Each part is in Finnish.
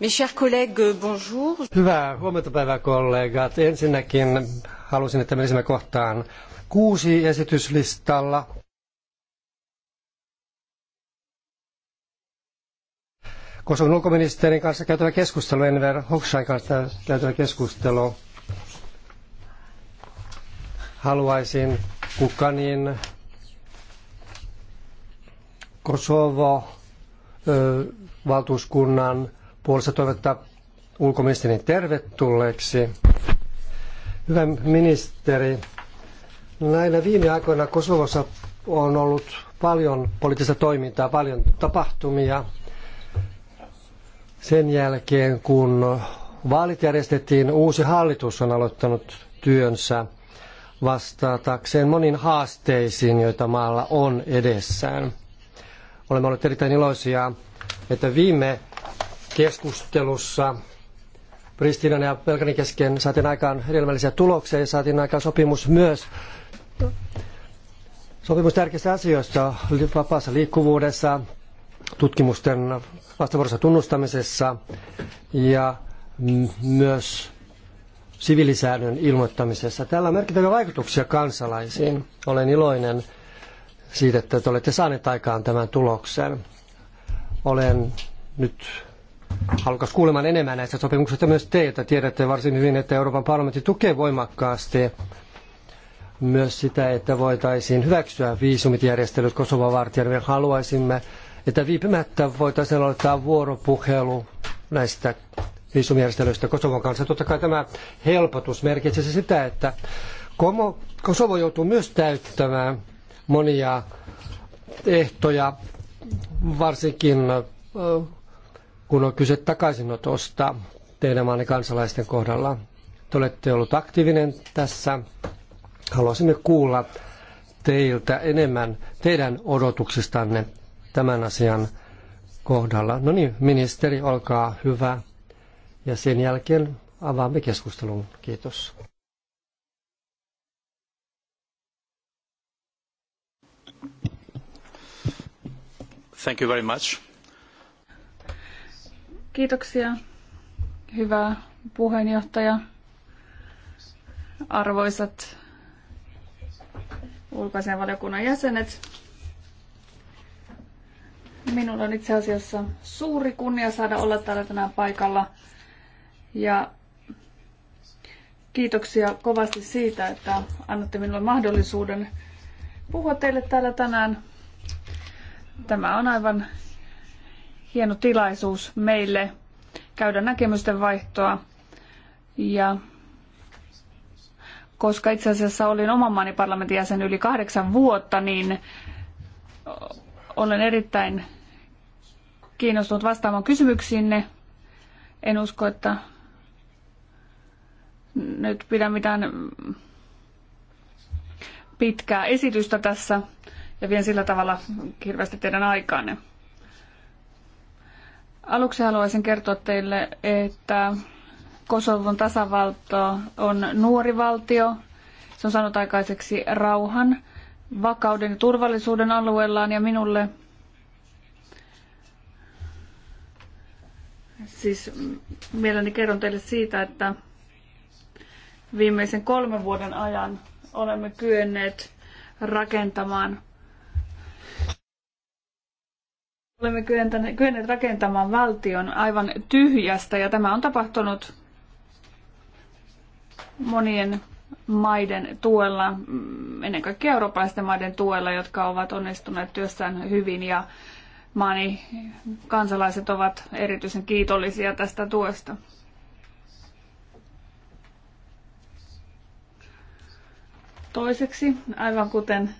Mes chers Hyvää kollegat. Ensinnäkin halusin, että menisimme kohtaan kuusi esityslistalla. Kosovon ulkoministerin kanssa käytävä keskustelu, Enver Hoxhain kanssa käytävä keskustelu. Haluaisin Kukanin Kosovo valtuuskunnan puolesta toivottaa ulkoministerin tervetulleeksi. Hyvä ministeri, näinä viime aikoina Kosovossa on ollut paljon poliittista toimintaa, paljon tapahtumia. Sen jälkeen, kun vaalit järjestettiin, uusi hallitus on aloittanut työnsä vastaatakseen moniin haasteisiin, joita maalla on edessään. Olemme olleet erittäin iloisia, että viime keskustelussa Pristinan ja Pelkanin kesken saatiin aikaan hedelmällisiä tuloksia ja saatiin aikaan sopimus myös sopimus tärkeissä asioissa, vapaassa liikkuvuudessa, tutkimusten vastavuorossa tunnustamisessa ja myös sivilisäännön ilmoittamisessa. Tällä on merkittäviä vaikutuksia kansalaisiin. Olen iloinen siitä, että te olette saaneet aikaan tämän tuloksen. Olen nyt halukas kuulemaan enemmän näistä sopimuksista myös teiltä. Tiedätte varsin hyvin, että Euroopan parlamentti tukee voimakkaasti myös sitä, että voitaisiin hyväksyä viisumit järjestelyt Kosovan vartijan. haluaisimme, että viipymättä voitaisiin aloittaa vuoropuhelu näistä viisumijärjestelyistä Kosovon kanssa. Totta kai tämä helpotus merkitsisi sitä, että Kosovo joutuu myös täyttämään monia ehtoja, varsinkin kun on kyse takaisinotosta teidän maanne kansalaisten kohdalla. Te olette ollut aktiivinen tässä. Haluaisimme kuulla teiltä enemmän teidän odotuksistanne tämän asian kohdalla. No niin, ministeri, olkaa hyvä. Ja sen jälkeen avaamme keskustelun. Kiitos. Thank you very much. Kiitoksia, hyvä puheenjohtaja. Arvoisat ulkoisen valiokunnan jäsenet. Minulla on itse asiassa suuri kunnia saada olla täällä tänään paikalla. Ja kiitoksia kovasti siitä, että annatte minulle mahdollisuuden puhua teille täällä tänään. Tämä on aivan hieno tilaisuus meille käydä näkemysten vaihtoa. Ja koska itse asiassa olin oman maani parlamentin jäsen yli kahdeksan vuotta, niin olen erittäin kiinnostunut vastaamaan kysymyksiinne. En usko, että nyt pidän mitään pitkää esitystä tässä ja vien sillä tavalla hirveästi teidän aikaanne. Aluksi haluaisin kertoa teille, että Kosovon tasavalto on nuori valtio. Se on saanut aikaiseksi rauhan, vakauden ja turvallisuuden alueellaan ja minulle siis mielelläni kerron teille siitä, että viimeisen kolmen vuoden ajan olemme kyenneet rakentamaan Olemme kyenneet rakentamaan valtion aivan tyhjästä ja tämä on tapahtunut monien maiden tuella, mm, ennen kaikkea eurooppalaisten maiden tuella, jotka ovat onnistuneet työssään hyvin ja maani kansalaiset ovat erityisen kiitollisia tästä tuosta. Toiseksi, aivan kuten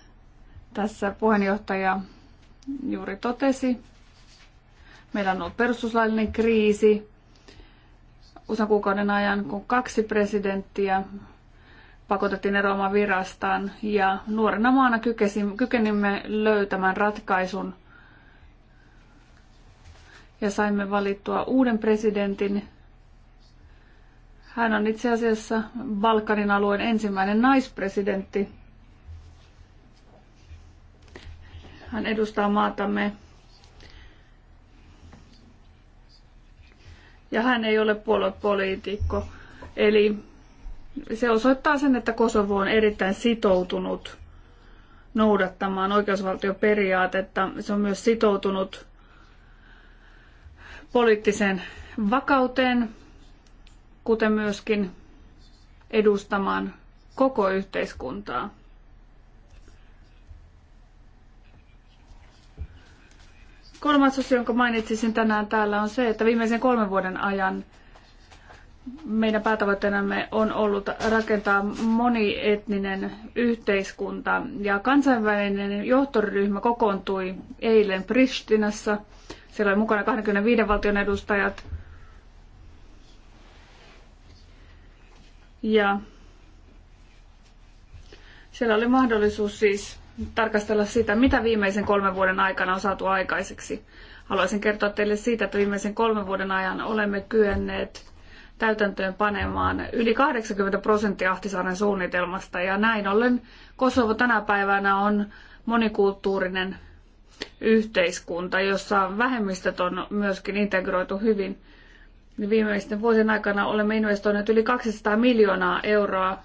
tässä puheenjohtaja juuri totesi. Meillä on ollut perustuslaillinen kriisi Usan kuukauden ajan, kun kaksi presidenttiä pakotettiin eroamaan virastaan ja nuorena maana kykenimme löytämään ratkaisun ja saimme valittua uuden presidentin. Hän on itse asiassa Balkanin alueen ensimmäinen naispresidentti. Hän edustaa maatamme. Ja hän ei ole puoluepoliitikko. Eli se osoittaa sen, että Kosovo on erittäin sitoutunut noudattamaan oikeusvaltioperiaatetta. Se on myös sitoutunut poliittiseen vakauteen, kuten myöskin edustamaan koko yhteiskuntaa. Kolmas osio, jonka mainitsisin tänään täällä, on se, että viimeisen kolmen vuoden ajan meidän päätavoitteenamme on ollut rakentaa monietninen yhteiskunta. Ja kansainvälinen johtoryhmä kokoontui eilen Pristinassa. Siellä oli mukana 25 valtion edustajat. Ja siellä oli mahdollisuus siis tarkastella sitä, mitä viimeisen kolmen vuoden aikana on saatu aikaiseksi. Haluaisin kertoa teille siitä, että viimeisen kolmen vuoden ajan olemme kyenneet täytäntöön panemaan yli 80 prosenttia Ahtisaaren suunnitelmasta ja näin ollen Kosovo tänä päivänä on monikulttuurinen yhteiskunta, jossa vähemmistöt on myöskin integroitu hyvin. Viimeisten vuosien aikana olemme investoineet yli 200 miljoonaa euroa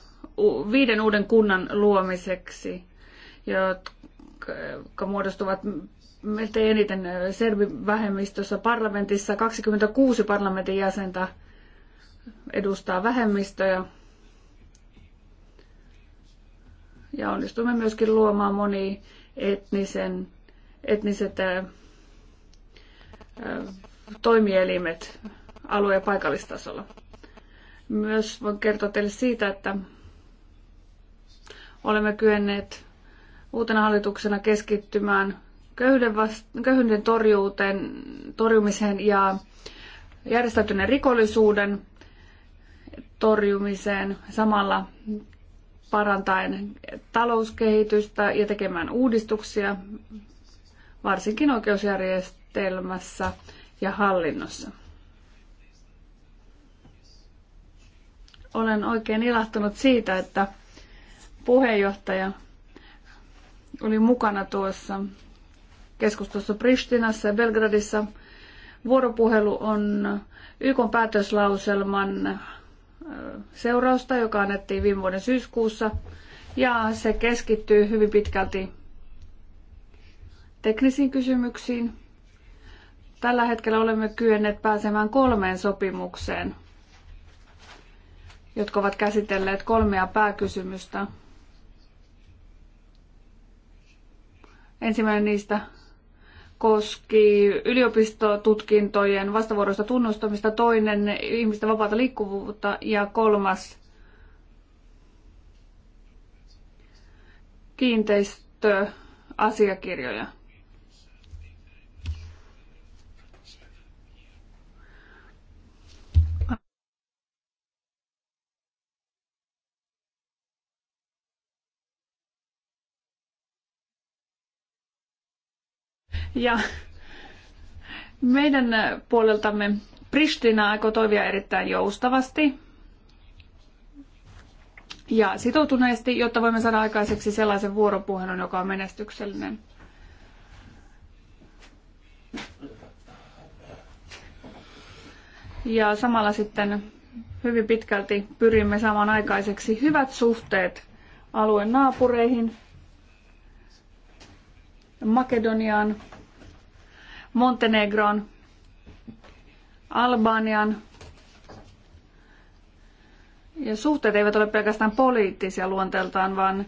viiden uuden kunnan luomiseksi jotka muodostuvat miltei eniten äh, serbivähemmistössä parlamentissa. 26 parlamentin jäsentä edustaa vähemmistöjä. Ja onnistumme myöskin luomaan moni etnisen, etniset ää, äh, äh, toimielimet alue- ja paikallistasolla. Myös voin kertoa teille siitä, että olemme kyenneet uutena hallituksena keskittymään köyhyyden, vast, torjuuteen, torjumiseen ja järjestäytyneen rikollisuuden torjumiseen samalla parantaen talouskehitystä ja tekemään uudistuksia, varsinkin oikeusjärjestelmässä ja hallinnossa. Olen oikein ilahtunut siitä, että puheenjohtaja oli mukana tuossa keskustelussa Pristinassa ja Belgradissa. Vuoropuhelu on YK päätöslauselman seurausta, joka annettiin viime vuoden syyskuussa, ja se keskittyy hyvin pitkälti teknisiin kysymyksiin. Tällä hetkellä olemme kyenneet pääsemään kolmeen sopimukseen, jotka ovat käsitelleet kolmea pääkysymystä Ensimmäinen niistä koski yliopistotutkintojen vastavuoroista tunnustamista, toinen ihmisten vapaata liikkuvuutta ja kolmas kiinteistöasiakirjoja. Ja meidän puoleltamme Pristina aikoo toimia erittäin joustavasti ja sitoutuneesti, jotta voimme saada aikaiseksi sellaisen vuoropuhelun, joka on menestyksellinen. Ja samalla sitten hyvin pitkälti pyrimme saamaan aikaiseksi hyvät suhteet alueen naapureihin, Makedoniaan, Montenegro'n, Albanian. Ja suhteet eivät ole pelkästään poliittisia luonteeltaan, vaan,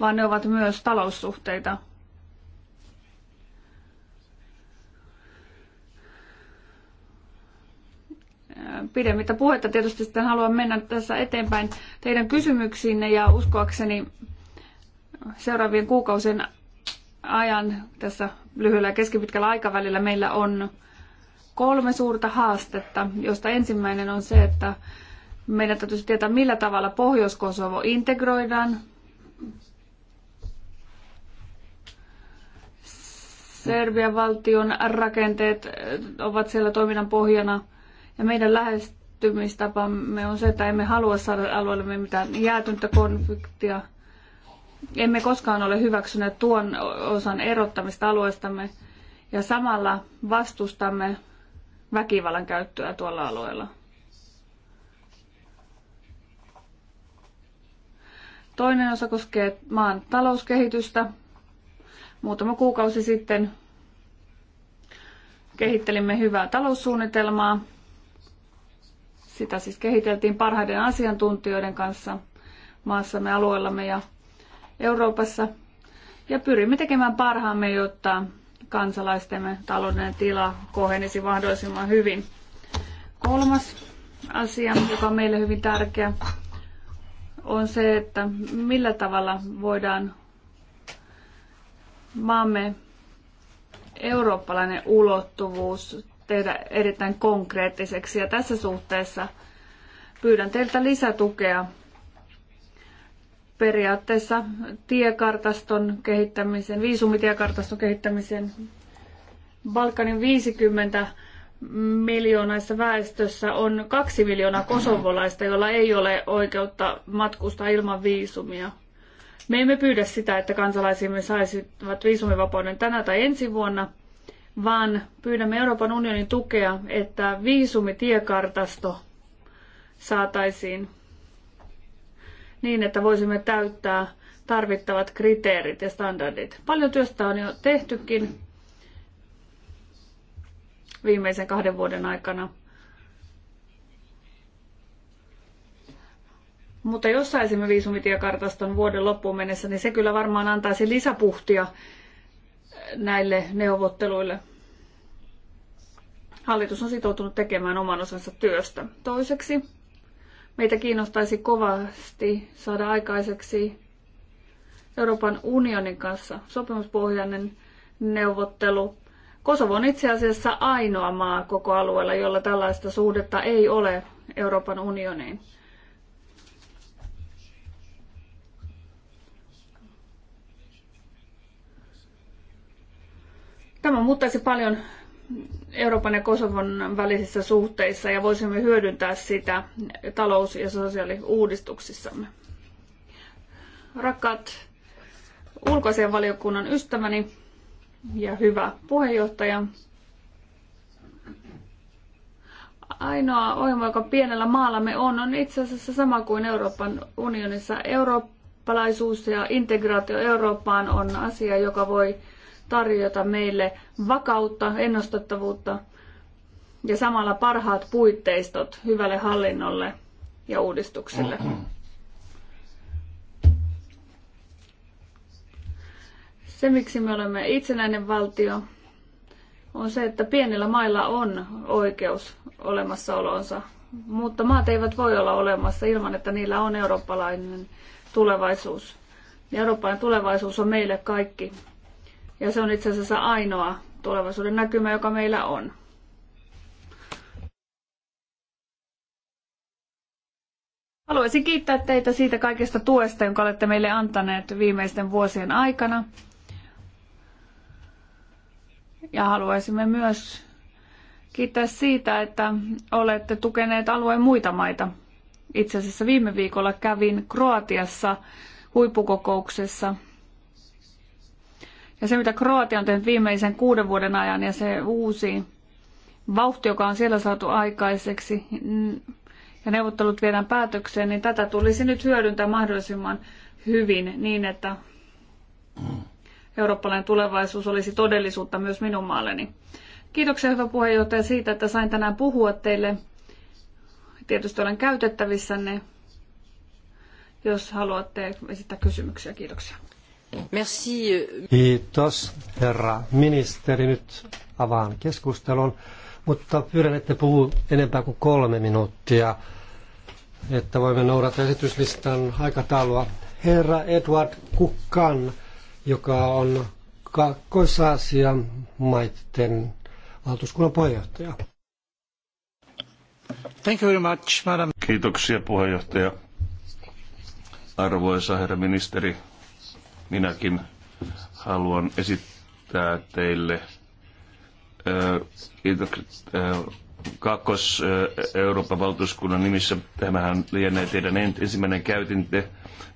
vaan ne ovat myös taloussuhteita. pidemmittä puhetta tietysti sitten haluan mennä tässä eteenpäin teidän kysymyksiinne ja uskoakseni seuraavien kuukausien ajan tässä lyhyellä ja keskipitkällä aikavälillä meillä on kolme suurta haastetta, joista ensimmäinen on se, että meidän täytyisi tietää, millä tavalla Pohjois-Kosovo integroidaan. Serbian valtion rakenteet ovat siellä toiminnan pohjana ja meidän lähestymistapamme on se, että emme halua saada alueelle mitään jäätyntä konfliktia – emme koskaan ole hyväksyneet tuon osan erottamista alueestamme ja samalla vastustamme väkivallan käyttöä tuolla alueella. Toinen osa koskee maan talouskehitystä. Muutama kuukausi sitten kehittelimme hyvää taloussuunnitelmaa. Sitä siis kehiteltiin parhaiden asiantuntijoiden kanssa maassamme alueellamme ja Euroopassa ja pyrimme tekemään parhaamme, jotta kansalaistemme taloudellinen tila kohenisi mahdollisimman hyvin. Kolmas asia, joka on meille hyvin tärkeä, on se, että millä tavalla voidaan maamme eurooppalainen ulottuvuus tehdä erittäin konkreettiseksi. Ja tässä suhteessa pyydän teiltä lisätukea periaatteessa tiekartaston kehittämisen, viisumitiekartaston kehittämisen Balkanin 50 miljoonaissa väestössä on kaksi miljoonaa kosovolaista, jolla ei ole oikeutta matkustaa ilman viisumia. Me emme pyydä sitä, että kansalaisimme saisivat viisumivapauden tänä tai ensi vuonna, vaan pyydämme Euroopan unionin tukea, että viisumitiekartasto saataisiin niin, että voisimme täyttää tarvittavat kriteerit ja standardit. Paljon työstä on jo tehtykin viimeisen kahden vuoden aikana. Mutta jos saisimme viisumitiekartaston vuoden loppuun mennessä, niin se kyllä varmaan antaisi lisäpuhtia näille neuvotteluille. Hallitus on sitoutunut tekemään oman osansa työstä. Toiseksi Meitä kiinnostaisi kovasti saada aikaiseksi Euroopan unionin kanssa sopimuspohjainen neuvottelu. Kosovo on itse asiassa ainoa maa koko alueella, jolla tällaista suhdetta ei ole Euroopan unioniin. Tämä muuttaisi paljon Euroopan ja Kosovon välisissä suhteissa ja voisimme hyödyntää sitä talous- ja sosiaaliuudistuksissamme. Rakkaat ulkoisen valiokunnan ystäväni ja hyvä puheenjohtaja, ainoa ohjelma, joka pienellä maallamme on, on itse asiassa sama kuin Euroopan unionissa. Eurooppalaisuus ja integraatio Eurooppaan on asia, joka voi tarjota meille vakautta, ennustettavuutta ja samalla parhaat puitteistot hyvälle hallinnolle ja uudistukselle. Se, miksi me olemme itsenäinen valtio, on se, että pienillä mailla on oikeus olemassaolonsa, mutta maat eivät voi olla olemassa ilman, että niillä on eurooppalainen tulevaisuus. Ja eurooppalainen tulevaisuus on meille kaikki ja se on itse asiassa ainoa tulevaisuuden näkymä, joka meillä on. Haluaisin kiittää teitä siitä kaikesta tuesta, jonka olette meille antaneet viimeisten vuosien aikana. Ja haluaisimme myös kiittää siitä, että olette tukeneet alueen muita maita. Itse asiassa viime viikolla kävin Kroatiassa huippukokouksessa ja se, mitä Kroatia on tehnyt viimeisen kuuden vuoden ajan ja se uusi vauhti, joka on siellä saatu aikaiseksi mm, ja neuvottelut viedään päätökseen, niin tätä tulisi nyt hyödyntää mahdollisimman hyvin niin, että eurooppalainen tulevaisuus olisi todellisuutta myös minun maalleni. Kiitoksia hyvä puheenjohtaja siitä, että sain tänään puhua teille. Tietysti olen käytettävissänne, jos haluatte esittää kysymyksiä. Kiitoksia. Merci. Euh, Kiitos, herra ministeri. Nyt avaan keskustelun, mutta pyydän, että puhu enempää kuin kolme minuuttia, että voimme noudattaa esityslistan aikataulua. Herra Edward Kukkan, joka on Kaakkois-Aasian maiden valtuuskunnan puheenjohtaja. Thank you very much, madam. Kiitoksia puheenjohtaja. Arvoisa herra ministeri, Minäkin haluan esittää teille kakkos euroopan valtuuskunnan nimissä. Tämähän lienee teidän ensimmäinen käytinte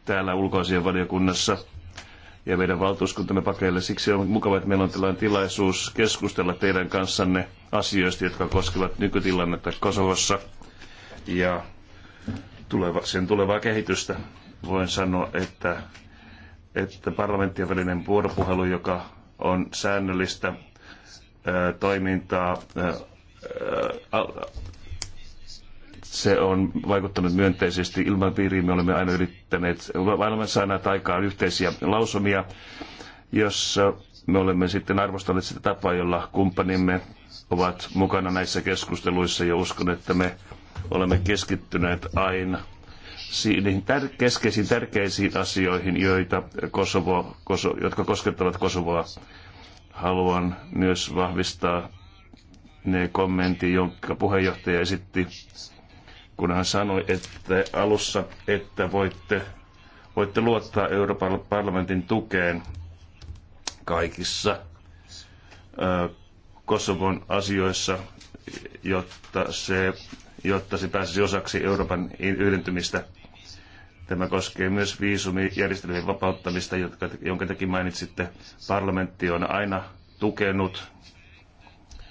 täällä ulkoasianvaliokunnassa ja meidän valtuuskuntamme pakeille. Siksi on mukava, että meillä on tällainen tilaisuus keskustella teidän kanssanne asioista, jotka koskevat nykytilannetta Kosovossa ja tuleva, sen tulevaa kehitystä. Voin sanoa, että että parlamenttien välinen vuoropuhelu, joka on säännöllistä toimintaa, se on vaikuttanut myönteisesti ilmapiiriin. Me olemme aina yrittäneet, olemme saaneet aikaan yhteisiä lausumia, jossa me olemme sitten arvostaneet sitä tapaa, jolla kumppanimme ovat mukana näissä keskusteluissa ja uskon, että me olemme keskittyneet aina niihin tär- keskeisiin tärkeisiin asioihin, joita Kosovo, Koso, jotka koskettavat Kosovoa. Haluan myös vahvistaa ne kommentti jonka puheenjohtaja esitti, kun hän sanoi että alussa, että voitte, voitte luottaa Euroopan parlamentin tukeen kaikissa ö, Kosovon asioissa, jotta se jotta se pääsisi osaksi Euroopan yhdentymistä. Tämä koskee myös viisumijärjestelmien vapauttamista, jotka, jonka tekin mainitsitte. Parlamentti on aina tukenut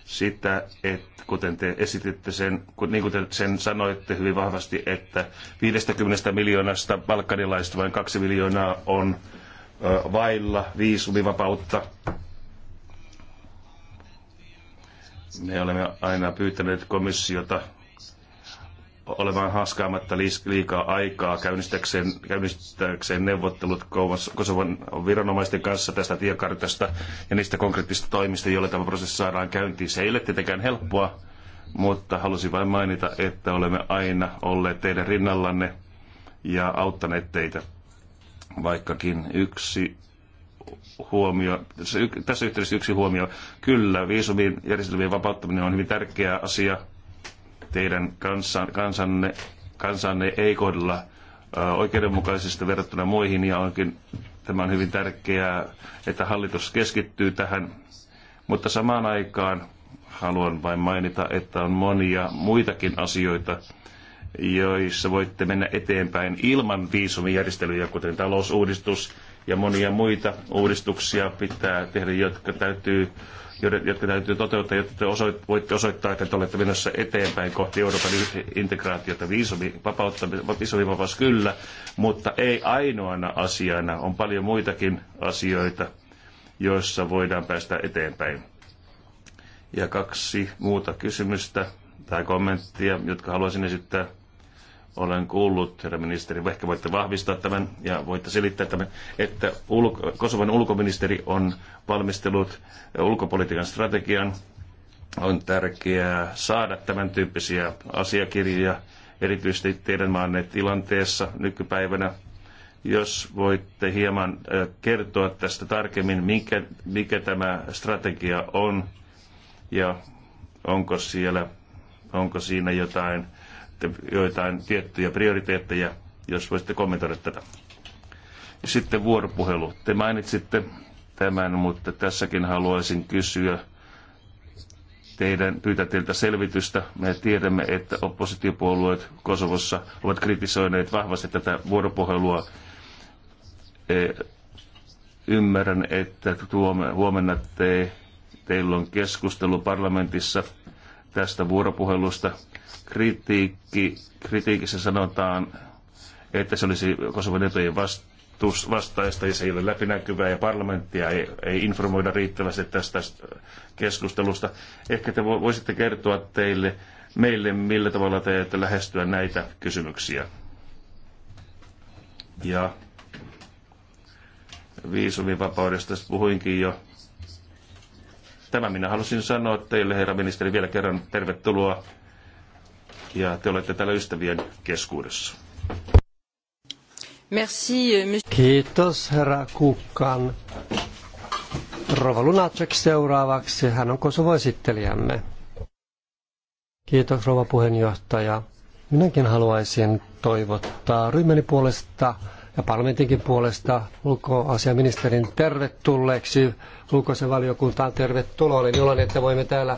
sitä, että kuten te esititte sen, niin kuin te sen sanoitte hyvin vahvasti, että 50 miljoonasta balkanilaista vain 2 miljoonaa on vailla viisumivapautta. Me olemme aina pyytäneet komissiota olemaan haskaamatta liikaa aikaa käynnistäkseen, käynnistäkseen neuvottelut Kosovan viranomaisten kanssa tästä tiekartasta ja niistä konkreettisista toimista, joilla tämä prosessi saadaan käyntiin. Se ei ole tietenkään helppoa, mutta halusin vain mainita, että olemme aina olleet teidän rinnallanne ja auttaneet teitä. Vaikkakin yksi huomio, tässä yhteydessä yksi huomio. Kyllä, viisumin järjestelmien vapauttaminen on hyvin tärkeä asia – teidän kansan, kansanne, kansanne ei kohdella oikeudenmukaisesti verrattuna muihin ja onkin tämä on hyvin tärkeää, että hallitus keskittyy tähän. Mutta samaan aikaan haluan vain mainita, että on monia muitakin asioita, joissa voitte mennä eteenpäin ilman viisumijärjestelyjä, kuten talousuudistus ja monia muita uudistuksia pitää tehdä, jotka täytyy jotka täytyy toteuttaa, jotta te osoit, voitte osoittaa, että te olette menossa eteenpäin kohti Euroopan integraatiota. Viisumi, viisumivapaus kyllä, mutta ei ainoana asiana. On paljon muitakin asioita, joissa voidaan päästä eteenpäin. Ja kaksi muuta kysymystä tai kommenttia, jotka haluaisin esittää olen kuullut, herra ministeri, ehkä voitte vahvistaa tämän ja voitte selittää tämän, että ulko, Kosovan ulkoministeri on valmistellut ulkopolitiikan strategian. On tärkeää saada tämän tyyppisiä asiakirjoja, erityisesti teidän maanne tilanteessa nykypäivänä jos voitte hieman kertoa tästä tarkemmin, mikä, mikä tämä strategia on ja onko, siellä, onko siinä jotain sitten joitain tiettyjä prioriteetteja, jos voisitte kommentoida tätä. Sitten vuoropuhelu. Te mainitsitte tämän, mutta tässäkin haluaisin kysyä teidän, pyytä teiltä selvitystä. Me tiedämme, että oppositiopuolueet Kosovossa ovat kritisoineet vahvasti tätä vuoropuhelua. E, ymmärrän, että huomenna te, teillä on keskustelu parlamentissa tästä vuoropuhelusta kritiikki, kritiikissä sanotaan, että se olisi Kosovon etujen vastus, vastaista ja se ei ole läpinäkyvää ja parlamenttia ei, ei informoida riittävästi tästä keskustelusta. Ehkä te voisitte kertoa teille, meille, millä tavalla te ette lähestyä näitä kysymyksiä. Ja viisumivapaudesta puhuinkin jo. Tämä minä halusin sanoa teille, herra ministeri, vielä kerran tervetuloa ja te olette täällä ystävien keskuudessa. Merci, Kiitos herra Kukkan. Rova Lunacek seuraavaksi. Hän on Kosovo-esittelijämme. Kiitos rouva puheenjohtaja. Minäkin haluaisin toivottaa ryhmäni puolesta ja parlamentinkin puolesta ulkoasiaministerin tervetulleeksi. Ulkoisen valiokuntaan tervetuloa. Olen iloinen, että voimme täällä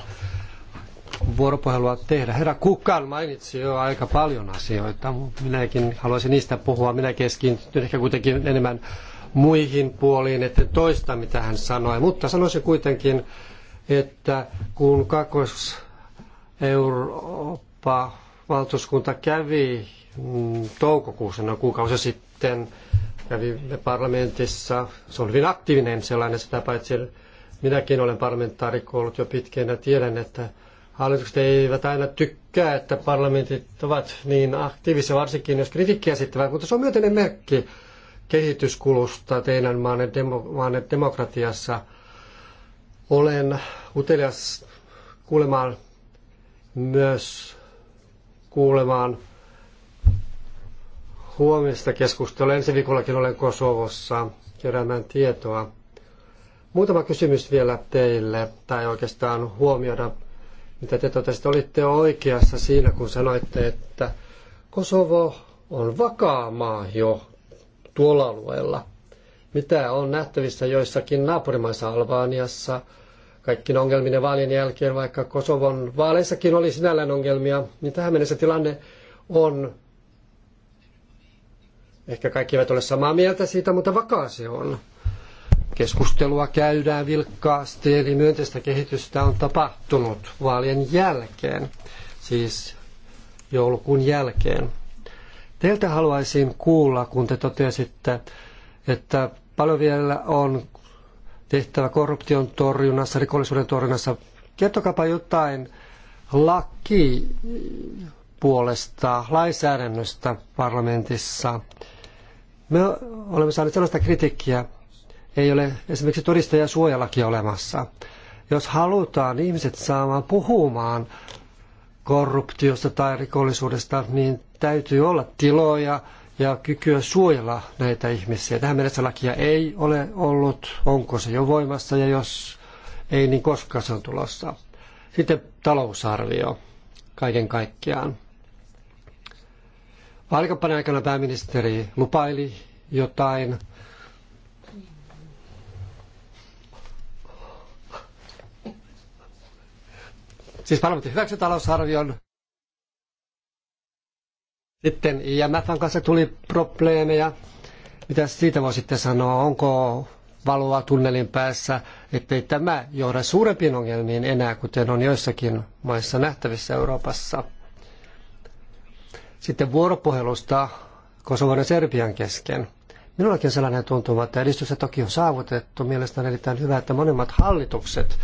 vuoropuhelua tehdä. Herra Kukan mainitsi jo aika paljon asioita. Minäkin haluaisin niistä puhua. Minä keskityn ehkä kuitenkin enemmän muihin puoliin, etten toista mitä hän sanoi. Mutta sanoisin kuitenkin, että kun kakos Eurooppa valtuuskunta kävi mm, toukokuussa, no kuukausi sitten, kävimme parlamentissa. Se on hyvin aktiivinen sellainen, sitä paitsi minäkin olen parlamentaarikko ollut jo pitkään ja tiedän, että Hallitukset eivät aina tykkää, että parlamentit ovat niin aktiivisia, varsinkin jos kritiikkiä esittävät, mutta se on myönteinen merkki kehityskulusta teidän maanne, demo, maanne demokratiassa. Olen utelias kuulemaan myös kuulemaan huomista keskustelua. Ensi viikollakin olen Kosovossa keräämään tietoa. Muutama kysymys vielä teille, tai oikeastaan huomioida mitä te totesitte, olitte oikeassa siinä, kun sanoitte, että Kosovo on vakaa maa jo tuolla alueella. Mitä on nähtävissä joissakin naapurimaissa Albaniassa, kaikkien ongelminen vaalien jälkeen, vaikka Kosovon vaaleissakin oli sinällään ongelmia, niin tähän mennessä tilanne on, ehkä kaikki eivät ole samaa mieltä siitä, mutta vakaa se on. Keskustelua käydään vilkkaasti, eli myönteistä kehitystä on tapahtunut vaalien jälkeen, siis joulukuun jälkeen. Teiltä haluaisin kuulla, kun te totesitte, että paljon vielä on tehtävä korruption torjunnassa, rikollisuuden torjunnassa. Kertokaapa jotain laki puolesta, lainsäädännöstä parlamentissa. Me olemme saaneet sellaista kritiikkiä, ei ole esimerkiksi todistajasuojalakia olemassa. Jos halutaan ihmiset saamaan puhumaan korruptiosta tai rikollisuudesta, niin täytyy olla tiloja ja kykyä suojella näitä ihmisiä. Tähän mennessä lakia ei ole ollut, onko se jo voimassa ja jos ei, niin koska se on tulossa. Sitten talousarvio kaiken kaikkiaan. Vaalikampanjan aikana pääministeri lupaili jotain, Siis parlamentti hyväksyi talousarvion. Sitten IMFn kanssa tuli probleemeja. Mitä siitä voi sitten sanoa? Onko valoa tunnelin päässä, ettei tämä johda suurempiin ongelmiin enää, kuten on joissakin maissa nähtävissä Euroopassa. Sitten vuoropuhelusta Kosovon ja Serbian kesken. Minullakin sellainen tuntuma, että edistystä toki on saavutettu. Mielestäni on erittäin hyvä, että monimmat hallitukset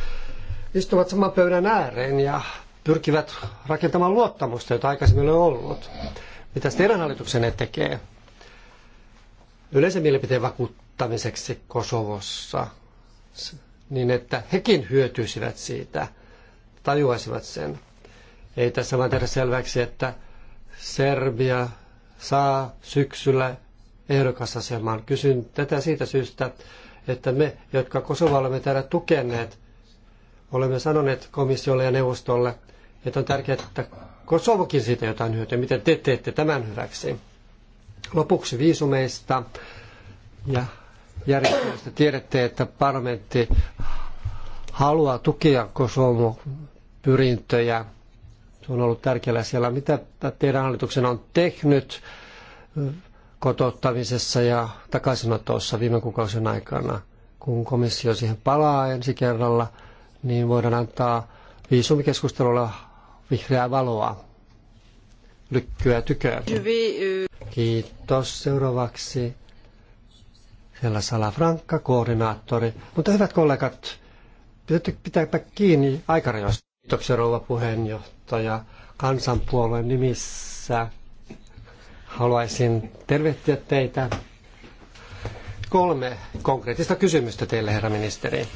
istuvat saman pöydän ääreen ja pyrkivät rakentamaan luottamusta, jota aikaisemmin ei ollut. Mitä teidän hallituksenne tekee yleisen mielipiteen vakuuttamiseksi Kosovossa, niin että hekin hyötyisivät siitä, tajuaisivat sen. Ei tässä vaan tehdä selväksi, että Serbia saa syksyllä ehdokasaseman. Kysyn tätä siitä syystä, että me, jotka Kosovalla olemme täällä tukeneet, Olemme sanoneet komissiolle ja neuvostolle, että on tärkeää, että Kosovokin siitä jotain hyötyä. Miten te teette tämän hyväksi? Lopuksi viisumeista ja järjestelmästä. Tiedätte, että parlamentti haluaa tukea Kosovon pyrintöjä. Se on ollut tärkeällä siellä. Mitä teidän hallituksen on tehnyt kotouttamisessa ja takaisinotossa viime kuukausien aikana, kun komissio siihen palaa ensi kerralla – niin voidaan antaa viisumikeskustelulla vihreää valoa. Lykkyä tykö. Kiitos. Seuraavaksi Sala Salafrankka, koordinaattori. Mutta hyvät kollegat, pitääpä kiinni aikarajoista. Kiitoksia rouva puheenjohtaja. Kansanpuolueen nimissä haluaisin tervehtiä teitä. Kolme konkreettista kysymystä teille, herra ministeri.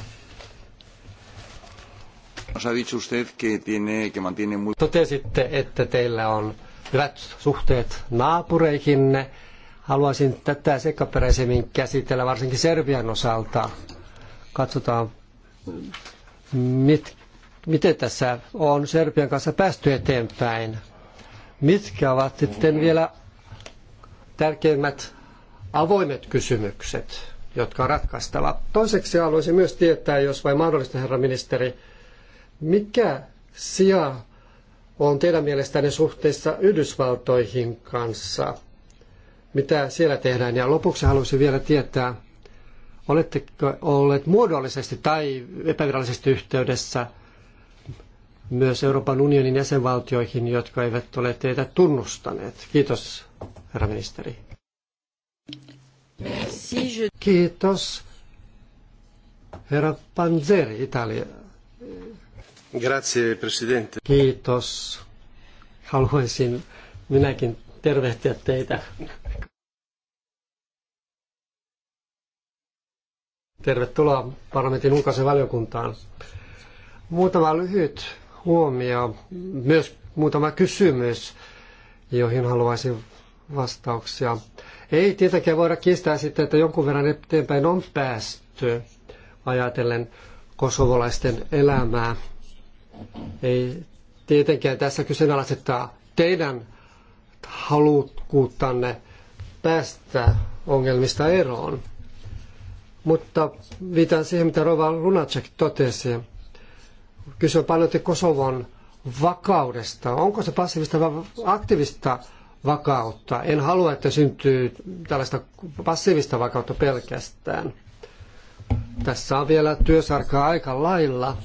Totesitte, että teillä on hyvät suhteet naapureihinne. Haluaisin tätä sekaperäisemmin käsitellä, varsinkin Serbian osalta. Katsotaan, mit, miten tässä on Serbian kanssa päästy eteenpäin. Mitkä ovat sitten vielä tärkeimmät avoimet kysymykset, jotka on ratkaistava? Toiseksi haluaisin myös tietää, jos vain mahdollista, herra ministeri, mikä sija on teidän mielestänne suhteessa Yhdysvaltoihin kanssa? Mitä siellä tehdään? Ja lopuksi haluaisin vielä tietää, oletteko olleet muodollisesti tai epävirallisesti yhteydessä myös Euroopan unionin jäsenvaltioihin, jotka eivät ole teitä tunnustaneet. Kiitos, herra ministeri. Kiitos, herra Panzeri Italia, Grazie, presidente. Kiitos. Haluaisin minäkin tervehtiä teitä. Tervetuloa parlamentin ulkoisen valiokuntaan. Muutama lyhyt huomio, myös muutama kysymys, joihin haluaisin vastauksia. Ei tietenkään voida kiistää sitten, että jonkun verran eteenpäin on päästy ajatellen kosovolaisten elämää ei tietenkään tässä kyseenalaistaa teidän halukkuuttanne päästä ongelmista eroon. Mutta viitan siihen, mitä Rova Lunacek totesi. Kysyä paljon te Kosovon vakaudesta. Onko se passiivista vai aktiivista vakautta? En halua, että syntyy tällaista passiivista vakautta pelkästään. Tässä on vielä työsarkaa aika lailla.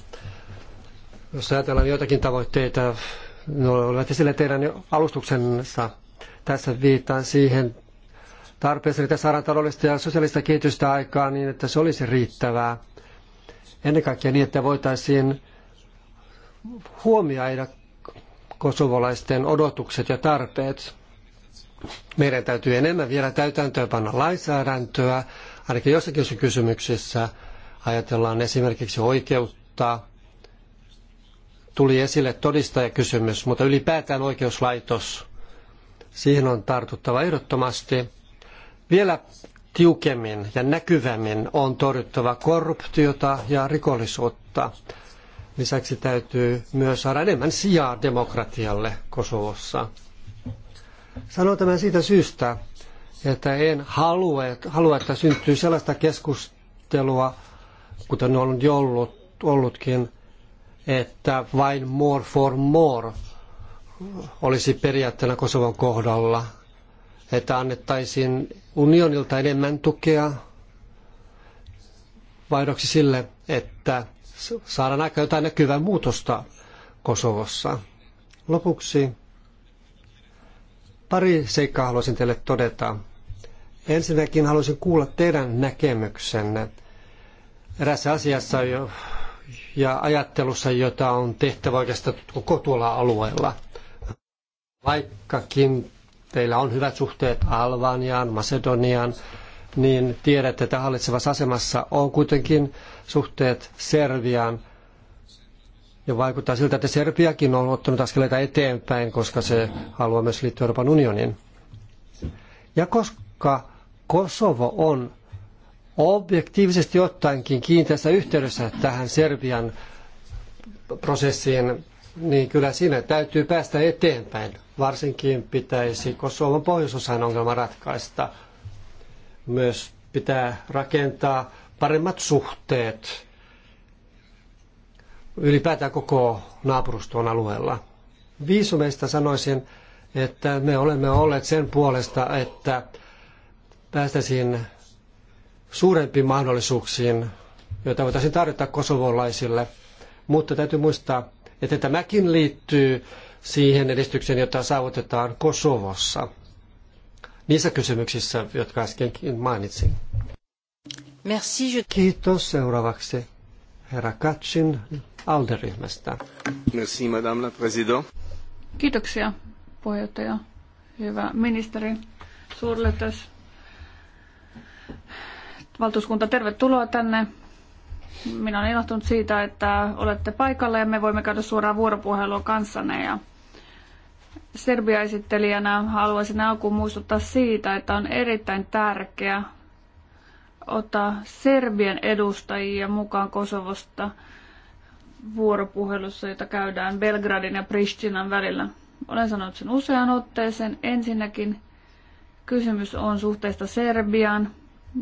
Jos ajatellaan joitakin tavoitteita, no, olette esillä teidän alustuksensa. Tässä viittaan siihen tarpeeseen, että saadaan taloudellista ja sosiaalista kehitystä aikaa niin, että se olisi riittävää. Ennen kaikkea niin, että voitaisiin huomioida kosovolaisten odotukset ja tarpeet. Meidän täytyy enemmän vielä täytäntöön panna lainsäädäntöä, ainakin jossakin kysymyksissä ajatellaan esimerkiksi oikeutta tuli esille todistajakysymys, mutta ylipäätään oikeuslaitos, siihen on tartuttava ehdottomasti. Vielä tiukemmin ja näkyvämmin on torjuttava korruptiota ja rikollisuutta. Lisäksi täytyy myös saada enemmän sijaa demokratialle Kosovossa. Sanon tämän siitä syystä, että en halua, halua että syntyy sellaista keskustelua, kuten on ollut, ollutkin, että vain more for more olisi periaatteena Kosovon kohdalla, että annettaisiin unionilta enemmän tukea vaihdoksi sille, että saadaan aika jotain näkyvää muutosta Kosovossa. Lopuksi pari seikkaa haluaisin teille todeta. Ensinnäkin haluaisin kuulla teidän näkemyksenne erässä asiassa, ja ajattelussa, jota on tehtävä oikeastaan koko tuolla alueella. Vaikkakin teillä on hyvät suhteet Albaniaan, Macedoniaan, niin tiedätte, että hallitsevassa asemassa on kuitenkin suhteet Serbiaan. Ja vaikuttaa siltä, että Serbiakin on ottanut askeleita eteenpäin, koska se haluaa myös liittyä Euroopan unioniin. Ja koska Kosovo on objektiivisesti ottaenkin kiinteässä yhteydessä tähän Serbian prosessiin, niin kyllä siinä täytyy päästä eteenpäin. Varsinkin pitäisi Kosovon pohjoisosan ongelma ratkaista. Myös pitää rakentaa paremmat suhteet ylipäätään koko naapurustoon alueella. Viisumeista sanoisin, että me olemme olleet sen puolesta, että päästäisiin suurempiin mahdollisuuksiin, joita voitaisiin tarjota kosovolaisille. Mutta täytyy muistaa, että tämäkin liittyy siihen edistykseen, jota saavutetaan Kosovossa niissä kysymyksissä, jotka äskenkin mainitsin. Merci, je... Kiitos. Seuraavaksi herra Katsin ALDE-ryhmästä. Merci, madame la président. Kiitoksia, puheenjohtaja. Hyvä ministeri, suurlähetys valtuuskunta, tervetuloa tänne. Minä olen ilahtunut siitä, että olette paikalla ja me voimme käydä suoraan vuoropuhelua kanssanne. Ja Serbia-esittelijänä haluaisin alkuun muistuttaa siitä, että on erittäin tärkeää ottaa Serbian edustajia mukaan Kosovosta vuoropuhelussa, jota käydään Belgradin ja Pristinan välillä. Olen sanonut sen useaan otteeseen. Ensinnäkin kysymys on suhteesta Serbiaan,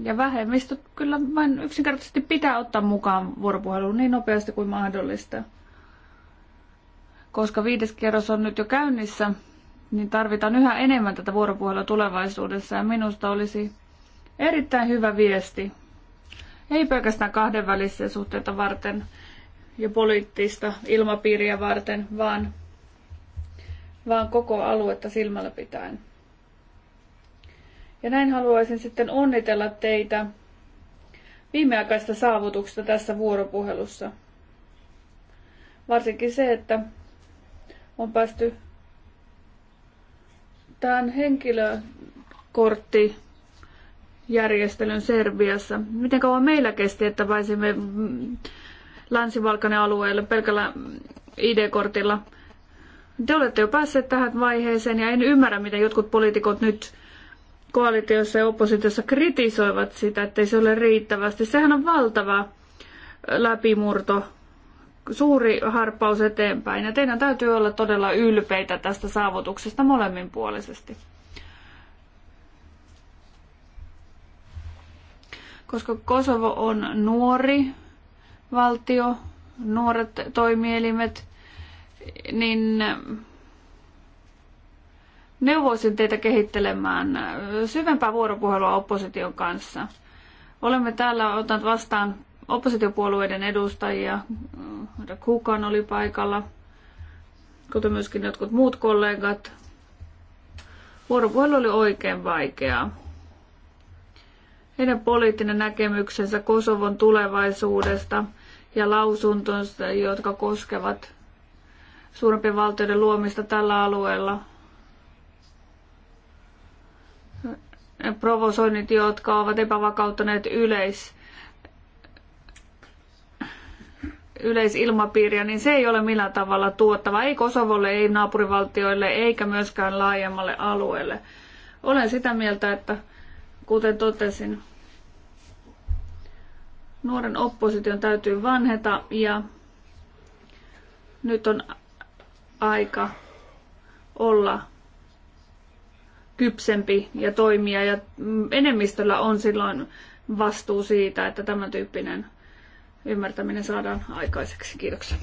ja vähemmistö kyllä vain yksinkertaisesti pitää ottaa mukaan vuoropuheluun niin nopeasti kuin mahdollista. Koska viides kierros on nyt jo käynnissä, niin tarvitaan yhä enemmän tätä vuoropuhelua tulevaisuudessa ja minusta olisi erittäin hyvä viesti. Ei pelkästään kahdenvälisiä suhteita varten ja poliittista ilmapiiriä varten, vaan, vaan koko aluetta silmällä pitäen. Ja näin haluaisin sitten onnitella teitä viimeaikaista saavutuksesta tässä vuoropuhelussa. Varsinkin se, että on päästy tämän henkilökortti järjestelyn Serbiassa. Miten kauan meillä kesti, että pääsimme länsi alueelle pelkällä ID-kortilla? Te olette jo päässeet tähän vaiheeseen ja en ymmärrä, miten jotkut poliitikot nyt koalitiossa ja oppositiossa kritisoivat sitä, että se ole riittävästi. Sehän on valtava läpimurto, suuri harppaus eteenpäin ja teidän täytyy olla todella ylpeitä tästä saavutuksesta molemminpuolisesti. Koska Kosovo on nuori valtio, nuoret toimielimet, niin Neuvoisin teitä kehittelemään syvempää vuoropuhelua opposition kanssa. Olemme täällä ottaneet vastaan oppositiopuolueiden edustajia. Kukan oli paikalla, kuten myöskin jotkut muut kollegat. Vuoropuhelu oli oikein vaikeaa. Heidän poliittinen näkemyksensä Kosovon tulevaisuudesta ja lausuntonsa, jotka koskevat suurempien valtioiden luomista tällä alueella, provosoinnit, jotka ovat epävakauttaneet yleis, yleisilmapiiriä, niin se ei ole millään tavalla tuottava, ei Kosovolle, ei naapurivaltioille, eikä myöskään laajemmalle alueelle. Olen sitä mieltä, että kuten totesin, nuoren opposition täytyy vanheta ja nyt on aika olla kypsempi ja toimija ja mm, enemmistöllä on silloin vastuu siitä, että tämän tyyppinen ymmärtäminen saadaan aikaiseksi. Kiitoksia.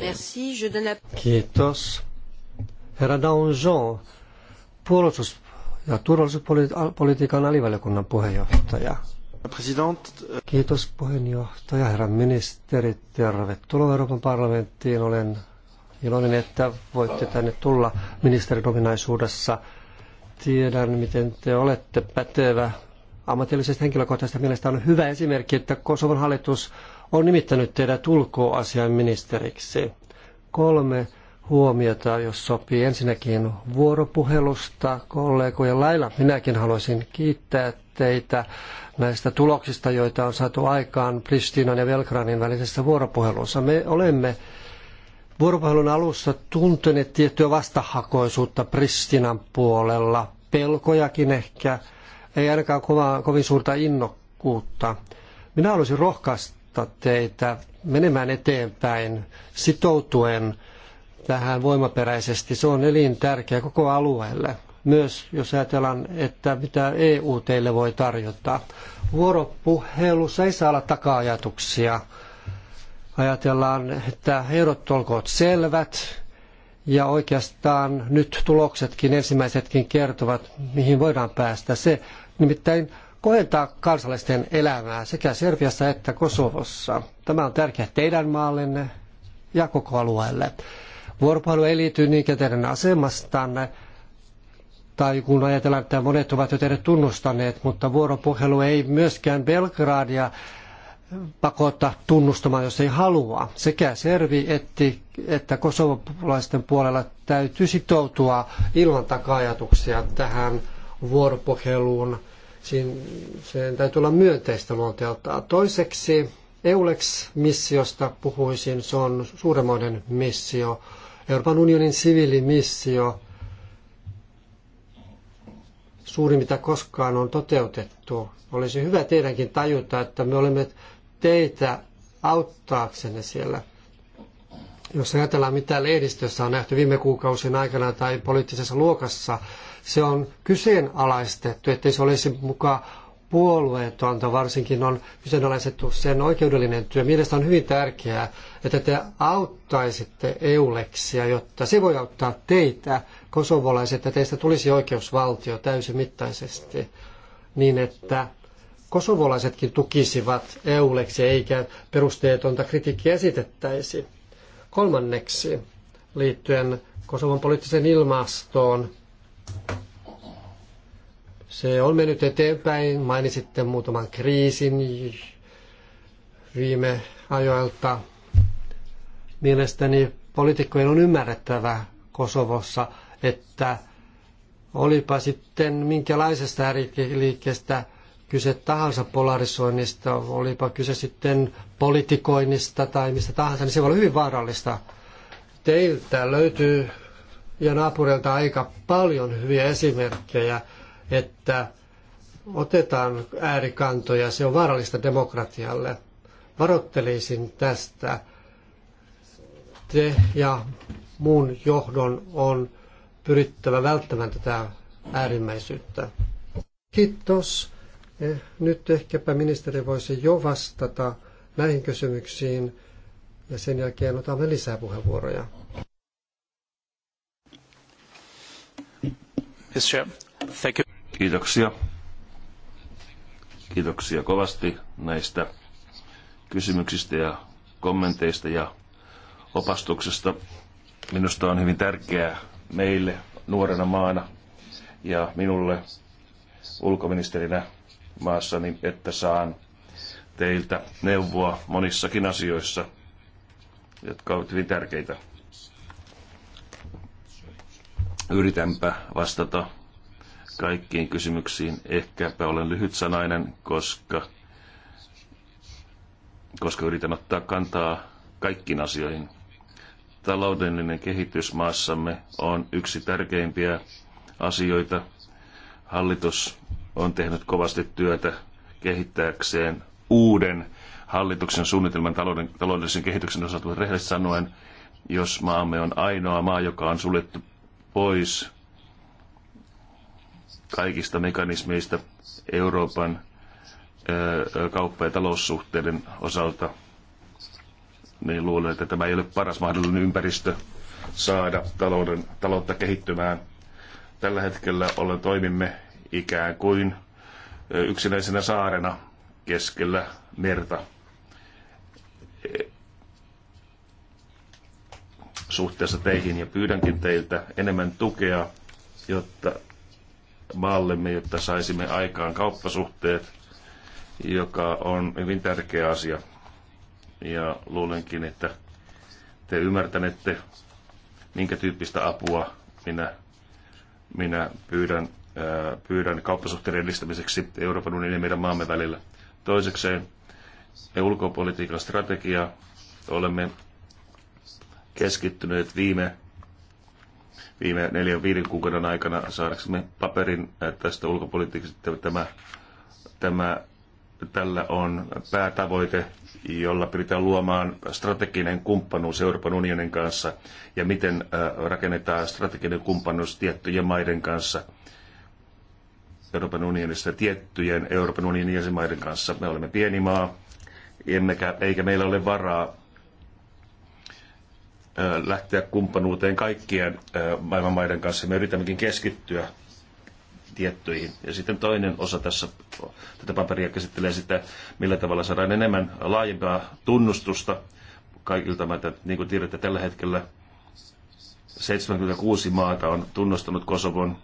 Merci, je donne... Kiitos. Herra Daunjon, puolustus- ja turvallisuuspolitiikan alivaliokunnan puheenjohtaja. President. Eh, Kiitos puheenjohtaja, herra ministeri. Tervetuloa Euroopan parlamenttiin. Olen iloinen, että voitte tänne tulla ministerin ominaisuudessa. Tiedän, miten te olette pätevä ammatillisesta henkilökohtaisesta mielestä on hyvä esimerkki, että Kosovon hallitus on nimittänyt teidät ulkoasiainministeriksi. Kolme huomiota, jos sopii. Ensinnäkin vuoropuhelusta kollegojen lailla. Minäkin haluaisin kiittää teitä näistä tuloksista, joita on saatu aikaan Pristinan ja Velgranin välisessä vuoropuhelussa. Me olemme vuoropuhelun alussa tunteneet tiettyä vastahakoisuutta Pristinan puolella, pelkojakin ehkä, ei ainakaan kovin suurta innokkuutta. Minä haluaisin rohkaista teitä menemään eteenpäin, sitoutuen tähän voimaperäisesti. Se on elintärkeä koko alueelle. Myös jos ajatellaan, että mitä EU teille voi tarjota. Vuoropuhelussa ei saa olla taka-ajatuksia Ajatellaan, että eurot olkoot selvät ja oikeastaan nyt tuloksetkin, ensimmäisetkin kertovat, mihin voidaan päästä. Se nimittäin kohentaa kansalaisten elämää sekä Serbiassa että Kosovossa. Tämä on tärkeää teidän maallenne ja koko alueelle. Vuoropuhelu ei liity niinkään teidän asemastanne, tai kun ajatellaan, että monet ovat jo teidät tunnustaneet, mutta vuoropuhelu ei myöskään Belgradia pakottaa tunnustamaan, jos ei halua. Sekä servi että, että kosovolaisten puolella täytyy sitoutua ilman taka-ajatuksia tähän vuoropuheluun. sen täytyy olla myönteistä luonteeltaan. Toiseksi EULEX-missiosta puhuisin. Se on suuremmoinen missio, Euroopan unionin siviilimissio, suuri mitä koskaan on toteutettu. Olisi hyvä teidänkin tajuta, että me olemme teitä auttaaksenne siellä? Jos ajatellaan, mitä lehdistössä on nähty viime kuukausien aikana tai poliittisessa luokassa, se on kyseenalaistettu, ettei se olisi mukaan puolueetonta, varsinkin on kyseenalaistettu sen oikeudellinen työ. Mielestäni on hyvin tärkeää, että te auttaisitte euleksia, jotta se voi auttaa teitä, kosovolaiset, että teistä tulisi oikeusvaltio täysimittaisesti, niin että kosovolaisetkin tukisivat eu EULEksi eikä perusteetonta kritiikkiä esitettäisi. Kolmanneksi liittyen Kosovon poliittiseen ilmastoon. Se on mennyt eteenpäin. Mainitsitte muutaman kriisin viime ajoilta. Mielestäni poliitikkojen on ymmärrettävä Kosovossa, että olipa sitten minkälaisesta ääriliikkeestä kyse tahansa polarisoinnista, olipa kyse sitten politikoinnista tai mistä tahansa, niin se voi olla hyvin vaarallista. Teiltä löytyy ja naapureilta aika paljon hyviä esimerkkejä, että otetaan äärikantoja, se on vaarallista demokratialle. Varoittelisin tästä. Te ja muun johdon on pyrittävä välttämään tätä äärimmäisyyttä. Kiitos. Eh, nyt ehkäpä ministeri voisi jo vastata näihin kysymyksiin ja sen jälkeen otamme lisää puheenvuoroja. Kiitoksia. Kiitoksia kovasti näistä kysymyksistä ja kommenteista ja opastuksesta. Minusta on hyvin tärkeää meille nuorena maana ja minulle ulkoministerinä maassani, niin että saan teiltä neuvoa monissakin asioissa, jotka ovat hyvin tärkeitä. Yritänpä vastata kaikkiin kysymyksiin. Ehkäpä olen lyhytsanainen, koska, koska yritän ottaa kantaa kaikkiin asioihin. Taloudellinen kehitys maassamme on yksi tärkeimpiä asioita. Hallitus on tehnyt kovasti työtä kehittääkseen uuden hallituksen suunnitelman talouden, taloudellisen kehityksen osalta. Rehellisesti sanoen, jos maamme on ainoa maa, joka on suljettu pois kaikista mekanismeista Euroopan kauppa- ja taloussuhteiden osalta, niin luulen, että tämä ei ole paras mahdollinen ympäristö saada talouden, taloutta kehittymään. Tällä hetkellä olla, toimimme ikään kuin yksinäisenä saarena keskellä merta. suhteessa teihin ja pyydänkin teiltä enemmän tukea, jotta maallemme, jotta saisimme aikaan kauppasuhteet, joka on hyvin tärkeä asia. Ja luulenkin, että te ymmärtänette, minkä tyyppistä apua minä, minä pyydän pyydän kauppasuhteiden edistämiseksi Euroopan unionin ja meidän maamme välillä. Toisekseen ulkopolitiikan strategia olemme keskittyneet viime, viime neljän viiden kuukauden aikana saadaksemme paperin tästä ulkopolitiikasta. Tämä, tämä, tällä on päätavoite, jolla pyritään luomaan strateginen kumppanuus Euroopan unionin kanssa ja miten rakennetaan strateginen kumppanuus tiettyjen maiden kanssa – Euroopan unionissa tiettyjen Euroopan unionin jäsenmaiden kanssa. Me olemme pieni maa, emmekä, eikä meillä ole varaa lähteä kumppanuuteen kaikkien maailman maiden kanssa. Me yritämmekin keskittyä tiettyihin. Ja sitten toinen osa tässä, tätä paperia käsittelee sitä, millä tavalla saadaan enemmän laajempaa tunnustusta kaikilta maita. Niin kuin tiedätte, tällä hetkellä 76 maata on tunnustanut Kosovon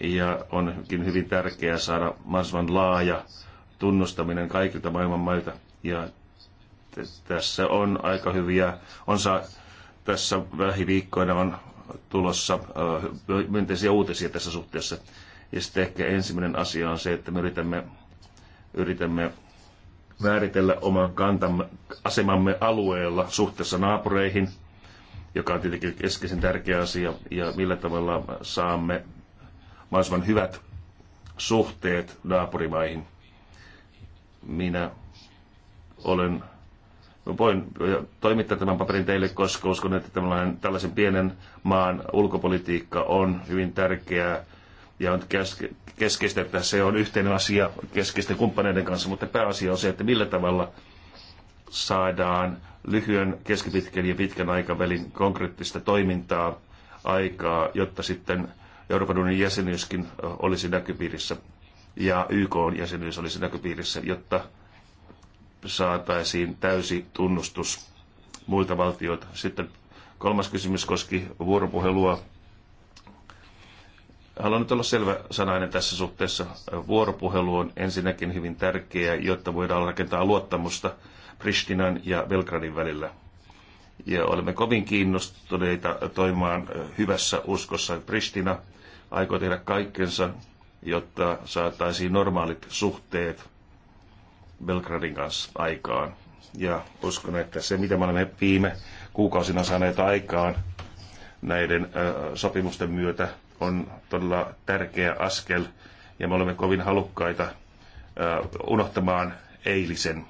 ja onkin hyvin tärkeää saada mahdollisimman laaja tunnustaminen kaikilta maailman mailta. Ja tässä on aika hyviä, on saa, tässä lähiviikkoina on tulossa äh, myönteisiä uutisia tässä suhteessa. Ja sitten ehkä ensimmäinen asia on se, että me yritämme, yritämme määritellä oman kantamme, asemamme alueella suhteessa naapureihin, joka on tietenkin keskeisen tärkeä asia, ja millä tavalla saamme mahdollisimman hyvät suhteet naapurimaihin. Minä olen voin toimittaa tämän paperin teille, koska uskon, että tällainen, tällaisen pienen maan ulkopolitiikka on hyvin tärkeää ja on keskeistä, että se on yhteinen asia keskeisten kumppaneiden kanssa, mutta pääasia on se, että millä tavalla saadaan lyhyen, keskipitkän ja pitkän aikavälin konkreettista toimintaa aikaa, jotta sitten Euroopan unionin jäsenyyskin olisi näköpiirissä ja YK on jäsenyys olisi näköpiirissä, jotta saataisiin täysi tunnustus muilta valtioita. Sitten kolmas kysymys koski vuoropuhelua. Haluan nyt olla selvä sanainen tässä suhteessa. Vuoropuhelu on ensinnäkin hyvin tärkeää, jotta voidaan rakentaa luottamusta Pristinan ja Belgradin välillä. Ja olemme kovin kiinnostuneita toimimaan hyvässä uskossa. Pristina aikoo tehdä kaikkensa, jotta saataisiin normaalit suhteet Belgradin kanssa aikaan. Ja uskon, että se mitä me olemme viime kuukausina saaneet aikaan näiden sopimusten myötä on todella tärkeä askel ja me olemme kovin halukkaita unohtamaan eilisen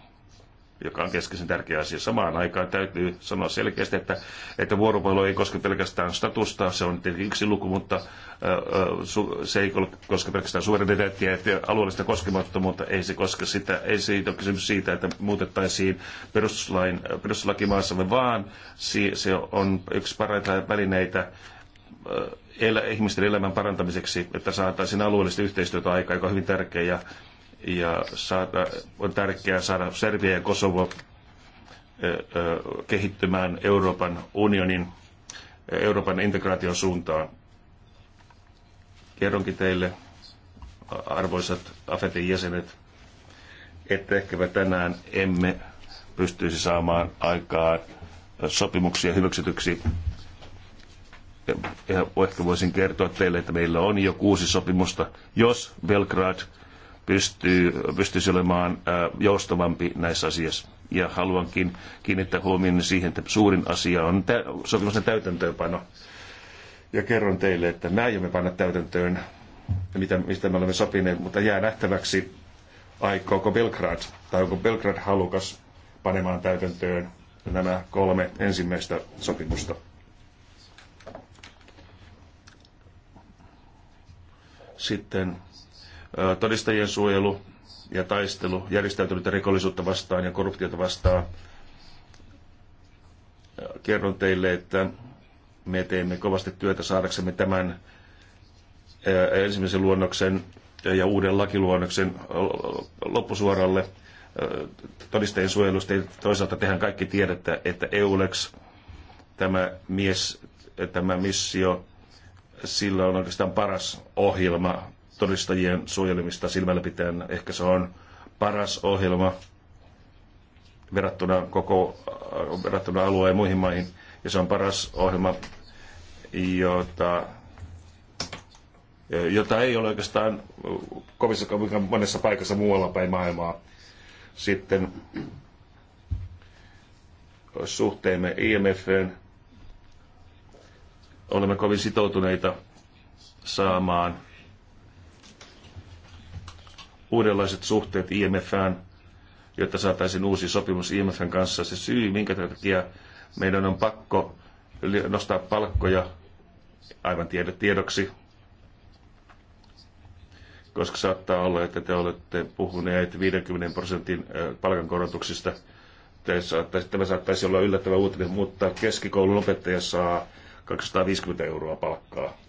joka on keskeisen tärkeä asia. Samaan aikaan täytyy sanoa selkeästi, että, että vuoropuhelu ei koske pelkästään statusta, se on tietenkin yksi luku, mutta se ei koske pelkästään suvereniteettia ja alueellista koskemattomuutta, ei se koske sitä, ei siitä ole kysymys siitä, että muutettaisiin perustuslain, perustuslakimaassamme, vaan se on yksi parhaita välineitä ihmisten elämän parantamiseksi, että saataisiin alueellista yhteistyötä aikaa, joka on hyvin tärkeä ja ja saada, on tärkeää saada Serbia ja Kosovo kehittymään Euroopan unionin, Euroopan integraation suuntaan. Kerronkin teille, arvoisat AFETin jäsenet, että ehkä me tänään emme pystyisi saamaan aikaan sopimuksia hyväksytyksi. Ja ehkä voisin kertoa teille, että meillä on jo kuusi sopimusta, jos Belgrad pystyy, pystyisi olemaan joustavampi näissä asioissa. Ja haluankin kiinnittää huomioon siihen, että suurin asia on tä- sopimusten täytäntöönpano. Ja kerron teille, että näin me panna täytäntöön, mitä, mistä me olemme sopineet, mutta jää nähtäväksi, aikooko Belgrad tai onko Belgrad halukas panemaan täytäntöön nämä kolme ensimmäistä sopimusta. Sitten todistajien suojelu ja taistelu järjestäytynyttä rikollisuutta vastaan ja korruptiota vastaan. Kerron teille, että me teemme kovasti työtä saadaksemme tämän ensimmäisen luonnoksen ja uuden lakiluonnoksen loppusuoralle todistajien suojelusta. Toisaalta tehän kaikki tiedätte, että EULEX, tämä mies, tämä missio, sillä on oikeastaan paras ohjelma todistajien suojelemista silmällä pitäen. Ehkä se on paras ohjelma verrattuna koko äh, verrattuna alueen muihin maihin. Ja se on paras ohjelma, jota, äh, jota ei ole oikeastaan äh, kovissa monessa paikassa muualla päin maailmaa. Sitten suhteemme IMFn olemme kovin sitoutuneita saamaan uudenlaiset suhteet IMFään, jotta saataisiin uusi sopimus IMFn kanssa. Se syy, minkä takia meidän on pakko nostaa palkkoja aivan tiedoksi, koska saattaa olla, että te olette puhuneet 50 prosentin palkankorotuksista. Tämä saattaisi olla yllättävä uutinen, mutta keskikoulun opettaja saa 250 euroa palkkaa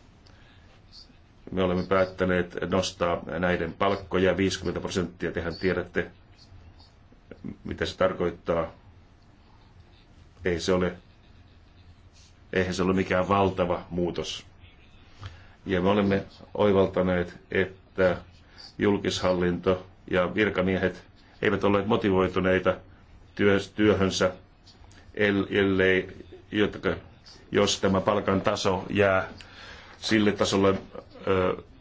me olemme päättäneet nostaa näiden palkkoja 50 prosenttia. Tehän tiedätte, mitä se tarkoittaa. Ei se ole, eihän se ole mikään valtava muutos. Ja me olemme oivaltaneet, että julkishallinto ja virkamiehet eivät ole motivoituneita työhönsä, ellei, jos tämä palkan taso jää sille tasolle,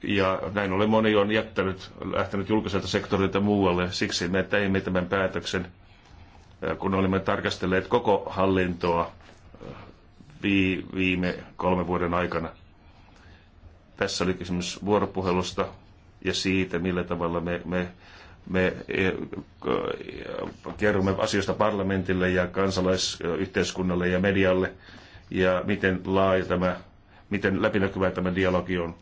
ja näin ollen moni on jättänyt, lähtenyt julkiselta sektorilta muualle. Siksi me teimme tämän päätöksen, kun olimme tarkastelleet koko hallintoa viime kolmen vuoden aikana. Tässä oli kysymys vuoropuhelusta ja siitä, millä tavalla me, me, me e, kerromme asioista parlamentille ja kansalaisyhteiskunnalle ja medialle ja miten laaja tämä, miten läpinäkyvä tämä dialogi on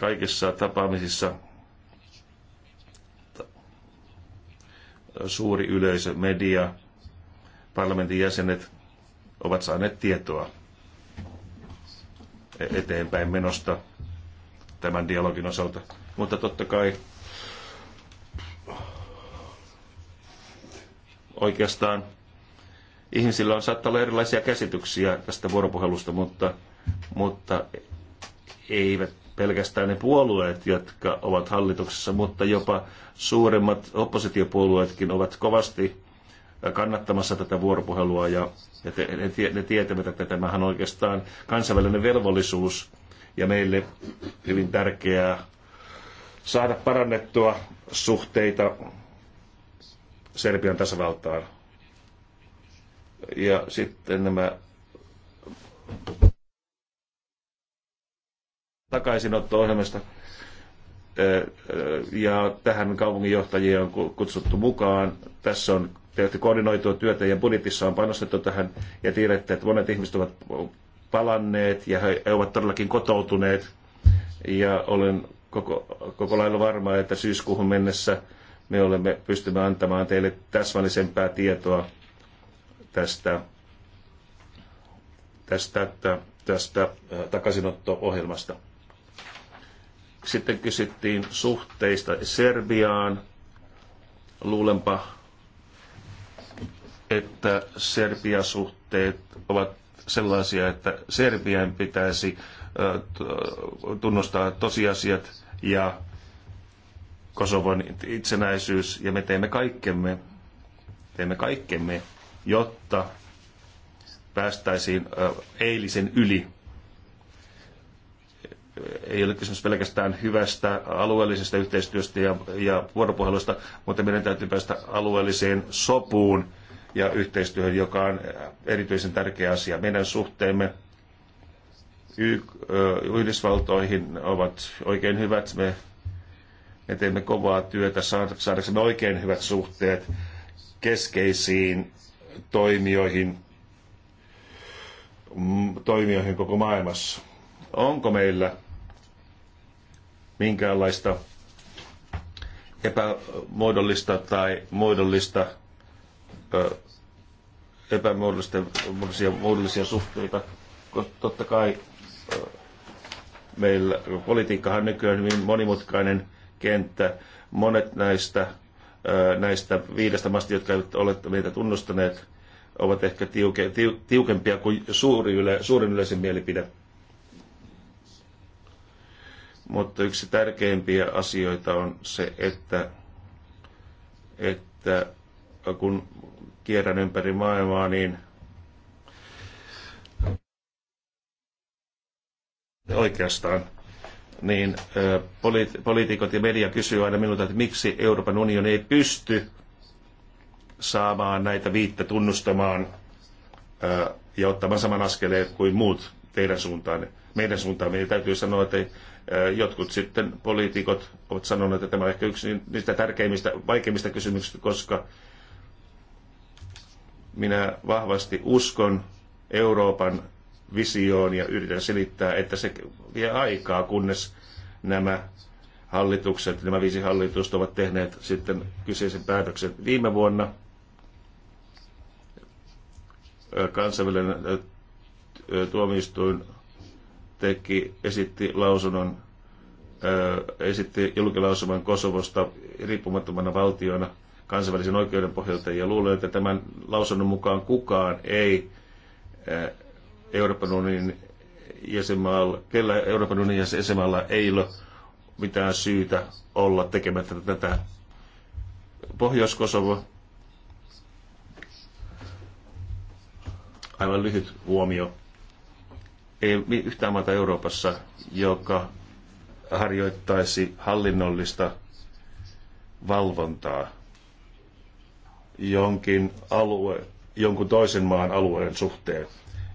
kaikissa tapaamisissa suuri yleisö, media, parlamentin jäsenet ovat saaneet tietoa e- eteenpäin menosta tämän dialogin osalta. Mutta totta kai oikeastaan ihmisillä on saattaa olla erilaisia käsityksiä tästä vuoropuhelusta, mutta, mutta eivät pelkästään ne puolueet, jotka ovat hallituksessa, mutta jopa suuremmat oppositiopuolueetkin ovat kovasti kannattamassa tätä vuoropuhelua ja, ja te, ne, ne tietävät, että tämähän on oikeastaan kansainvälinen velvollisuus ja meille hyvin tärkeää saada parannettua suhteita Serbian tasavaltaan. Ja sitten nämä takaisinotto-ohjelmasta. Ja tähän kaupunginjohtajia on kutsuttu mukaan. Tässä on tehty koordinoitua työtä ja budjetissa on panostettu tähän. Ja tiedätte, että monet ihmiset ovat palanneet ja he ovat todellakin kotoutuneet. Ja olen koko, koko lailla varma, että syyskuuhun mennessä me olemme pystymme antamaan teille täsmällisempää tietoa tästä, tästä, tästä, tästä takaisinotto-ohjelmasta. Sitten kysyttiin suhteista Serbiaan. Luulenpa, että Serbia-suhteet ovat sellaisia, että Serbian pitäisi tunnustaa tosiasiat ja Kosovon itsenäisyys, ja me teemme kaikkemme, teemme kaikkemme jotta päästäisiin eilisen yli ei ole kysymys pelkästään hyvästä alueellisesta yhteistyöstä ja, ja vuoropuhelusta, mutta meidän täytyy päästä alueelliseen sopuun ja yhteistyöhön, joka on erityisen tärkeä asia. Meidän suhteemme Yhdysvaltoihin ovat oikein hyvät. Me, me teemme kovaa työtä saadaksemme oikein hyvät suhteet keskeisiin toimijoihin, toimijoihin koko maailmassa. Onko meillä minkäänlaista epämuodollista tai muodollista epämuodollisia muodollisia suhteita. Totta kai meillä politiikkahan nykyään on hyvin monimutkainen kenttä. Monet näistä, näistä viidestä maasta, jotka eivät ole meitä tunnustaneet, ovat ehkä tiuke, tiu, tiukempia kuin suuri yle, suurin yleisön mielipide. Mutta yksi tärkeimpiä asioita on se, että, että kun kierrän ympäri maailmaa, niin oikeastaan niin poliitikot ja media kysyy aina minulta, että miksi Euroopan unioni ei pysty saamaan näitä viittä tunnustamaan ja ottamaan saman askeleen kuin muut teidän suuntaan, meidän suuntaan. Meidän täytyy sanoa, että Jotkut sitten poliitikot ovat sanoneet, että tämä on ehkä yksi niin- niistä tärkeimmistä, vaikeimmista kysymyksistä, koska minä vahvasti uskon Euroopan visioon ja yritän selittää, että se vie aikaa, kunnes nämä hallitukset, nämä viisi hallitusta ovat tehneet sitten kyseisen päätöksen. Viime vuonna kansainvälinen tuomioistuin teki, esitti lausunnon, esitti julkilausuman Kosovosta riippumattomana valtiona kansainvälisen oikeuden pohjalta, ja luulen, että tämän lausunnon mukaan kukaan ei Euroopan unionin jäsenmaalla, kellä Euroopan unionin jäsenmaalla ei ole mitään syytä olla tekemättä tätä. Pohjois-Kosovo, aivan lyhyt huomio ei ole yhtään maata Euroopassa, joka harjoittaisi hallinnollista valvontaa jonkin alue, jonkun toisen maan alueen suhteen.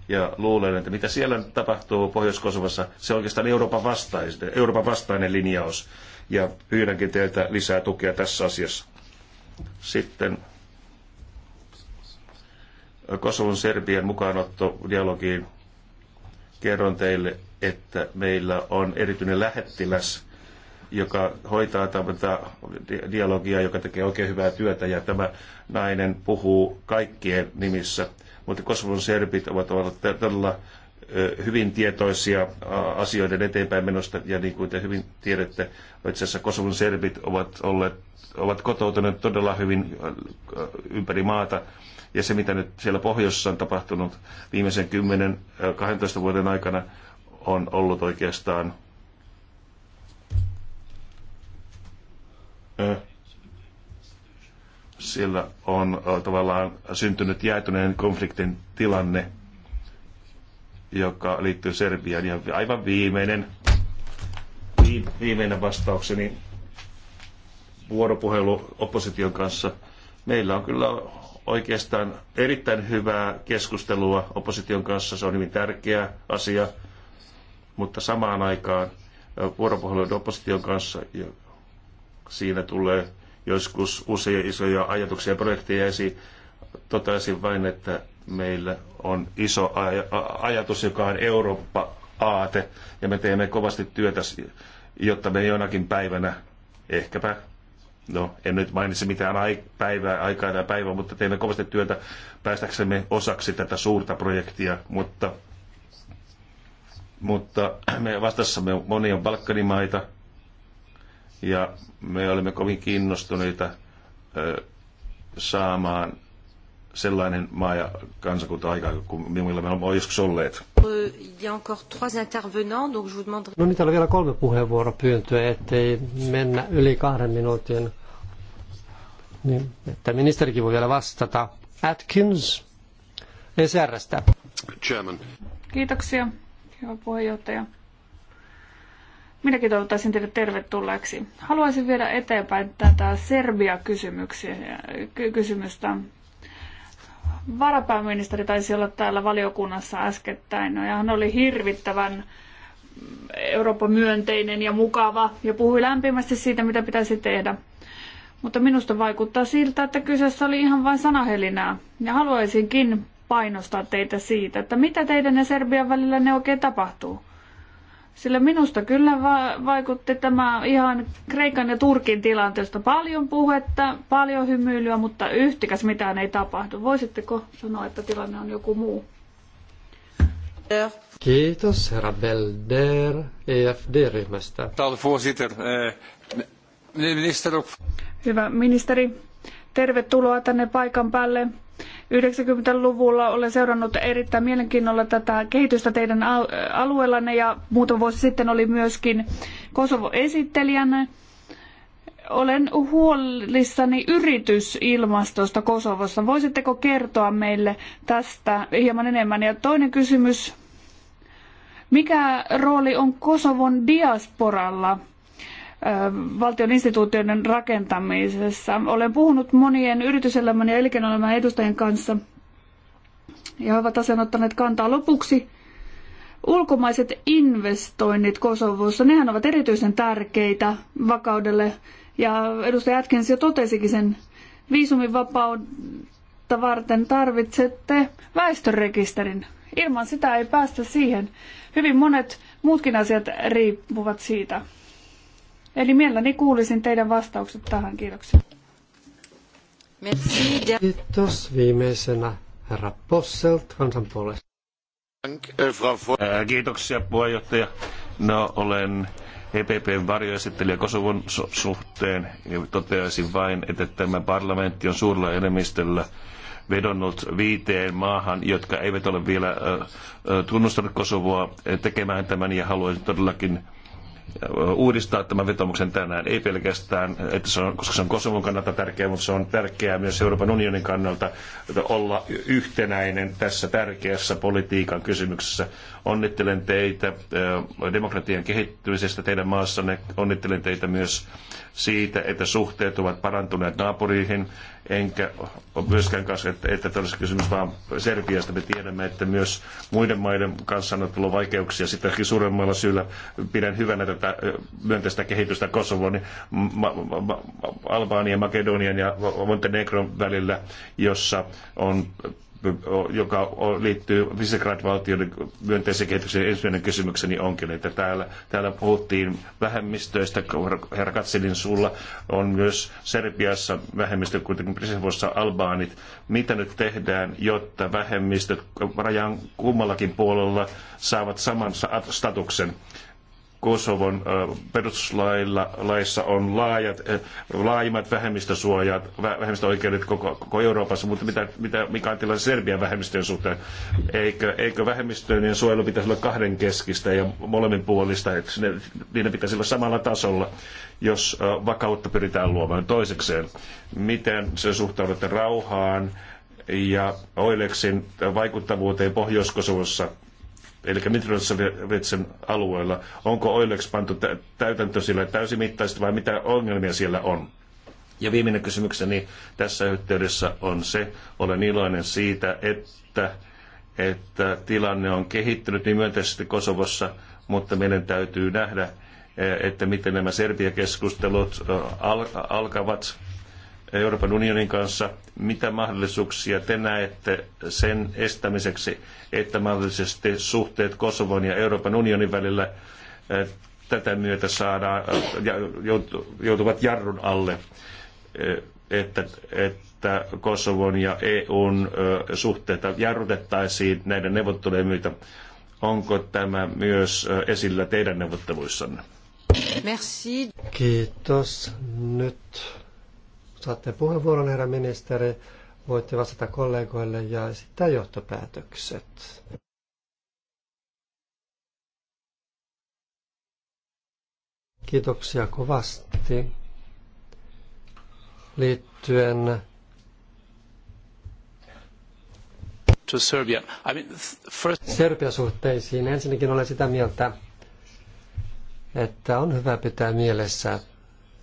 Ja luulen, että mitä siellä tapahtuu Pohjois-Kosovassa, se on oikeastaan Euroopan vastainen, Euroopan vastainen linjaus. Ja pyydänkin teiltä lisää tukea tässä asiassa. Sitten Kosovon Serbian mukaanotto dialogiin kerron teille, että meillä on erityinen lähettiläs, joka hoitaa tämmöistä dialogia, joka tekee oikein hyvää työtä, ja tämä nainen puhuu kaikkien nimissä. Mutta Kosovon serbit ovat olleet todella hyvin tietoisia asioiden eteenpäin menosta, ja niin kuin te hyvin tiedätte, itse asiassa Kosovon serbit ovat, olleet, ovat kotoutuneet todella hyvin ympäri maata, ja se, mitä nyt siellä pohjoisessa on tapahtunut viimeisen 10-12 vuoden aikana, on ollut oikeastaan siellä on tavallaan syntynyt jäätyneen konfliktin tilanne, joka liittyy Serbiaan. Ja aivan viimeinen, viimeinen vastaukseni vuoropuhelu opposition kanssa. Meillä on kyllä oikeastaan erittäin hyvää keskustelua opposition kanssa. Se on hyvin tärkeä asia, mutta samaan aikaan vuoropuhelun opposition kanssa ja siinä tulee joskus usein isoja ajatuksia ja projekteja esiin. Totesin vain, että meillä on iso aj ajatus, joka on Eurooppa-aate, ja me teemme kovasti työtä, jotta me jonakin päivänä, ehkäpä no en nyt mainitse mitään päivää, aikaa tai päivää, mutta teemme kovasti työtä päästäksemme osaksi tätä suurta projektia, mutta, mutta me vastassamme moni on Balkanimaita ja me olemme kovin kiinnostuneita ö, saamaan sellainen maa ja kansakunta aika kuin millä me olemme joskus olleet. No niin, on vielä kolme puheenvuoroa pyyntöä, ettei mennä yli kahden minuutin. Niin, että ministerikin voi vielä vastata. Atkins, ECRstä. Chairman. Kiitoksia, hyvä puheenjohtaja. Minäkin toivottaisin teille tervetulleeksi. Haluaisin viedä eteenpäin tätä Serbia-kysymystä varapääministeri taisi olla täällä valiokunnassa äskettäin, no, ja hän oli hirvittävän mm, Euroopan myönteinen ja mukava ja puhui lämpimästi siitä, mitä pitäisi tehdä. Mutta minusta vaikuttaa siltä, että kyseessä oli ihan vain sanahelinää. Ja haluaisinkin painostaa teitä siitä, että mitä teidän ja Serbian välillä ne oikein tapahtuu. Sillä minusta kyllä va- vaikutti tämä ihan Kreikan ja Turkin tilanteesta paljon puhetta, paljon hymyilyä, mutta yhtikäs mitään ei tapahdu. Voisitteko sanoa, että tilanne on joku muu? Kiitos, herra Belder EFD-ryhmästä. Eh, Hyvä ministeri, tervetuloa tänne paikan päälle. 90-luvulla. Olen seurannut erittäin mielenkiinnolla tätä kehitystä teidän alueellanne ja muutama vuosi sitten oli myöskin Kosovo-esittelijänä. Olen huolissani yritysilmastosta Kosovossa. Voisitteko kertoa meille tästä hieman enemmän? Ja toinen kysymys. Mikä rooli on Kosovon diasporalla valtion instituutioiden rakentamisessa. Olen puhunut monien yrityselämän ja elinkeinoelämän edustajien kanssa ja he ovat asian ottaneet kantaa lopuksi. Ulkomaiset investoinnit Kosovossa, nehän ovat erityisen tärkeitä vakaudelle. Ja edustaja Atkins jo totesikin sen viisumivapautta varten tarvitsette väestörekisterin. Ilman sitä ei päästä siihen. Hyvin monet muutkin asiat riippuvat siitä. Eli mielelläni kuulisin teidän vastaukset tähän. Kiitoksia. Kiitos viimeisenä herra Posselt kansan puolesta. Äh, kiitoksia puheenjohtaja. No olen EPPn varjoesittelijä Kosovon su- suhteen ja toteaisin vain, että tämä parlamentti on suurella enemmistöllä vedonnut viiteen maahan, jotka eivät ole vielä äh, äh, tunnustaneet Kosovoa tekemään tämän ja haluaisin todellakin uudistaa tämän vetomuksen tänään, ei pelkästään, että se on, koska se on Kosovon kannalta tärkeää, mutta se on tärkeää myös Euroopan unionin kannalta olla yhtenäinen tässä tärkeässä politiikan kysymyksessä. Onnittelen teitä eh, demokratian kehittymisestä teidän maassanne, onnittelen teitä myös siitä, että suhteet ovat parantuneet naapuriihin, enkä ole myöskään kanssa, että, että olisi kysymys vaan Serbiasta. Me tiedämme, että myös muiden maiden kanssa on tullut vaikeuksia. Sitäkin suuremmalla syyllä pidän hyvänä tätä myönteistä kehitystä Kosovon, niin ma- ma- ma- Albanian, Makedonian ja Montenegron välillä, jossa on joka liittyy Visegrad-valtioiden myönteisen kehityksen ensimmäinen kysymykseni onkin, että täällä, täällä puhuttiin vähemmistöistä, herra Katselin sulla on myös Serbiassa vähemmistö, kuitenkin Prisevossa albaanit. Mitä nyt tehdään, jotta vähemmistöt rajan kummallakin puolella saavat saman statuksen? Kosovon perustuslaissa on laajat, laajimmat vähemmistösuojat, vähemmistöoikeudet koko, koko Euroopassa, mutta mitä, mitä, mikä on tilanne Serbian vähemmistöjen suhteen? Eikö, eikö vähemmistöjen suojelu pitäisi olla kahdenkeskistä ja molemminpuolista, että ne, niiden pitäisi olla samalla tasolla, jos vakautta pyritään luomaan toisekseen? Miten se suhtaudutte rauhaan? ja Oileksin vaikuttavuuteen Pohjois-Kosovossa eli Mitrovitsen alueella. Onko Oilex pantu täytäntö sillä täysimittaisesti vai mitä ongelmia siellä on? Ja viimeinen kysymykseni tässä yhteydessä on se, olen iloinen siitä, että, että tilanne on kehittynyt niin myönteisesti Kosovossa, mutta meidän täytyy nähdä, e, että miten nämä Serbia-keskustelut alkavat Euroopan unionin kanssa. Mitä mahdollisuuksia te näette sen estämiseksi, että mahdollisesti suhteet Kosovon ja Euroopan unionin välillä eh, tätä myötä saadaan, joutuvat jarrun alle, eh, että, että Kosovon ja EUn eh, suhteita jarrutettaisiin näiden neuvottelujen myötä. Onko tämä myös esillä teidän neuvotteluissanne? Merci. Kiitos. Nyt saatte puheenvuoron, herra ministeri. Voitte vastata kollegoille ja esittää johtopäätökset. Kiitoksia kovasti liittyen to Serbia. I mean, first... Serbia-suhteisiin. Ensinnäkin olen sitä mieltä, että on hyvä pitää mielessä,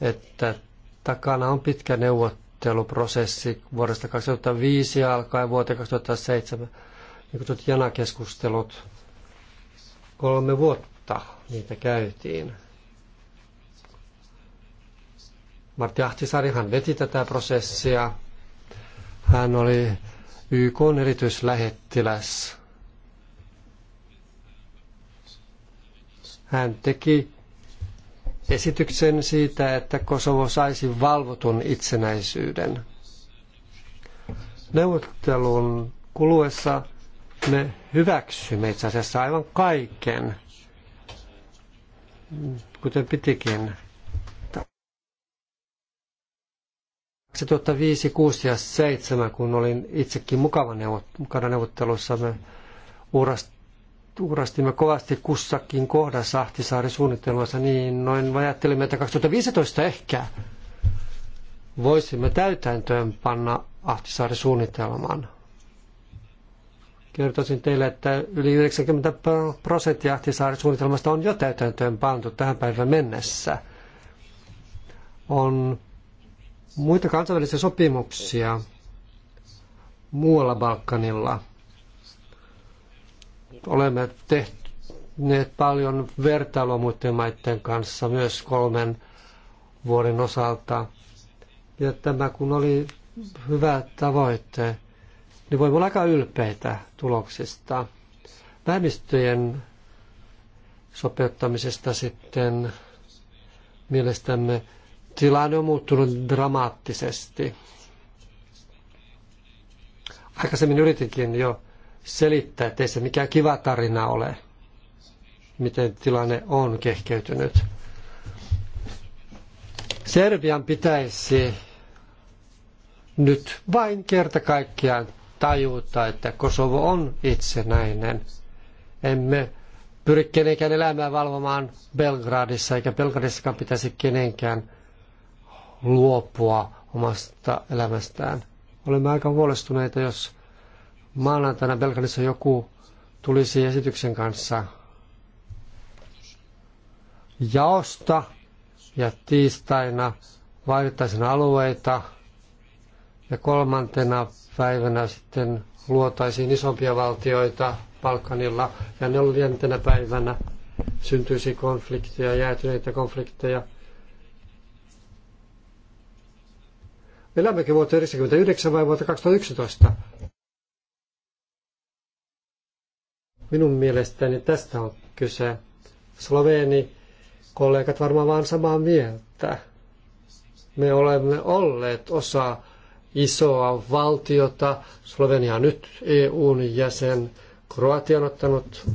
että takana on pitkä neuvotteluprosessi vuodesta 2005 alkaen vuoteen 2007, niin kuin Jana-keskustelut. Kolme vuotta niitä käytiin. Martti Ahtisaarihan veti tätä prosessia. Hän oli YK erityislähettiläs. Hän teki esityksen siitä, että Kosovo saisi valvotun itsenäisyyden. Neuvottelun kuluessa me hyväksymme itse asiassa aivan kaiken, kuten pitikin. 2005, 6 ja 7, kun olin itsekin mukana neuvotteluissa, me uurastimme uurastimme kovasti kussakin kohdassa Ahtisaari-suunnitelmassa, niin noin ajattelimme, että 2015 ehkä voisimme täytäntöön panna Ahtisaari-suunnitelman. Kertoisin teille, että yli 90 prosenttia Ahtisaari-suunnitelmasta on jo täytäntöön pantu tähän päivään mennessä. On muita kansainvälisiä sopimuksia muualla Balkanilla – Olemme tehneet paljon vertailua muiden maiden kanssa myös kolmen vuoden osalta. Ja tämä kun oli hyvä tavoite, niin voimme olla aika ylpeitä tuloksista. Vähemmistöjen sopeuttamisesta sitten mielestämme tilanne on muuttunut dramaattisesti. Aikaisemmin yritinkin jo selittää, ettei se mikään kiva tarina ole, miten tilanne on kehkeytynyt. Serbian pitäisi nyt vain kerta kaikkiaan tajuta, että Kosovo on itsenäinen. Emme pyri kenenkään elämää valvomaan Belgradissa, eikä Belgradissakaan pitäisi kenenkään luopua omasta elämästään. Olemme aika huolestuneita, jos maanantaina Belgradissa joku tulisi esityksen kanssa jaosta ja tiistaina vaihdettaisiin alueita ja kolmantena päivänä sitten luotaisiin isompia valtioita Balkanilla ja neljäntenä päivänä syntyisi konflikteja, jäätyneitä konflikteja. Elämmekin vuotta 1999 vai vuotta 2011? Minun mielestäni tästä on kyse. Sloveeni kollegat varmaan vaan samaa mieltä. Me olemme olleet osa isoa valtiota. Slovenia on nyt EUn jäsen. Kroatia on ottanut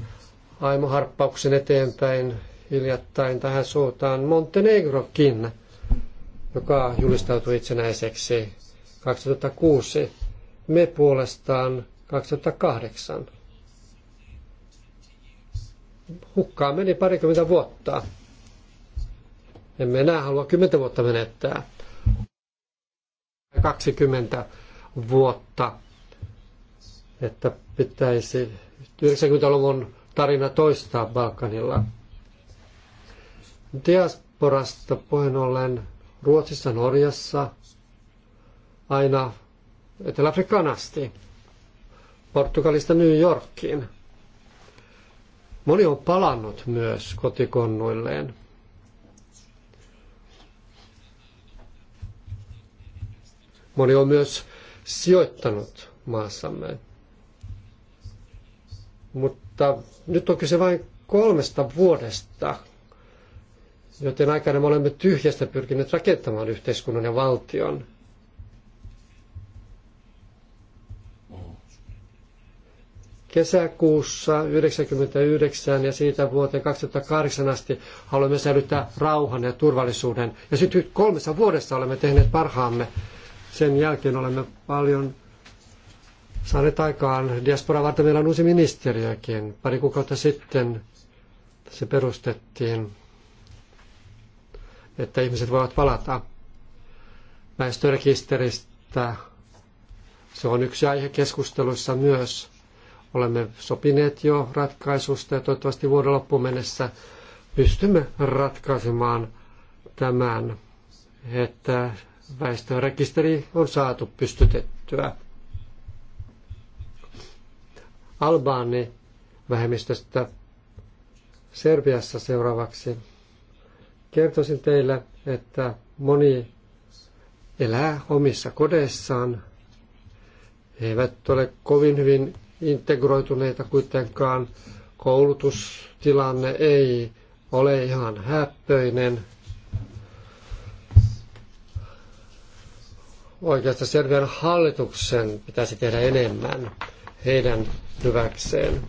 aimoharppauksen eteenpäin hiljattain tähän suuntaan. Montenegrokin, joka julistautui itsenäiseksi 2006. Me puolestaan 2008 hukkaa meni parikymmentä vuotta. Emme enää halua kymmentä vuotta menettää. 20 vuotta, että pitäisi 90-luvun tarina toistaa Balkanilla. Diasporasta puheen ollen Ruotsissa, Norjassa, aina Etelä-Afrikkaan asti, Portugalista New Yorkiin – Moni on palannut myös kotikonnuilleen. Moni on myös sijoittanut maassamme. Mutta nyt on kyse vain kolmesta vuodesta, joten aikana me olemme tyhjästä pyrkineet rakentamaan yhteiskunnan ja valtion. kesäkuussa 1999 ja siitä vuoteen 2008 asti haluamme säilyttää rauhan ja turvallisuuden. Ja sitten kolmessa vuodessa olemme tehneet parhaamme. Sen jälkeen olemme paljon saaneet aikaan. Diaspora varten meillä on uusi ministeriökin. Pari kuukautta sitten se perustettiin, että ihmiset voivat palata väestörekisteristä. Se on yksi aihe keskustelussa myös Olemme sopineet jo ratkaisusta ja toivottavasti vuoden loppuun mennessä pystymme ratkaisemaan tämän, että väestörekisteri on saatu pystytettyä. Albaani vähemmistöstä Serbiassa seuraavaksi. Kertoisin teille, että moni elää omissa kodeissaan. He eivät ole kovin hyvin integroituneita kuitenkaan. Koulutustilanne ei ole ihan häppöinen. Oikeastaan Serbian hallituksen pitäisi tehdä enemmän heidän hyväkseen.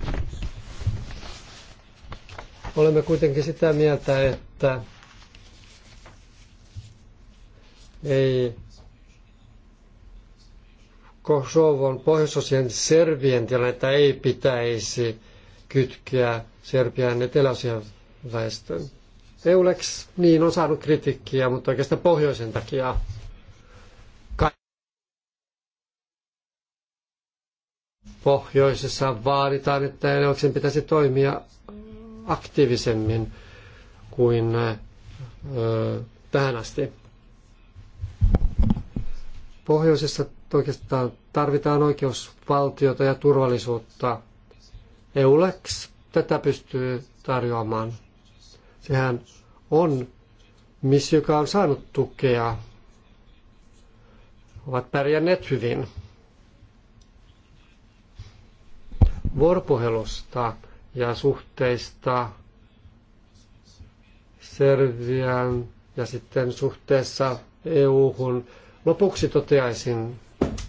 Olemme kuitenkin sitä mieltä, että ei Kosovon pohjoisosien Serbien tilannetta ei pitäisi kytkeä Serbian eteläosien väestön. Eulex niin on saanut kritiikkiä, mutta oikeastaan pohjoisen takia. Pohjoisessa vaaditaan, että Eulexin pitäisi toimia aktiivisemmin kuin ö, tähän asti. Pohjoisessa oikeastaan tarvitaan oikeusvaltiota ja turvallisuutta. EULEX tätä pystyy tarjoamaan. Sehän on missä joka on saanut tukea, ovat pärjänneet hyvin. Vuoropuhelusta ja suhteista Serbian ja sitten suhteessa EU-hun Lopuksi toteaisin,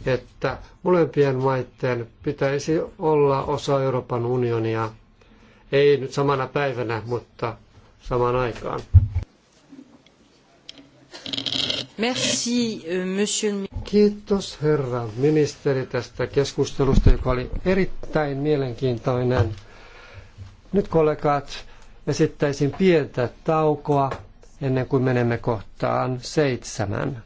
että molempien maiden pitäisi olla osa Euroopan unionia, ei nyt samana päivänä, mutta samaan aikaan. Merci, euh, monsieur... Kiitos herra ministeri tästä keskustelusta, joka oli erittäin mielenkiintoinen. Nyt kollegat, esittäisin pientä taukoa ennen kuin menemme kohtaan seitsemän.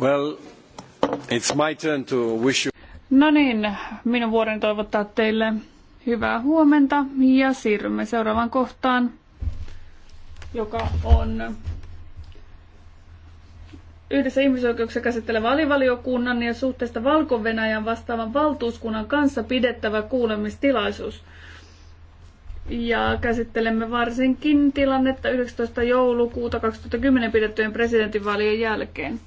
Well, it's my turn to wish you... No niin, minun vuoreni toivottaa teille hyvää huomenta ja siirrymme seuraavaan kohtaan, joka on yhdessä ihmisoikeuksia käsittelevä alivaliokunnan ja suhteesta valko vastaavan valtuuskunnan kanssa pidettävä kuulemistilaisuus. Ja käsittelemme varsinkin tilannetta 19. joulukuuta 2010 pidettyjen presidentinvaalien jälkeen.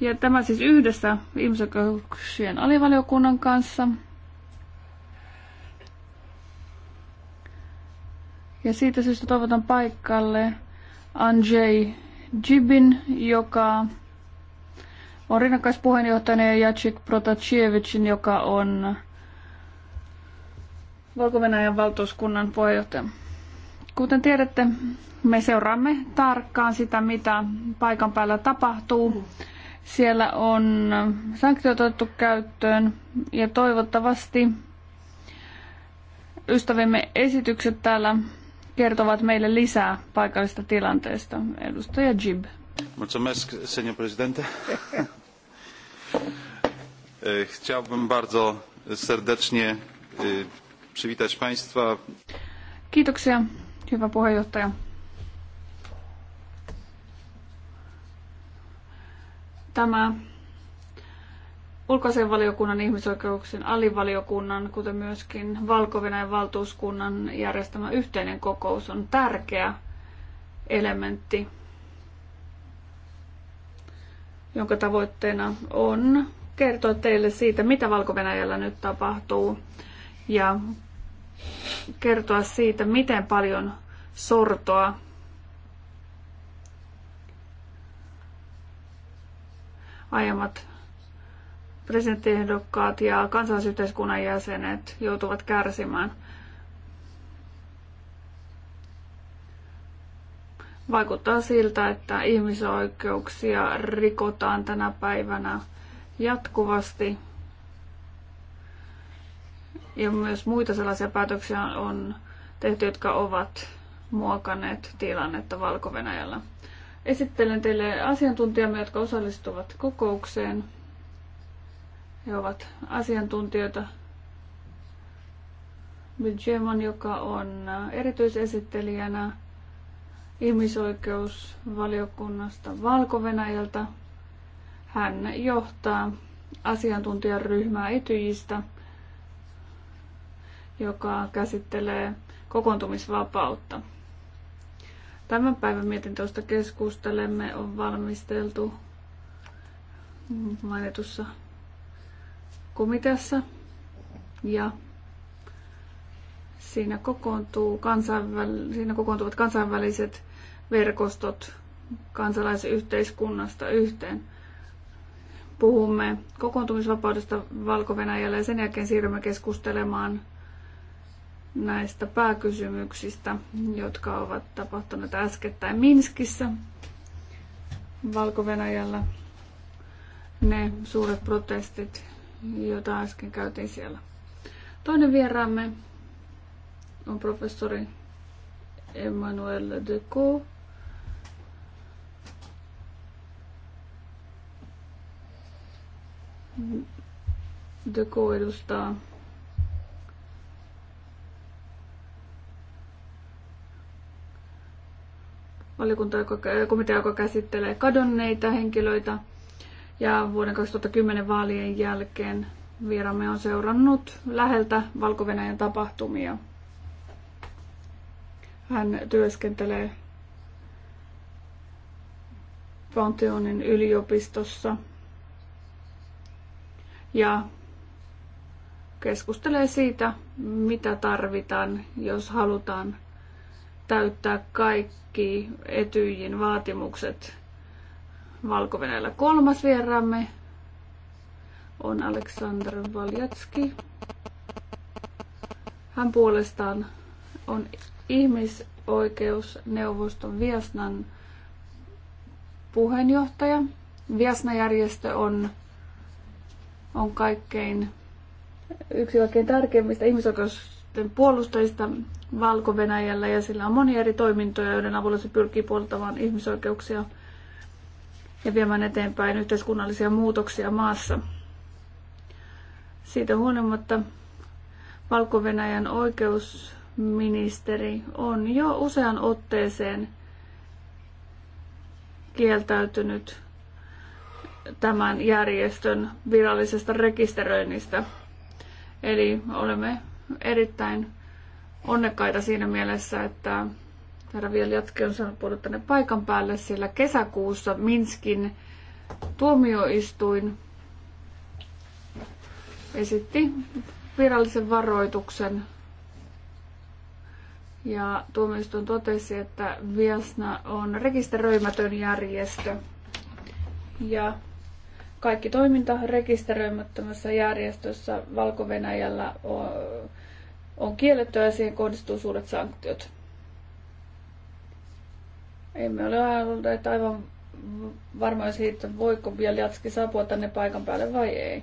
Ja tämä siis yhdessä ihmisoikeuksien alivaliokunnan kanssa. Ja siitä syystä toivotan paikalle Andrzej Jibin, joka on rinnakkaispuheenjohtajana ja Jacek Protachievicin, joka on valko valtuuskunnan puheenjohtaja. Kuten tiedätte, me seuraamme tarkkaan sitä, mitä paikan päällä tapahtuu. Mm siellä on sanktiot otettu käyttöön ja toivottavasti ystävimme esitykset täällä kertovat meille lisää paikallista tilanteesta. Edustaja Jib. Mulțumesc, senior presidente. Eh, chciałbym bardzo serdecznie eh, przywitać Państwa. Kiitoksia, hyvä puheenjohtaja. Tämä valiokunnan ihmisoikeuksien alivaliokunnan, kuten myöskin valko valtuuskunnan järjestämä yhteinen kokous on tärkeä elementti, jonka tavoitteena on kertoa teille siitä, mitä valko nyt tapahtuu ja kertoa siitä, miten paljon sortoa aiemmat presidenttiehdokkaat ja kansalaisyhteiskunnan jäsenet joutuvat kärsimään. Vaikuttaa siltä, että ihmisoikeuksia rikotaan tänä päivänä jatkuvasti ja myös muita sellaisia päätöksiä on tehty, jotka ovat muokanneet tilannetta valko -Venäjällä. Esittelen teille asiantuntijamme, jotka osallistuvat kokoukseen. He ovat asiantuntijoita Bilgemon, joka on erityisesittelijänä ihmisoikeusvaliokunnasta valko -Venäjältä. Hän johtaa asiantuntijaryhmää Etyjistä, joka käsittelee kokoontumisvapautta. Tämän päivän mietintöstä keskustelemme on valmisteltu mainitussa komiteassa ja siinä, kokoontuu kansainväl- siinä kokoontuvat kansainväliset verkostot kansalaisyhteiskunnasta yhteen. Puhumme kokoontumisvapaudesta valko ja sen jälkeen siirrymme keskustelemaan – näistä pääkysymyksistä, jotka ovat tapahtuneet äskettäin Minskissä, valko -Venäjällä. Ne suuret protestit, joita äsken käytiin siellä. Toinen vieraamme on professori Emmanuel de de Deco edustaa valiokunta, joka, komitea, joka käsittelee kadonneita henkilöitä. Ja vuoden 2010 vaalien jälkeen vieramme on seurannut läheltä valko tapahtumia. Hän työskentelee Pantheonin yliopistossa ja keskustelee siitä, mitä tarvitaan, jos halutaan täyttää kaikki etyjin vaatimukset valko -Venäjällä. Kolmas vieraamme on Aleksandr Valjatski. Hän puolestaan on ihmisoikeusneuvoston Viasnan puheenjohtaja. Viasna-järjestö on, on kaikkein yksi kaikkein tärkeimmistä ihmisoikeus sitten puolustajista valko ja sillä on monia eri toimintoja, joiden avulla se pyrkii puoltamaan ihmisoikeuksia ja viemään eteenpäin yhteiskunnallisia muutoksia maassa. Siitä huolimatta valko oikeusministeri on jo usean otteeseen kieltäytynyt tämän järjestön virallisesta rekisteröinnistä. Eli olemme erittäin onnekkaita siinä mielessä, että herra Vieljatke on saanut puhua tänne paikan päälle, sillä kesäkuussa Minskin tuomioistuin esitti virallisen varoituksen ja tuomioistuin totesi, että Viasna on rekisteröimätön järjestö ja kaikki toiminta rekisteröimättömässä järjestössä Valko-Venäjällä on, kielletty ja siihen kohdistuu suuret sanktiot. Emme ole että aivan varmoja siitä, voiko Bialjatski saapua tänne paikan päälle vai ei.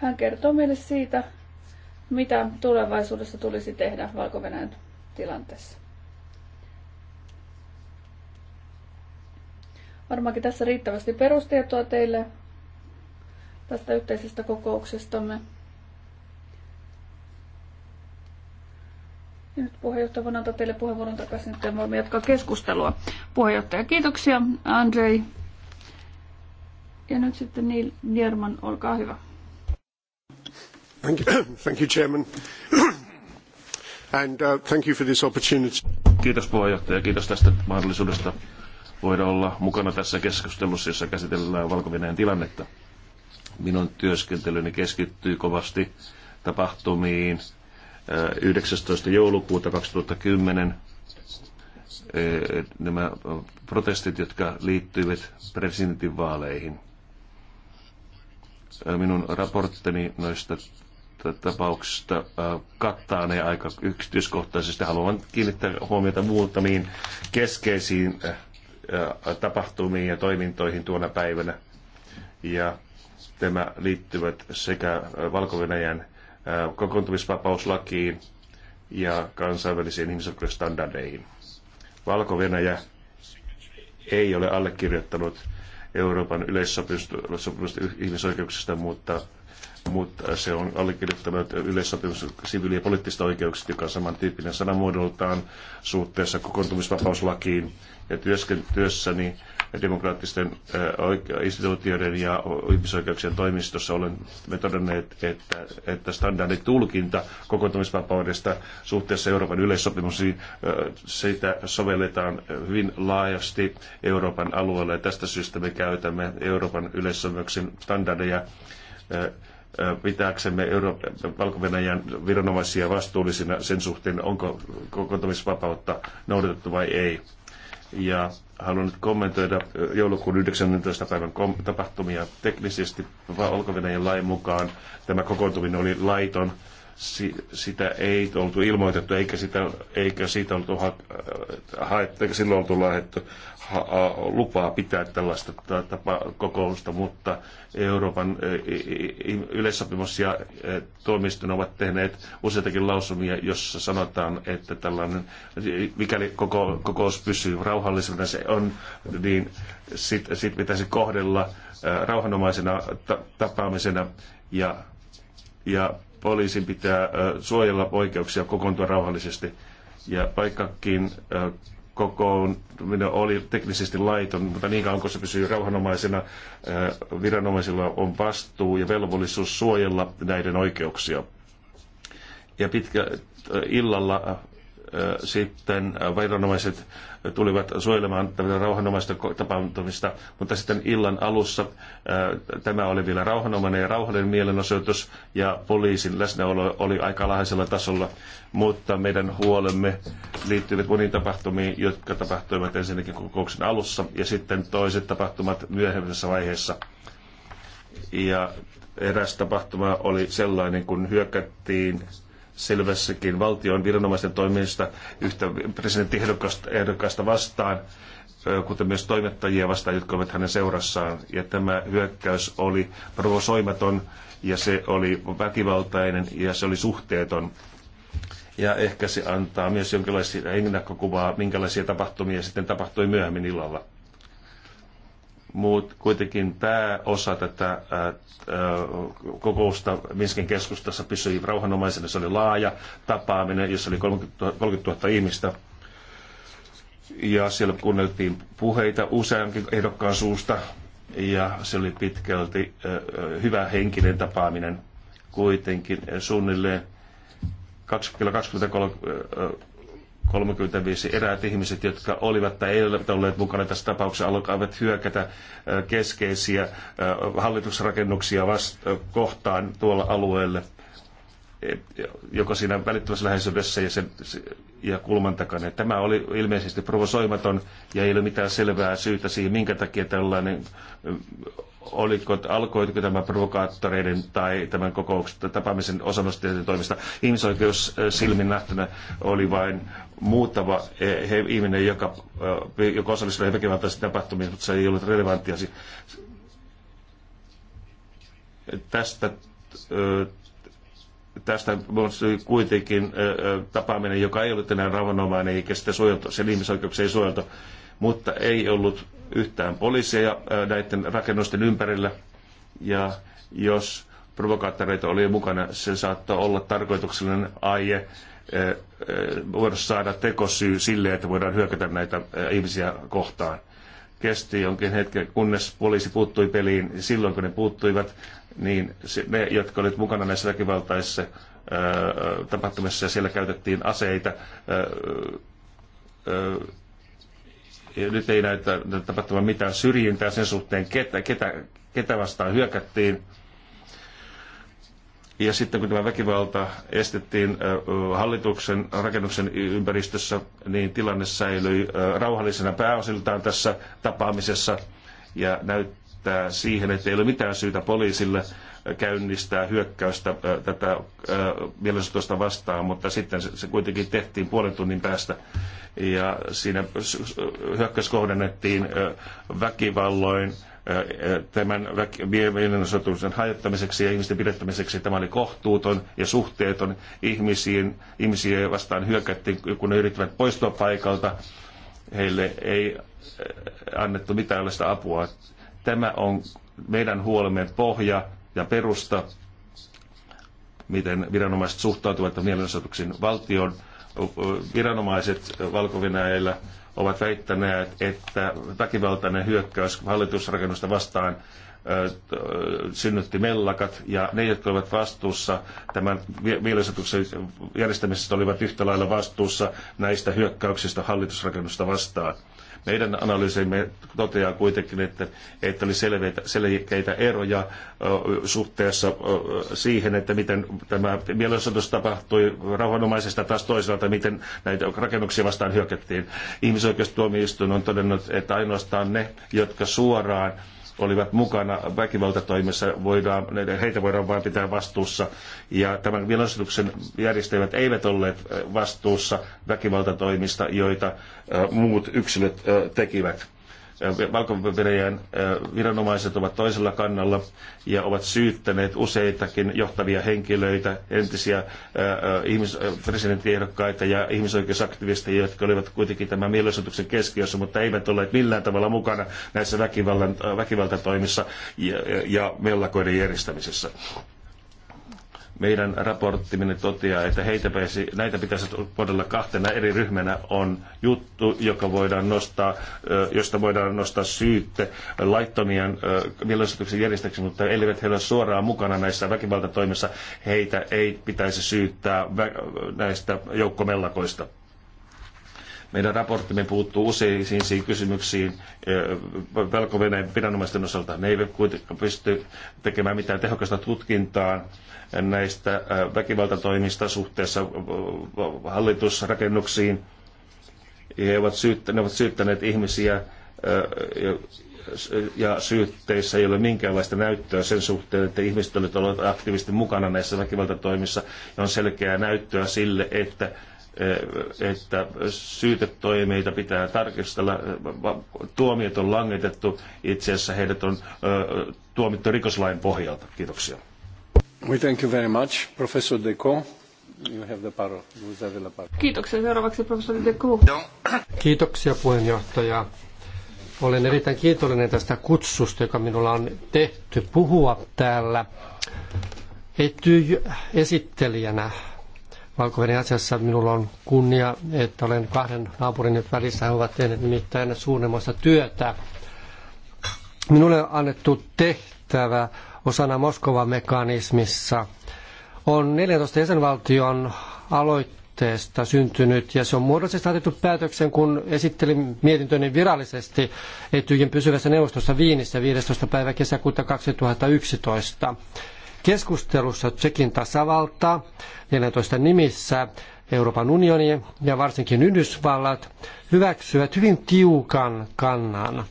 Hän kertoo meille siitä, mitä tulevaisuudessa tulisi tehdä valko tilanteessa. Varmaankin tässä riittävästi perustietoa teille tästä yhteisestä kokouksestamme. Ja nyt puheenjohtaja voin antaa teille puheenvuoron takaisin, että voimme jatkaa keskustelua. Puheenjohtaja, kiitoksia. Andrei. Ja nyt sitten Neil Nierman, olkaa hyvä. Thank you, thank you Chairman. And uh, thank you for this opportunity. Kiitos puheenjohtaja, kiitos tästä mahdollisuudesta voida olla mukana tässä keskustelussa, jossa käsitellään valko tilannetta. Minun työskentelyni keskittyy kovasti tapahtumiin 19. Eh, joulukuuta 2010 eh, nämä protestit, jotka liittyivät presidentinvaaleihin. Eh, minun raporttini noista tapauksista kattaa ne aika yksityiskohtaisesti. Haluan kiinnittää huomiota muutamiin keskeisiin tapahtumiin ja toimintoihin tuona päivänä. Ja tämä liittyvät sekä valko kokoontumisvapauslakiin ja kansainvälisiin ihmisoikeusstandardeihin. valko ei ole allekirjoittanut Euroopan yleissopimusta ihmisoikeuksista, mutta, mutta se on allekirjoittanut yleissopimus siviili- ja poliittista oikeuksista, joka on samantyyppinen sanamuodoltaan suhteessa kokoontumisvapauslakiin ja työssäni demokraattisten instituutioiden ja ihmisoikeuksien toimistossa me todenneet, että, että standarditulkinta kokoontumisvapaudesta suhteessa Euroopan yleissopimuksiin, sitä sovelletaan hyvin laajasti Euroopan alueella ja tästä syystä me käytämme Euroopan yleissopimuksen standardeja pitääksemme Euro- valko viranomaisia vastuullisina sen suhteen, onko kokoontumisvapautta noudatettu vai ei ja haluan nyt kommentoida joulukuun 19. päivän tapahtumia teknisesti olko lain mukaan. Tämä kokoontuminen oli laiton. Si- sitä ei oltu ilmoitettu, eikä, sitä, eikä siitä oltu ha- haettu, eikä silloin oltu lähetty lupaa pitää tällaista tapa kokousta, mutta Euroopan e, e, e, yleissopimus ja tuomioistuin ovat tehneet useitakin lausumia, jossa sanotaan, että tällainen, mikäli koko, kokous pysyy rauhallisena, se on, niin sit, sit pitäisi kohdella rauhanomaisena tapaamisena ja, ja poliisin pitää suojella oikeuksia kokoontua rauhallisesti. Ja vaikkakin kokoon oli teknisesti laiton, mutta niin kauan kun se pysyy rauhanomaisena, eh, viranomaisilla on vastuu ja velvollisuus suojella näiden oikeuksia. Ja pitkä eh, illalla sitten viranomaiset tulivat suojelemaan rauhanomaista tapahtumista, mutta sitten illan alussa tämä oli vielä rauhanomainen ja rauhallinen mielenosoitus ja poliisin läsnäolo oli aika alhaisella tasolla, mutta meidän huolemme liittyivät moniin tapahtumiin, jotka tapahtuivat ensinnäkin kokouksen alussa ja sitten toiset tapahtumat myöhemmässä vaiheessa. Ja eräs tapahtuma oli sellainen, kun hyökättiin selvässäkin valtion viranomaisten toiminnasta yhtä presidenttiehdokasta vastaan, kuten myös toimittajia vastaan, jotka olivat hänen seurassaan. Ja tämä hyökkäys oli provosoimaton ja se oli väkivaltainen ja se oli suhteeton. Ja ehkä se antaa myös jonkinlaista ennakkokuvaa, minkälaisia tapahtumia sitten tapahtui myöhemmin illalla muut kuitenkin pääosa tätä ää, kokousta Minskin keskustassa pysyi rauhanomaisena. Se oli laaja tapaaminen, jossa oli 30 000, 30 000 ihmistä. Ja siellä kuunneltiin puheita useankin ehdokkaan suusta. Ja se oli pitkälti ää, hyvä henkinen tapaaminen kuitenkin suunnilleen 20, 23, 35 eräät ihmiset, jotka olivat tai eivät olleet mukana tässä tapauksessa, alkoivat hyökätä keskeisiä hallitusrakennuksia vast- kohtaan tuolla alueelle, e, joko siinä välittömässä läheisyydessä ja, sen, ja kulman takana. Tämä oli ilmeisesti provosoimaton ja ei ole mitään selvää syytä siihen, minkä takia tällainen oliko, alkoitko tämä provokaattoreiden tai tämän kokouksen tapaamisen osallistujien toimesta ihmisoikeus silmin nähtynä oli vain muuttava eh, he, ihminen, joka, eh, joka osallistuu väkivaltaisiin tapahtumiin, mutta se ei ole relevanttia. Tästä, eh, tästä on kuitenkin tapaaminen, joka ei ollut enää rauhanomainen eikä sitä suojeltu, sen ihmisoikeuksia ei suojeltu, mutta ei ollut yhtään poliiseja näiden rakennusten ympärillä. Ja jos provokaattoreita oli mukana, se saattoi olla tarkoituksellinen aie Eh, eh, voida saada tekosyy sille, että voidaan hyökätä näitä eh, ihmisiä kohtaan. Kesti jonkin hetken, kunnes poliisi puuttui peliin. Silloin, kun ne puuttuivat, niin ne, jotka olivat mukana näissä väkivaltaisissa tapahtumissa, ja siellä käytettiin aseita, ja nyt ei näytä tapahtuvan mitään syrjintää sen suhteen, ketä, ketä, ketä vastaan hyökättiin. Ja sitten kun tämä väkivalta estettiin hallituksen rakennuksen ympäristössä, niin tilanne säilyi rauhallisena pääosiltaan tässä tapaamisessa ja näyttää siihen, että ei ole mitään syytä poliisille käynnistää hyökkäystä tätä mielenosoitusta vastaan, mutta sitten se kuitenkin tehtiin puolen tunnin päästä ja siinä hyökkäys kohdennettiin väkivalloin tämän mielenosoituksen hajottamiseksi ja ihmisten pidettämiseksi. Tämä oli kohtuuton ja suhteeton ihmisiin. Ihmisiä vastaan hyökättiin, kun ne yrittivät poistua paikalta. Heille ei äh, annettu mitään apua. Tämä on meidän huolemme pohja ja perusta, miten viranomaiset suhtautuvat mielenosoituksiin valtion äh, viranomaiset valko ovat väittäneet, että väkivaltainen hyökkäys hallitusrakennusta vastaan synnytti mellakat ja ne, jotka olivat vastuussa tämän mielisotuksen järjestämisestä, olivat yhtä lailla vastuussa näistä hyökkäyksistä hallitusrakennusta vastaan. Meidän analyysimme toteaa kuitenkin, että, että oli selveitä, selkeitä eroja suhteessa siihen, että miten tämä mielenosoitus tapahtui rauhanomaisesta taas toisaalta, miten näitä rakennuksia vastaan hyökättiin. Ihmisoikeustuomioistuin on todennut, että ainoastaan ne, jotka suoraan olivat mukana väkivaltatoimissa, voidaan, heitä voidaan vain pitää vastuussa. Ja tämän mielenosoituksen järjestäjät eivät olleet äh, vastuussa väkivaltatoimista, joita äh, muut yksilöt äh, tekivät valko viranomaiset ovat toisella kannalla ja ovat syyttäneet useitakin johtavia henkilöitä, entisiä presidenttiehdokkaita ja ihmisoikeusaktivisteja, jotka olivat kuitenkin tämän mielenosoituksen keskiössä, mutta eivät olleet millään tavalla mukana näissä väkivallan, väkivaltatoimissa ja, ja mellakoiden järjestämisessä meidän raporttimme toteaa, että heitä pääsi, näitä pitäisi kohdella kahtena eri ryhmänä on juttu, joka voidaan nostaa, josta voidaan nostaa syytte laittomien mielenosoituksen järjestäksi, mutta elivät heillä suoraan mukana näissä väkivaltatoimissa, heitä ei pitäisi syyttää näistä joukkomellakoista. Meidän raporttimme puuttuu useisiin kysymyksiin velko viranomaisten osalta. Ne eivät kuitenkaan pysty tekemään mitään tehokasta tutkintaa näistä väkivaltatoimista suhteessa hallitusrakennuksiin. He ovat ne ovat syyttäneet ihmisiä ja syytteissä ei ole minkäänlaista näyttöä sen suhteen, että ihmiset olivat aktiivisesti mukana näissä väkivaltatoimissa. Ja on selkeää näyttöä sille, että että syytetoimeita pitää tarkistella. Tuomiot on langetettu, itse asiassa heidät on tuomittu rikoslain pohjalta. Kiitoksia. We thank you very much, Professor Deco. You have the parole. Kiitoksia. Seuraavaksi professori Deco. Kiitoksia puheenjohtaja. Olen erittäin kiitollinen tästä kutsusta, joka minulla on tehty puhua täällä Etyj-esittelijänä valko asiassa minulla on kunnia, että olen kahden naapurin välissä. He ovat tehneet nimittäin suunnemmasta työtä. Minulle on annettu tehtävä osana Moskovan mekanismissa on 14 jäsenvaltion aloitteesta syntynyt ja se on muodollisesti otettu päätöksen, kun esittelin mietintöni virallisesti Etyjin pysyvässä neuvostossa Viinissä 15. päivä kesäkuuta 2011 keskustelussa Tsekin tasavalta 14 nimissä Euroopan unioni ja varsinkin Yhdysvallat hyväksyvät hyvin tiukan kannan,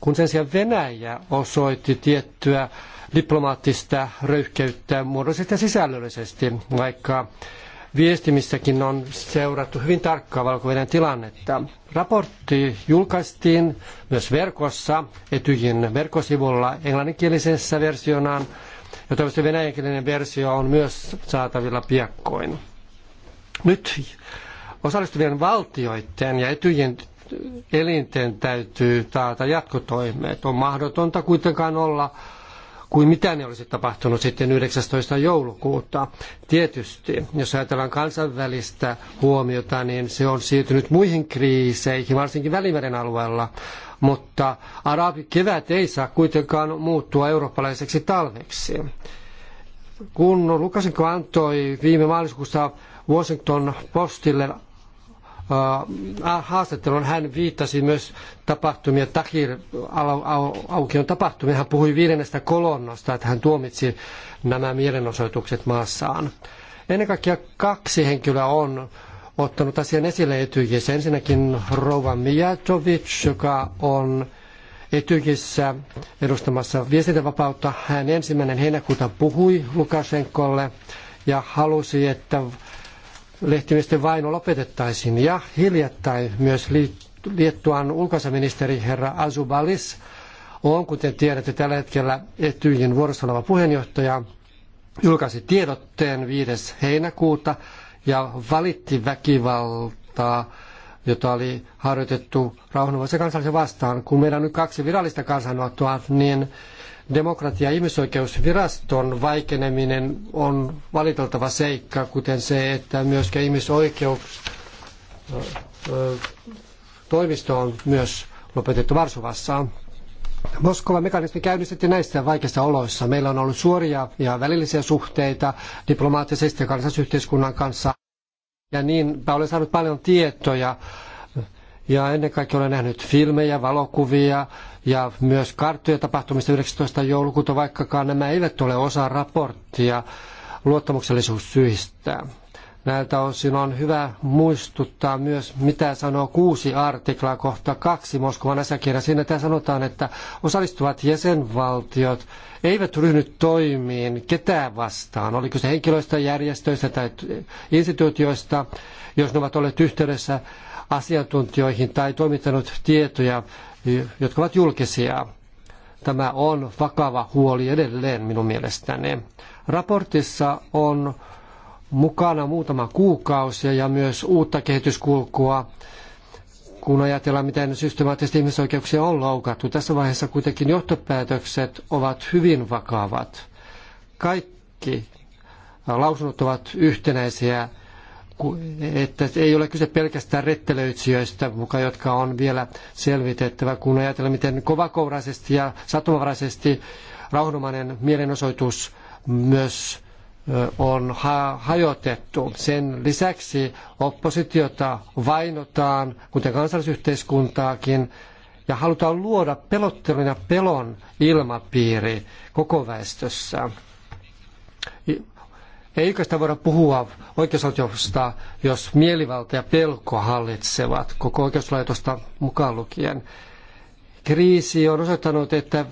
kun sen sijaan Venäjä osoitti tiettyä diplomaattista röyhkeyttä muodollisesti ja sisällöllisesti, vaikka viestimissäkin on seurattu hyvin tarkkaan valko tilannetta. Raportti julkaistiin myös verkossa, Etyjin verkkosivulla englanninkielisessä versionaan ja toivottavasti venäjänkielinen versio on myös saatavilla piakkoin. Nyt osallistuvien valtioiden ja etyjen elinten täytyy taata jatkotoimet. On mahdotonta kuitenkaan olla kuin mitä ne olisi tapahtunut sitten 19. joulukuuta. Tietysti, jos ajatellaan kansainvälistä huomiota, niin se on siirtynyt muihin kriiseihin, varsinkin Välimeren alueella, mutta arabikevät ei saa kuitenkaan muuttua eurooppalaiseksi talveksi. Kun Lukasenko antoi viime maaliskuussa Washington Postille haastattelun hän viittasi myös tapahtumia, Tahir aukion tapahtumia. Hän puhui viidennestä kolonnasta, että hän tuomitsi nämä mielenosoitukset maassaan. Ennen kaikkea kaksi henkilöä on ottanut asian esille Etyjissä. Ensinnäkin Rova Mijatovic, joka on Etyjissä edustamassa viestintävapautta. Hän ensimmäinen heinäkuuta puhui Lukashenkolle ja halusi, että lehtimisten vaino lopetettaisiin. Ja hiljattain myös Liettuan ulkoasiaministeri herra Azubalis on, kuten tiedätte, tällä hetkellä Etyjin vuorossa oleva puheenjohtaja, julkaisi tiedotteen 5. heinäkuuta ja valitti väkivaltaa, jota oli harjoitettu rauhanomaisen kansallisen vastaan. Kun meillä on nyt kaksi virallista kansanottoa, niin demokratia- ja ihmisoikeusviraston vaikeneminen on valiteltava seikka, kuten se, että myös ihmisoikeus toimisto on myös lopetettu Varsovassa. Moskovan mekanismi käynnistettiin näissä vaikeissa oloissa. Meillä on ollut suoria ja välillisiä suhteita diplomaattisesti ja kansallisyhteiskunnan kanssa. Ja niinpä olen saanut paljon tietoja ja ennen kaikkea olen nähnyt filmejä, valokuvia, ja myös karttuja tapahtumista 19. joulukuuta, vaikkakaan nämä eivät ole osa raporttia luottamuksellisuussyistä. Näiltä osin on hyvä muistuttaa myös, mitä sanoo kuusi artiklaa kohta kaksi Moskovan asiakirja. Siinä tämä sanotaan, että osallistuvat jäsenvaltiot eivät ryhdy toimiin ketään vastaan. Oliko se henkilöistä, järjestöistä tai instituutioista, jos ne ovat olleet yhteydessä asiantuntijoihin tai toimittanut tietoja jotka ovat julkisia. Tämä on vakava huoli edelleen minun mielestäni. Raportissa on mukana muutama kuukausi ja myös uutta kehityskulkua, kun ajatellaan, miten systemaattisesti ihmisoikeuksia on loukattu. Tässä vaiheessa kuitenkin johtopäätökset ovat hyvin vakavat. Kaikki lausunnot ovat yhtenäisiä että ei ole kyse pelkästään rettelöitsijöistä, jotka on vielä selvitettävä, kun ajatellaan, miten kovakouraisesti ja satumavaraisesti rauhanomainen mielenosoitus myös on hajotettu. Sen lisäksi oppositiota vainotaan, kuten kansallisyhteiskuntaakin, ja halutaan luoda pelottelun ja pelon ilmapiiri koko väestössä. Eikö sitä voida puhua oikeusvaltiosta, jos mielivalta ja pelko hallitsevat koko oikeuslaitosta mukaan lukien? Kriisi on osoittanut, että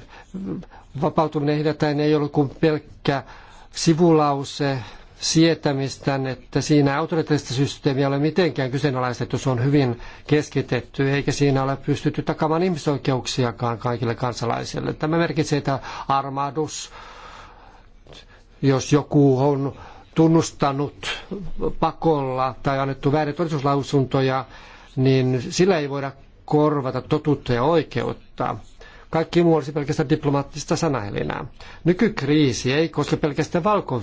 vapautuminen ehdotain ei ollut kuin pelkkä sivulause sietämistä, että siinä autoritaarista systeemiä ole mitenkään kyseenalaistettu, se on hyvin keskitetty, eikä siinä ole pystytty takamaan ihmisoikeuksiakaan kaikille kansalaisille. Tämä merkitsee, että armahdus, jos joku on tunnustanut pakolla tai annettu väärin todistuslausuntoja, niin sillä ei voida korvata totuutta ja oikeutta. Kaikki muu olisi pelkästään diplomaattista sanahelinää. Nykykriisi ei koske pelkästään valko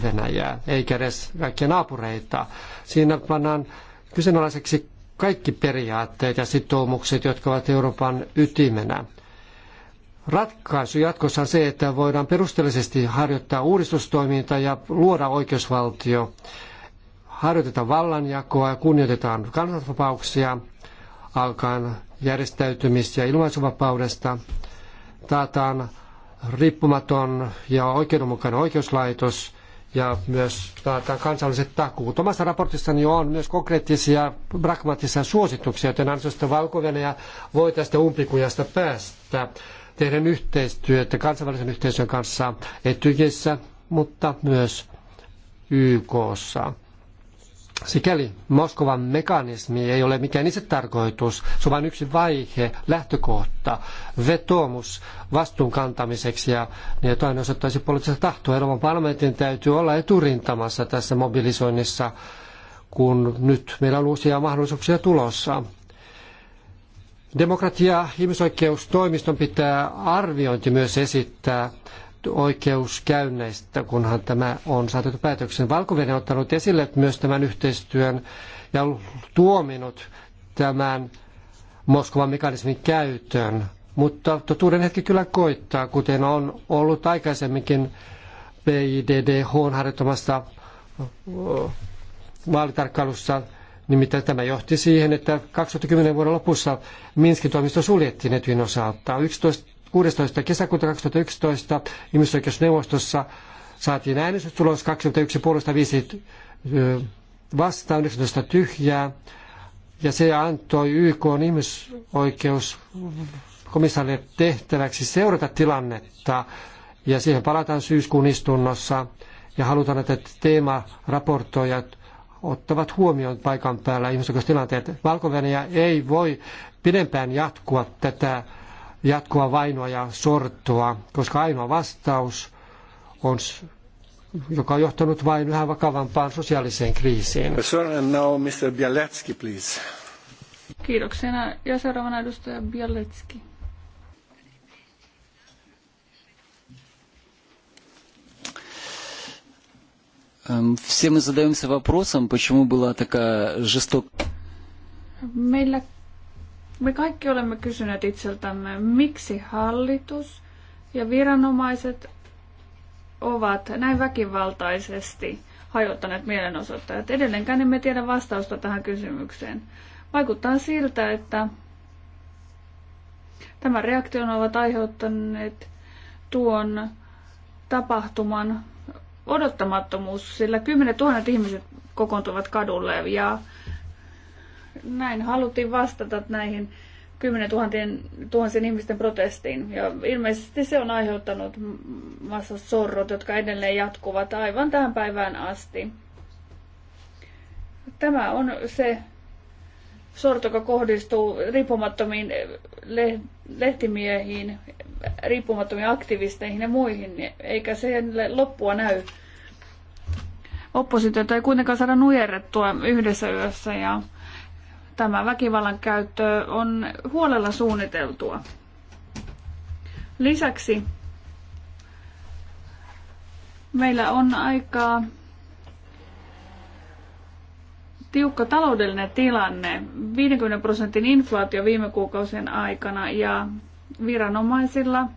eikä edes kaikkia naapureita. Siinä pannaan kyseenalaiseksi kaikki periaatteet ja sitoumukset, jotka ovat Euroopan ytimenä ratkaisu jatkossa on se, että voidaan perusteellisesti harjoittaa uudistustoimintaa ja luoda oikeusvaltio. Harjoitetaan vallanjakoa ja kunnioitetaan kansanvapauksia, alkaen järjestäytymis- ja ilmaisuvapaudesta, taataan riippumaton ja oikeudenmukainen oikeuslaitos ja myös taataan kansalliset takuut. Omassa raportissani on myös konkreettisia pragmaattisia suosituksia, joten ansiosta valko voi tästä umpikujasta päästä tehdään yhteistyötä kansainvälisen yhteisön kanssa Etyjissä, mutta myös YKssa. Sikäli Moskovan mekanismi ei ole mikään itse tarkoitus, se on vain yksi vaihe, lähtökohta, vetoomus vastuun kantamiseksi ja niin jotain osoittaisi poliittista tahtoa. Euroopan parlamentin täytyy olla eturintamassa tässä mobilisoinnissa, kun nyt meillä on uusia mahdollisuuksia tulossa. Demokratia- ja ihmisoikeustoimiston pitää arviointi myös esittää oikeuskäynneistä, kunhan tämä on saatettu päätöksen. valko on ottanut esille myös tämän yhteistyön ja tuominut tämän Moskovan mekanismin käytön. Mutta totuuden hetki kyllä koittaa, kuten on ollut aikaisemminkin PIDDH harjoittamassa vaalitarkkailussa Nimittäin tämä johti siihen, että 2010 vuoden lopussa Minskin toimisto suljettiin Etyjin osalta. 11, 16. kesäkuuta 2011 ihmisoikeusneuvostossa saatiin äänestystulos 21 puolesta 5 vastaan 19 tyhjää. Ja se antoi YK ihmisoikeuskomissaalle tehtäväksi seurata tilannetta. Ja siihen palataan syyskuun istunnossa. Ja halutaan, että teema raportoijat ottavat huomioon paikan päällä ihmisoikeustilanteet. valko ei voi pidempään jatkua tätä jatkoa vainoa ja sortoa, koska ainoa vastaus on joka on johtanut vain yhä vakavampaan sosiaaliseen kriisiin. Now Mr. Bialetski, please. Kiitoksena. Ja seuraavana edustaja Bialetski. Все мы задаемся вопросом, почему была такая жестокая... Meillä, me kaikki olemme kysyneet itseltämme, miksi hallitus ja viranomaiset ovat näin väkivaltaisesti hajottaneet mielenosoittajat. Edelleenkään emme tiedä vastausta tähän kysymykseen. Vaikuttaa siltä, että tämän reaktion ovat aiheuttaneet tuon tapahtuman odottamattomuus, sillä kymmenet tuhannet ihmiset kokoontuvat kadulle ja näin haluttiin vastata näihin kymmenen tuhansien, tuhansien ihmisten protestiin. Ja ilmeisesti se on aiheuttanut massasorrot, jotka edelleen jatkuvat aivan tähän päivään asti. Tämä on se sorto, joka kohdistuu riippumattomiin lehtimiehiin, riippumattomiin aktivisteihin ja muihin, niin eikä se loppua näy. Oppositiota ei kuitenkaan saada nujerrettua yhdessä yössä ja tämä väkivallan käyttö on huolella suunniteltua. Lisäksi meillä on aika tiukka taloudellinen tilanne, 50 prosentin inflaatio viime kuukausien aikana ja viranomaisilla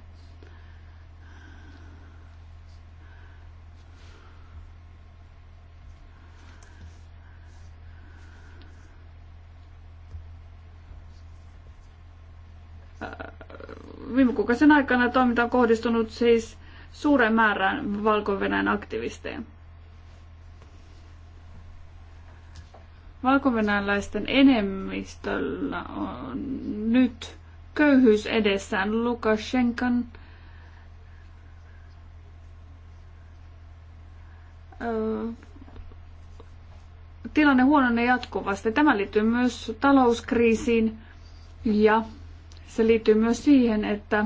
viime kuukausien aikana toiminta on kohdistunut siis suureen määrään valko aktivisteja. Valko-Venäläisten enemmistöllä on nyt köyhyys edessään. Lukashenkan tilanne huononee jatkuvasti. Tämä liittyy myös talouskriisiin ja se liittyy myös siihen, että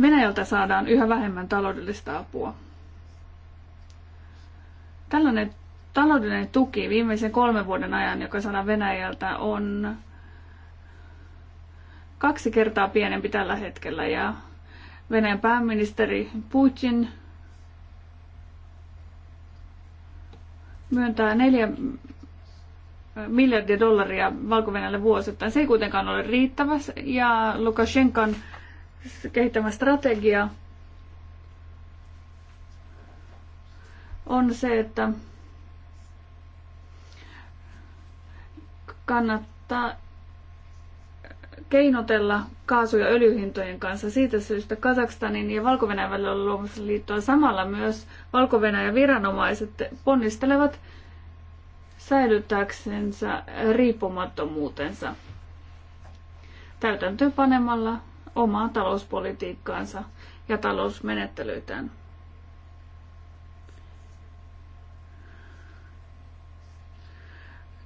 Venäjältä saadaan yhä vähemmän taloudellista apua. Tällainen Taloudellinen tuki viimeisen kolmen vuoden ajan, joka saadaan Venäjältä, on kaksi kertaa pienempi tällä hetkellä. Ja Venäjän pääministeri Putin myöntää neljä miljardia dollaria valko vuosittain. Se ei kuitenkaan ole riittävä ja Lukashenkan kehittämä strategia on se, että kannattaa keinotella kaasu- ja öljyhintojen kanssa. Siitä syystä Kazakstanin ja valko välillä on luomassa liittoa. Samalla myös valko viranomaiset ponnistelevat säilyttääksensä riippumattomuutensa täytäntöönpanemalla omaa talouspolitiikkaansa ja talousmenettelyitään.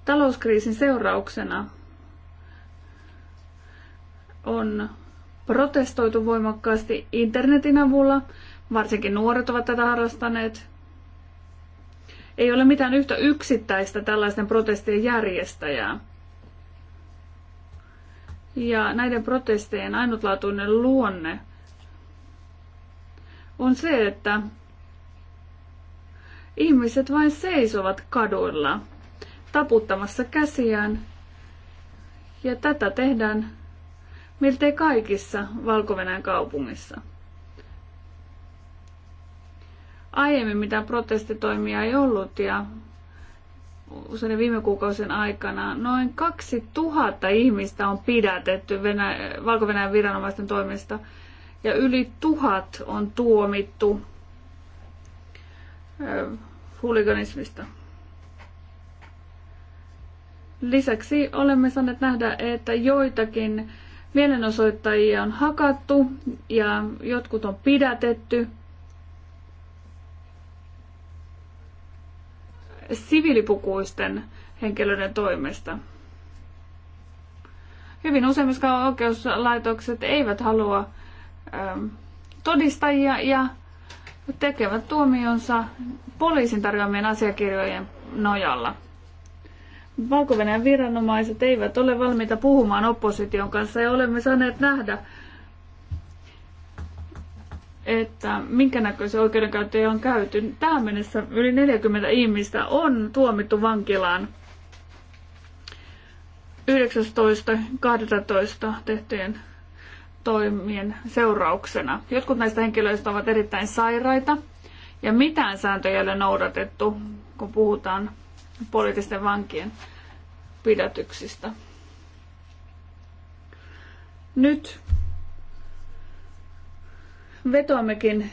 talouskriisin seurauksena on protestoitu voimakkaasti internetin avulla. Varsinkin nuoret ovat tätä harrastaneet. Ei ole mitään yhtä yksittäistä tällaisten protestien järjestäjää. Ja näiden protestien ainutlaatuinen luonne on se, että ihmiset vain seisovat kaduilla – taputtamassa käsiään. Ja tätä tehdään miltei kaikissa valko kaupungissa. Aiemmin mitään protestitoimia ei ollut ja usein viime kuukausien aikana noin 2000 ihmistä on pidätetty Venä- valko viranomaisten toimesta ja yli tuhat on tuomittu huliganismista. Lisäksi olemme saaneet nähdä, että joitakin mielenosoittajia on hakattu ja jotkut on pidätetty. siviilipukuisten henkilöiden toimesta. Hyvin usein oikeuslaitokset eivät halua ähm, todistajia ja tekevät tuomionsa poliisin tarjoamien asiakirjojen nojalla valko viranomaiset eivät ole valmiita puhumaan opposition kanssa ja olemme saaneet nähdä, että minkä näköisiä oikeudenkäyntejä on käyty. Tähän mennessä yli 40 ihmistä on tuomittu vankilaan 19.12. tehtyjen toimien seurauksena. Jotkut näistä henkilöistä ovat erittäin sairaita ja mitään sääntöjä ei ole noudatettu, kun puhutaan poliittisten vankien pidätyksistä. Nyt vetoammekin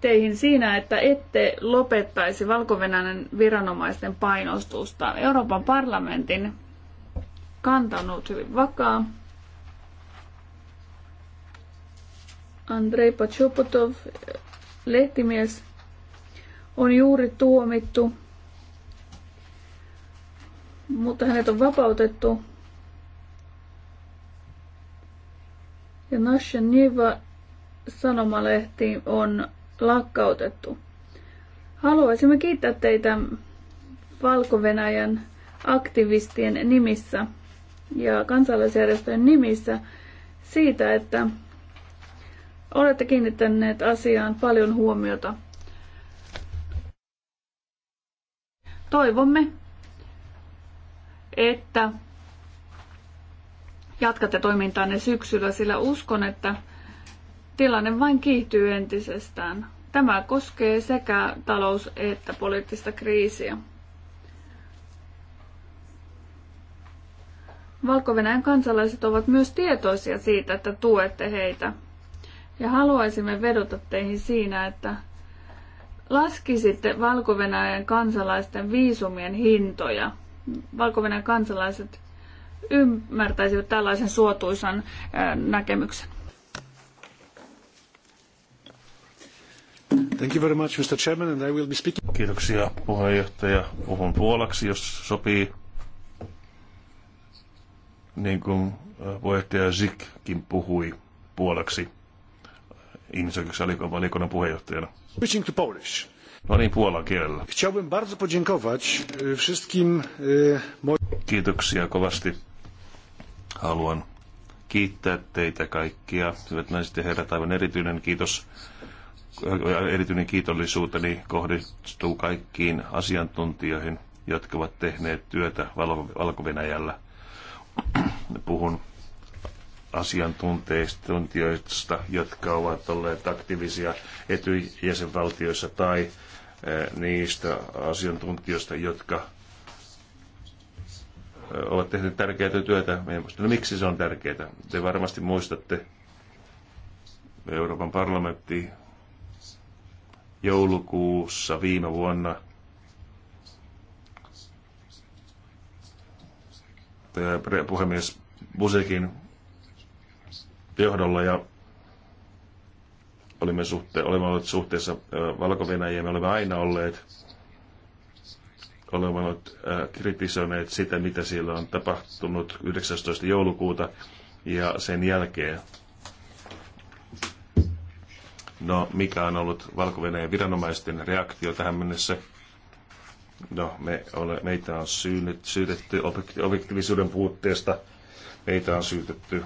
teihin siinä, että ette lopettaisi valko viranomaisten painostusta. Euroopan parlamentin kanta on ollut hyvin vakaa. Andrei Pachupotov, lehtimies, on juuri tuomittu mutta hänet on vapautettu. Ja Nasha Niva sanomalehti on lakkautettu. Haluaisimme kiittää teitä valko aktivistien nimissä ja kansalaisjärjestöjen nimissä siitä, että olette kiinnittäneet asiaan paljon huomiota. Toivomme, että jatkatte toimintaanne syksyllä, sillä uskon, että tilanne vain kiihtyy entisestään. Tämä koskee sekä talous- että poliittista kriisiä. valko kansalaiset ovat myös tietoisia siitä, että tuette heitä. Ja haluaisimme vedota teihin siinä, että laskisitte valko kansalaisten viisumien hintoja – valko kansalaiset ymmärtäisivät tällaisen suotuisan näkemyksen. Thank you very much, Mr. Chairman, and I will be speaking. Kiitoksia puheenjohtaja. Puhun puolaksi, jos sopii. Niin kuin puheenjohtaja Zikkin puhui puolaksi ihmisoikeusvaliokunnan puheenjohtajana. Switching to Polish. No niin, puolan kielellä. Chciałbym bardzo podziękować wszystkim... Kiitoksia kovasti. Haluan kiittää teitä kaikkia. Hyvät naiset ja herrat, aivan erityinen kiitos erityinen kiitollisuuteni kohdistuu kaikkiin asiantuntijoihin, jotka ovat tehneet työtä valko Puhun asiantuntijoista, jotka ovat olleet aktiivisia etujäsenvaltioissa tai Eh, niistä asiantuntijoista, jotka eh, ovat tehneet tärkeää työtä. No miksi se on tärkeää? Te varmasti muistatte Euroopan parlamentti joulukuussa viime vuonna eh, puhemies Busekin johdolla ja olimme, suhte, olemme olleet suhteessa valko ja me olemme aina olleet olemme olleet kritisoineet sitä, mitä siellä on tapahtunut 19. joulukuuta ja sen jälkeen. No, mikä on ollut valko viranomaisten reaktio tähän mennessä? No, me ole, meitä on syynyt, syytetty objektiivisuuden puutteesta, meitä on syytetty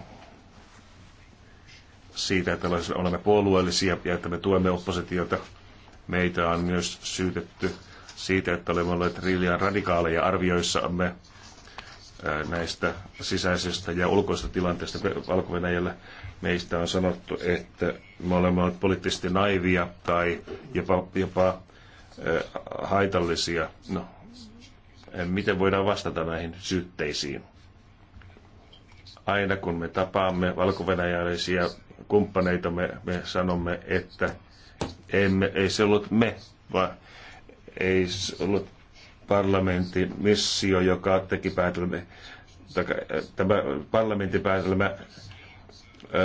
siitä, että olemme puolueellisia ja että me tuemme oppositiota. Meitä on myös syytetty siitä, että olemme olleet liian radikaaleja arvioissamme näistä sisäisestä ja ulkoista tilanteesta valko -Venäjällä. Meistä on sanottu, että me olemme olleet poliittisesti naivia tai jopa, jopa haitallisia. No, miten voidaan vastata näihin syytteisiin? Aina kun me tapaamme valko kumppaneita me, me sanomme, että emme, ei se ollut me, vaan ei se ollut parlamentin missio, joka teki päätelmä, äh, tämä parlamentin päätelmä, äh,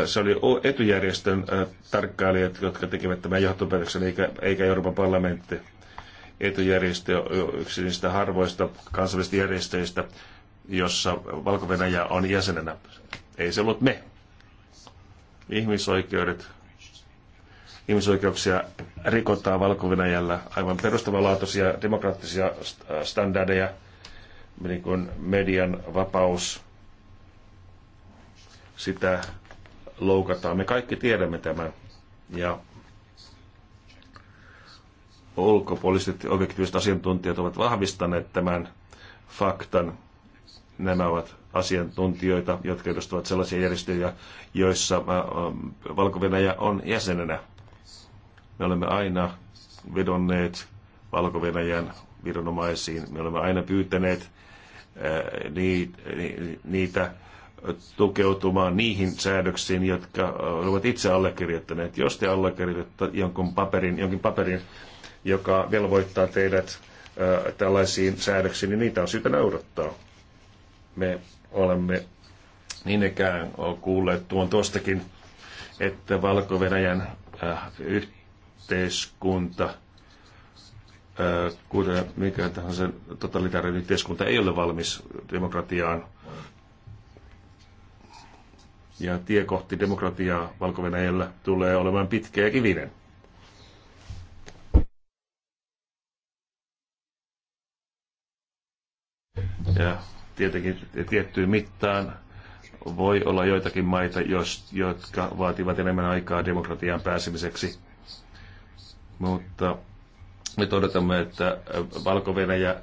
se oli etujärjestön äh, tarkkailijat, jotka tekivät tämän johtopäätöksen, eikä, eikä Euroopan parlamentti. Etujärjestö on yksi niistä harvoista kansallisista järjestöistä, jossa valko on jäsenenä. Ei se ollut me. Ihmisoikeudet, ihmisoikeuksia rikotaan valko aivan perustavanlaatuisia demokraattisia äh, standardeja, niin kuin median vapaus, sitä loukataan. Me kaikki tiedämme tämän. Ja ulkopuoliset objektiiviset asiantuntijat ovat vahvistaneet tämän faktan. Nämä ovat asiantuntijoita, jotka edustavat sellaisia järjestöjä, joissa äh, äh, valko on jäsenenä. Me olemme aina vedonneet valko viranomaisiin. Me olemme aina pyytäneet äh, niitä tukeutumaan niihin säädöksiin, jotka ovat itse allekirjoittaneet. Jos te allekirjoitatte jonkun paperin, jonkin paperin, joka velvoittaa teidät tällaisiin säädöksiin, niin niitä on syytä noudattaa. Me olemme niin ikään kuulleet tuon tuostakin, että Valko-Venäjän äh, yhteiskunta, äh, kuten mikä tahansa totalitaarinen yhteiskunta, ei ole valmis demokratiaan. Ja tie kohti demokratiaa valko tulee olemaan pitkä ja kivinen. Ja tietenkin tiettyyn mittaan. Voi olla joitakin maita, jos, jotka vaativat enemmän aikaa demokratiaan pääsemiseksi. Mutta me todetamme, että Valko-Venäjä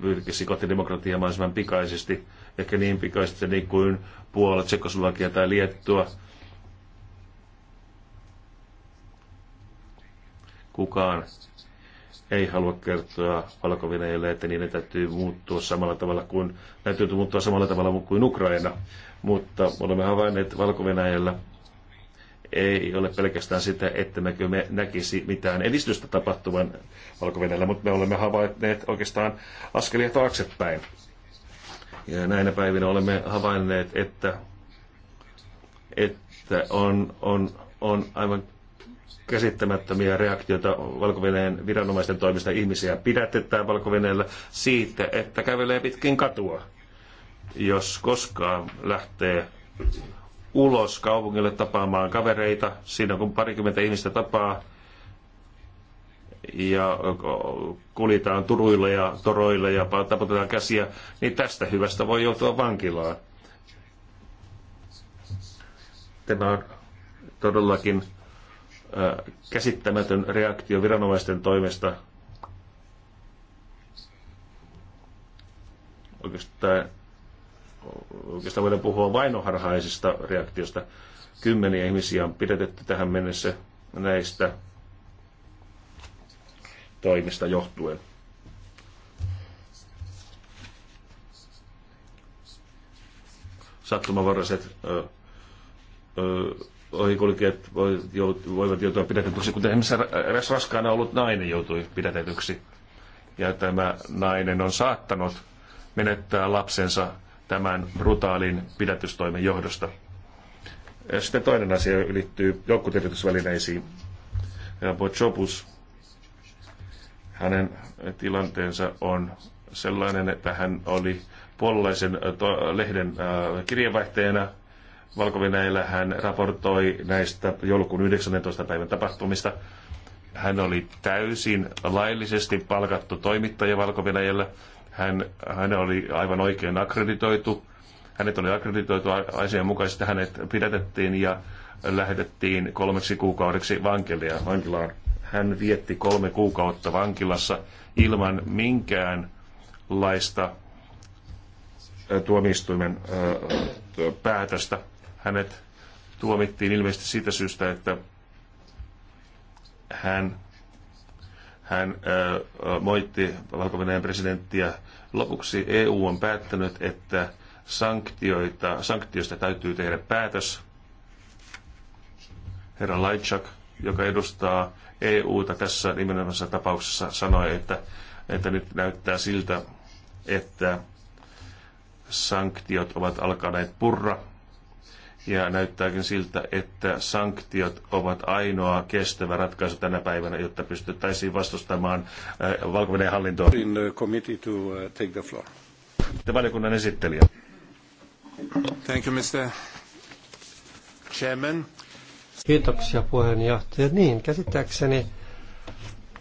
pyrkisi kohti demokratiaa mahdollisimman pikaisesti, ehkä niin pikaisesti niin kuin Puola, Tsekoslovakia tai Liettua. Kukaan ei halua kertoa valko että niiden täytyy muuttua samalla tavalla kuin, täytyy muuttua samalla tavalla kuin Ukraina. Mutta olemme havainneet valko ei ole pelkästään sitä, että me näkisi mitään edistystä tapahtuvan valko mutta me olemme havainneet oikeastaan askelia taaksepäin. Ja näinä päivinä olemme havainneet, että, että on, on, on aivan käsittämättömiä reaktioita valko viranomaisten toimista. Ihmisiä pidätetään valko siitä, että kävelee pitkin katua, jos koskaan lähtee ulos kaupungille tapaamaan kavereita. Siinä kun parikymmentä ihmistä tapaa, ja kuljetaan turuilla ja toroilla ja taputetaan käsiä, niin tästä hyvästä voi joutua vankilaan. Tämä on todellakin käsittämätön reaktio viranomaisten toimesta. Oikeastaan, oikeastaan voidaan puhua vainoharhaisesta reaktiosta. Kymmeniä ihmisiä on pidetetty tähän mennessä näistä toimista johtuen. Sattumavaraiset ö, ö, ohikulkijat voivat joutua pidätetyksi, kuten esimerkiksi raskaana ollut nainen joutui pidätetyksi. Ja tämä nainen on saattanut menettää lapsensa tämän brutaalin pidätystoimen johdosta. Ja sitten toinen asia liittyy joukkotiedotusvälineisiin. Ja Bochopus, hänen tilanteensa on sellainen, että hän oli puolalaisen lehden äh, kirjeenvaihtajana – valko hän raportoi näistä joulukuun 19. päivän tapahtumista. Hän oli täysin laillisesti palkattu toimittaja valko hän, hän oli aivan oikein akkreditoitu. Hänet oli akkreditoitu asianmukaisesti. Hänet pidätettiin ja lähetettiin kolmeksi kuukaudeksi vankilia, vankilaan. Hän vietti kolme kuukautta vankilassa ilman minkäänlaista tuomioistuimen päätöstä. Hänet tuomittiin ilmeisesti siitä syystä, että hän, hän äh, moitti valko presidenttiä. Lopuksi EU on päättänyt, että sanktioita, sanktioista täytyy tehdä päätös. Herra Lajczak, joka edustaa EUta tässä nimenomaisessa tapauksessa, sanoi, että, että nyt näyttää siltä, että sanktiot ovat alkaneet purra ja näyttääkin siltä, että sanktiot ovat ainoa kestävä ratkaisu tänä päivänä, jotta pystyttäisiin vastustamaan äh, valko hallintoa. In the uh, committee to uh, take the floor. Te valiokunnan esittelijä. Thank you, Mr. Chairman. Kiitoksia puheenjohtaja. Niin, käsittääkseni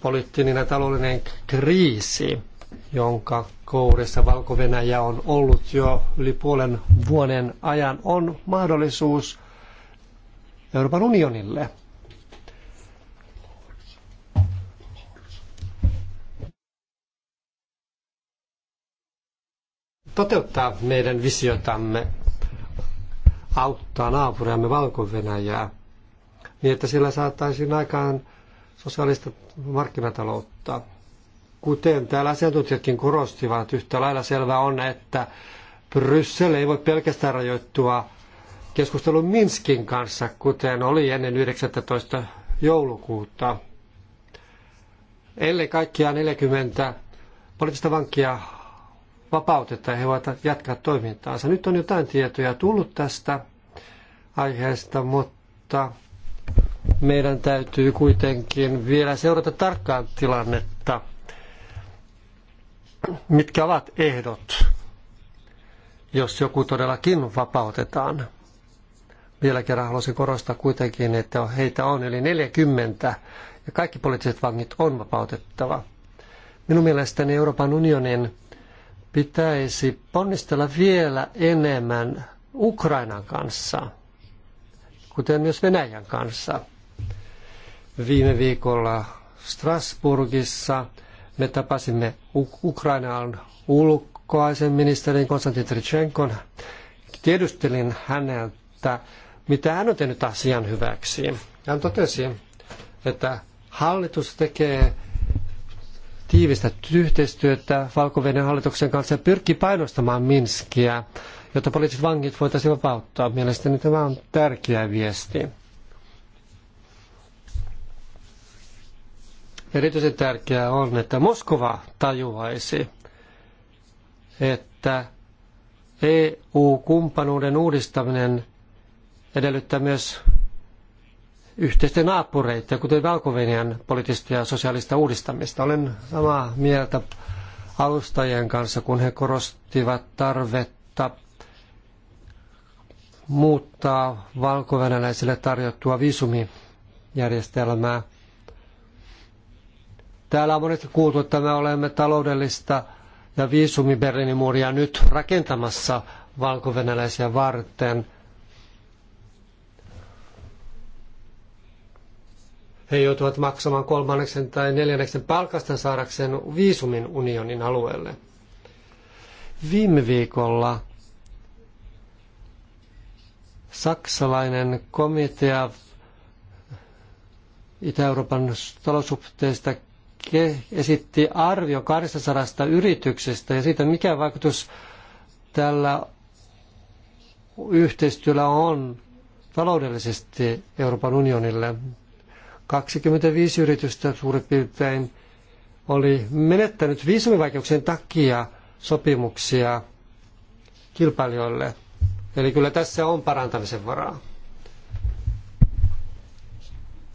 poliittinen ja taloudellinen kriisi jonka kourissa valko on ollut jo yli puolen vuoden ajan, on mahdollisuus Euroopan unionille. toteuttaa meidän visiotamme, auttaa naapuriamme valko niin että sillä saataisiin aikaan sosiaalista markkinataloutta. Kuten täällä asiantuntijatkin korostivat, yhtä lailla selvää on, että Bryssel ei voi pelkästään rajoittua keskustelun Minskin kanssa, kuten oli ennen 19. joulukuuta. Ellei kaikkia 40 poliittista vankia vapauteta ja he voivat jatkaa toimintaansa. Nyt on jotain tietoja tullut tästä aiheesta, mutta meidän täytyy kuitenkin vielä seurata tarkkaan tilannetta mitkä ovat ehdot, jos joku todellakin vapautetaan. Vielä kerran haluaisin korostaa kuitenkin, että heitä on yli 40 ja kaikki poliittiset vangit on vapautettava. Minun mielestäni Euroopan unionin pitäisi ponnistella vielä enemmän Ukrainan kanssa, kuten myös Venäjän kanssa. Viime viikolla Strasburgissa me tapasimme Ukrainan ulkoaisen ministerin Konstantin Trichenkon. Tiedustelin häneltä, mitä hän on tehnyt asian hyväksi. Hän totesi, että hallitus tekee tiivistä yhteistyötä valko hallituksen kanssa ja pyrkii painostamaan Minskiä, jotta poliittiset vangit voitaisiin vapauttaa. Mielestäni tämä on tärkeä viesti. Erityisen tärkeää on, että Moskova tajuaisi, että EU-kumppanuuden uudistaminen edellyttää myös yhteisten naapureita, kuten valko poliittista ja sosiaalista uudistamista. Olen samaa mieltä alustajien kanssa, kun he korostivat tarvetta muuttaa valko tarjottua viisumijärjestelmää – Täällä on monesti kuultu, että me olemme taloudellista ja viisumi Berliinin muuria nyt rakentamassa valkovenäläisiä varten. He joutuvat maksamaan kolmanneksen tai neljänneksen palkasta saadakseen viisumin unionin alueelle. Viime viikolla saksalainen komitea Itä-Euroopan taloussuhteista esitti arvio 200 yrityksestä ja siitä, mikä vaikutus tällä yhteistyöllä on taloudellisesti Euroopan unionille. 25 yritystä suurin piirtein oli menettänyt viisumivaikeuksien takia sopimuksia kilpailijoille. Eli kyllä tässä on parantamisen varaa.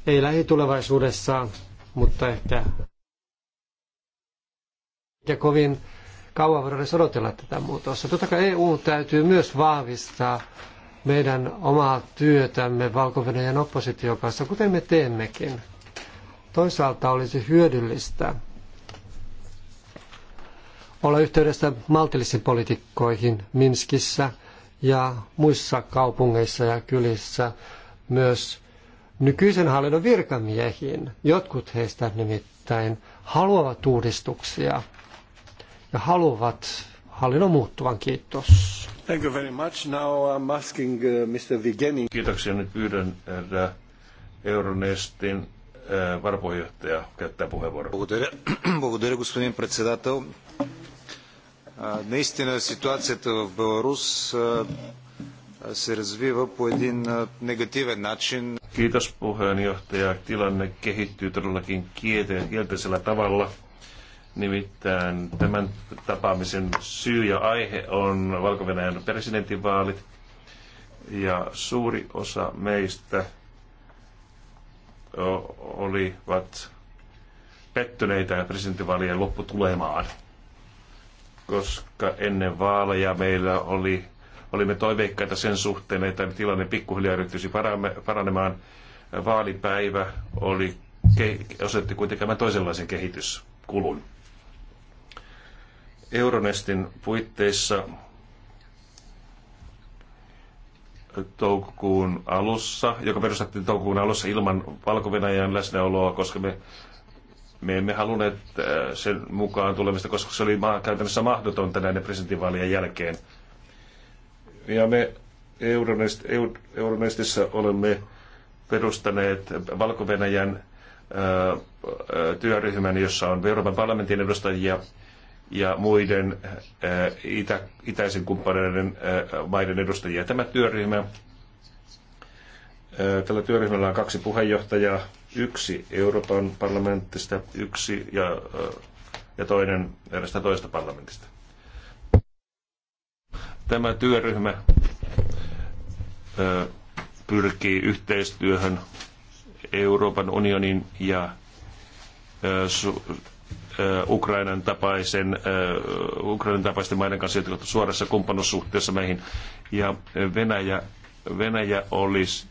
Ei lähitulevaisuudessa, mutta ehkä ja kovin kauan voidaan edes odotella tätä muutosta. Totta kai EU täytyy myös vahvistaa meidän omaa työtämme valko opposition kanssa, kuten me teemmekin. Toisaalta olisi hyödyllistä olla yhteydessä maltillisiin poliitikkoihin Minskissä ja muissa kaupungeissa ja kylissä myös nykyisen hallinnon virkamiehiin. Jotkut heistä nimittäin haluavat uudistuksia – ja haluavat hallinnon muuttuvan. Kiitos. Thank you very much. Now I'm asking uh, Mr. Vigenin. Kiitoksia. Nyt pyydän herra Euronestin äh, varapuheenjohtaja käyttää puheenvuoron. Благодаря, благодаря господин председател. Наистина ситуацията в Беларус се развива по един негативен начин. Kiitos puheenjohtaja. Tilanne kehittyy todellakin kielteisellä tavalla Nimittäin tämän tapaamisen syy ja aihe on valko presidentinvaalit. Ja suuri osa meistä olivat pettyneitä presidentinvaalien lopputulemaan, koska ennen vaaleja meillä oli, olimme toiveikkaita sen suhteen, että tilanne pikkuhiljaa ryhtyisi paranemaan. Vaalipäivä oli, osoitti kuitenkin toisenlaisen kehityskulun. Euronestin puitteissa toukokuun alussa, joka perustettiin toukokuun alussa ilman valko läsnäoloa, koska me, me emme halunneet äh, sen mukaan tulemista, koska se oli käytännössä mahdotonta näiden presidentinvaalien jälkeen. Ja me Euronest, Euronestissa olemme perustaneet valko äh, äh, työryhmän, jossa on Euroopan parlamentin edustajia, ja muiden eh, itä, itäisen kumppaneiden eh, maiden edustajia. Tämä työryhmä, eh, tällä työryhmällä on kaksi puheenjohtajaa, yksi Euroopan parlamentista, yksi ja, ja toinen erästä toista parlamentista. Tämä työryhmä pyrkii yhteistyöhön Euroopan unionin ja Ukrainan, tapaisen, Ukrainan tapaisten maiden kanssa, jotka ovat suorassa kumppanuussuhteessa meihin. Ja Venäjä, Venäjä olisi,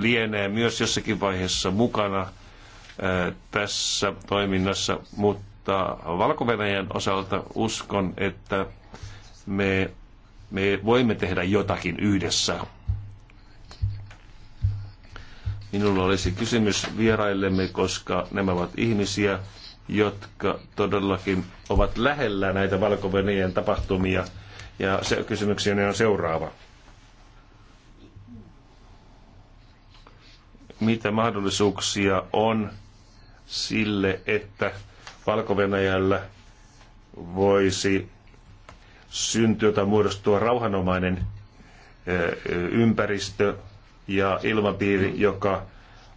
lienee myös jossakin vaiheessa mukana tässä toiminnassa, mutta valko osalta uskon, että me, me voimme tehdä jotakin yhdessä. Minulla olisi kysymys vieraillemme, koska nämä ovat ihmisiä, jotka todellakin ovat lähellä näitä valko tapahtumia. Ja se kysymykseni on seuraava. Mitä mahdollisuuksia on sille, että valko voisi syntyä tai muodostua rauhanomainen eh, ympäristö ja ilmapiiri, joka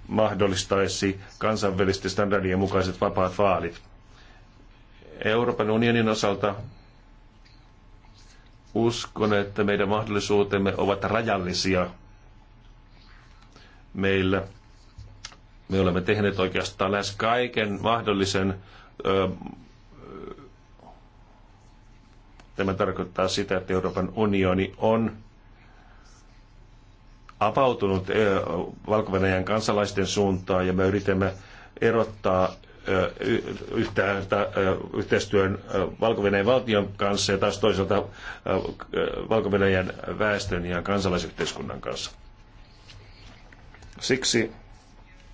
mahdollistaisi kansainvälisten standardien mukaiset vapaat vaalit. Euroopan unionin osalta uskon, että meidän mahdollisuutemme ovat rajallisia. Meillä me olemme tehneet oikeastaan lähes kaiken mahdollisen. Ö, tämä tarkoittaa sitä, että Euroopan unioni on apautunut valko kansalaisten suuntaan ja me yritämme erottaa yhteistyön valko valtion kanssa ja taas toisaalta valko väestön ja kansalaisyhteiskunnan kanssa. Siksi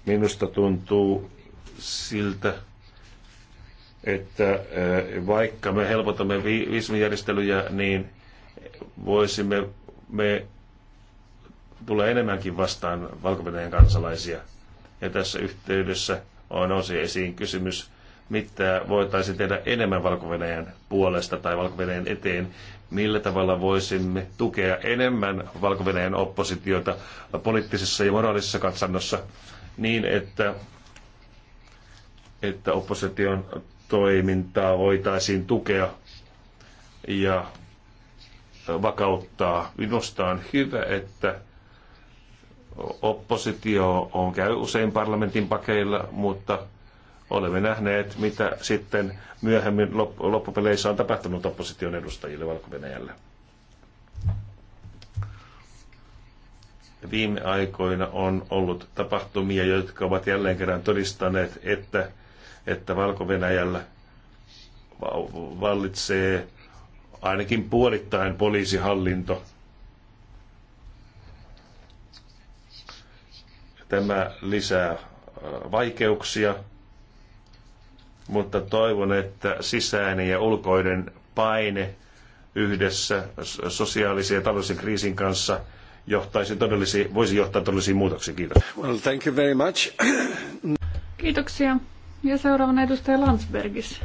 minusta tuntuu siltä, että vaikka me helpotamme viisumijärjestelyjä, niin voisimme me tulee enemmänkin vastaan valko kansalaisia. Ja tässä yhteydessä on nousi esiin kysymys, mitä voitaisiin tehdä enemmän valko puolesta tai valko eteen, millä tavalla voisimme tukea enemmän valko oppositiota poliittisessa ja moraalisessa katsannossa niin, että, että opposition toimintaa voitaisiin tukea ja vakauttaa. Minusta on hyvä, että Oppositio on käy usein parlamentin pakeilla, mutta olemme nähneet, mitä sitten myöhemmin loppupeleissä on tapahtunut opposition edustajille valko -Venäjälle. Viime aikoina on ollut tapahtumia, jotka ovat jälleen kerran todistaneet, että, että valko vallitsee ainakin puolittain poliisihallinto – Tämä lisää vaikeuksia, mutta toivon, että sisäinen ja ulkoinen paine yhdessä sosiaalisen ja taloudellisen kriisin kanssa johtaisi todellisi, voisi johtaa todellisiin muutoksiin. Kiitos. Well, thank you very much. Kiitoksia. Ja seuraavana edustaja Landsbergis.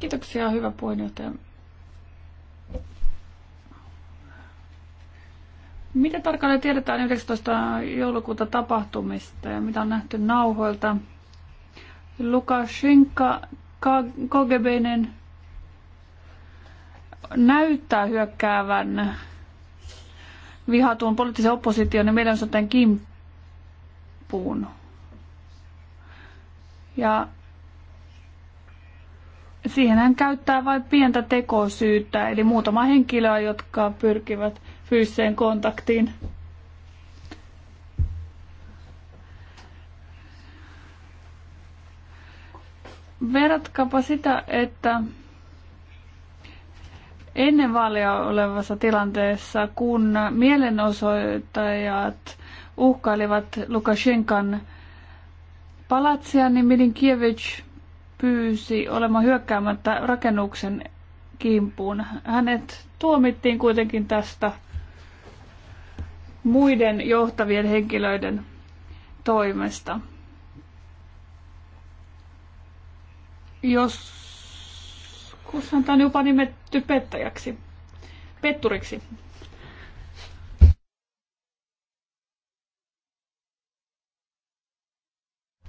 Kiitoksia, hyvä puheenjohtaja. Mitä tarkalleen tiedetään 19. joulukuuta tapahtumista ja mitä on nähty nauhoilta? Lukashenka KGBinen näyttää hyökkäävän vihatuun poliittisen opposition ja mielenosoitteen kimppuun. Ja siihen hän käyttää vain pientä tekosyyttä, eli muutama henkilöä, jotka pyrkivät fyysiseen kontaktiin. Verratkaapa sitä, että ennen vaalia olevassa tilanteessa, kun mielenosoittajat uhkailivat Lukashenkan palatsia, niin Milinkiewicz pyysi olemaan hyökkäämättä rakennuksen kimpuun. Hänet tuomittiin kuitenkin tästä muiden johtavien henkilöiden toimesta. Jos kushan tämä on jopa nimetty pettäjäksi, petturiksi.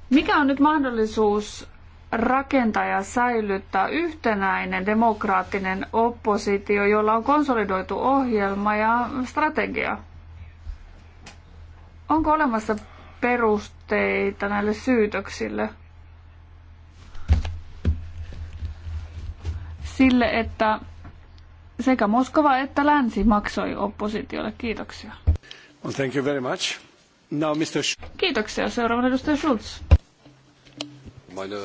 Mikä on nyt mahdollisuus rakentaa ja säilyttää yhtenäinen demokraattinen oppositio, jolla on konsolidoitu ohjelma ja strategia? Onko olemassa perusteita näille syytöksille? Sille, että sekä Moskova että länsi maksoi oppositiolle. Kiitoksia. Well, thank you very much. Now, Mr. Sch- Kiitoksia. Seuraava edustaja Schulz. Meine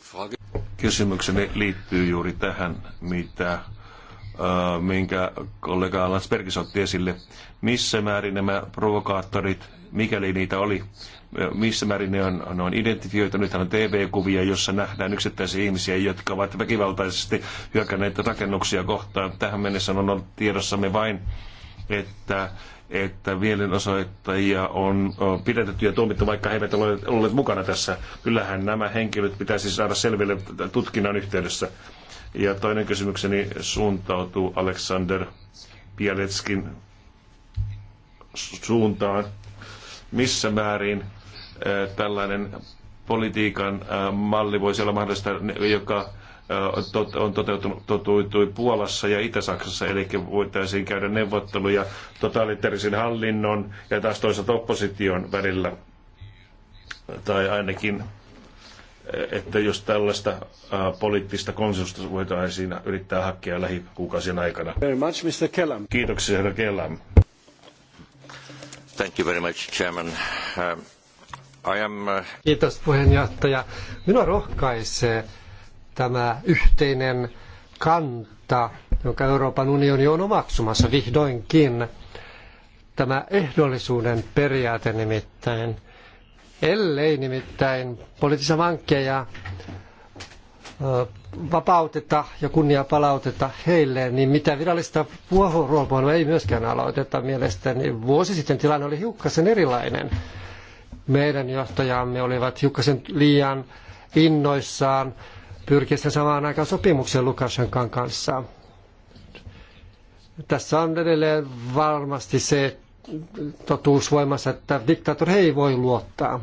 Frage. Kysymykseni liittyy juuri tähän, mitä Äh, minkä kollega Lansbergis otti esille. Missä määrin nämä provokaattorit, mikäli niitä oli, äh, missä määrin ne on, ne on identifioitu. Nythän on TV-kuvia, jossa nähdään yksittäisiä ihmisiä, jotka ovat väkivaltaisesti hyökänneet rakennuksia kohtaan. Tähän mennessä on ollut tiedossamme vain, että että mielenosoittajia on pidetetty ja tuomittu, vaikka he eivät ole olleet mukana tässä. Kyllähän nämä henkilöt pitäisi saada selville tutkinnan yhteydessä. Ja toinen kysymykseni suuntautuu Aleksander Pialetskin suuntaan. Missä määrin eh, tällainen politiikan eh, malli voisi olla mahdollista, joka eh, on toteutunut Puolassa ja Itä-Saksassa, eli voitaisiin käydä neuvotteluja totalitaarisen hallinnon ja taas toisaalta opposition välillä, tai ainakin että jos tällaista poliittista konsensusta voitaisiin yrittää hakea lähikuukausien aikana. Very much, Mr. Kellam. Kiitoksia, herra Kellam. Thank you very much, Chairman. Uh, I am, uh, Kiitos puheenjohtaja. Minua rohkaisee tämä yhteinen kanta, jonka Euroopan unioni on omaksumassa vihdoinkin. Tämä ehdollisuuden periaate nimittäin – ellei nimittäin poliittisia vankkeja vapauteta ja kunnia palauteta heille, niin mitä virallista vuoroilmailua ei myöskään aloiteta mielestäni. Vuosi sitten tilanne oli hiukkasen erilainen. Meidän johtajamme olivat hiukkasen liian innoissaan pyrkiessä samaan aikaan sopimuksen Lukashenkan kanssa. Tässä on edelleen varmasti se totuus voimassa, että diktaattori ei voi luottaa.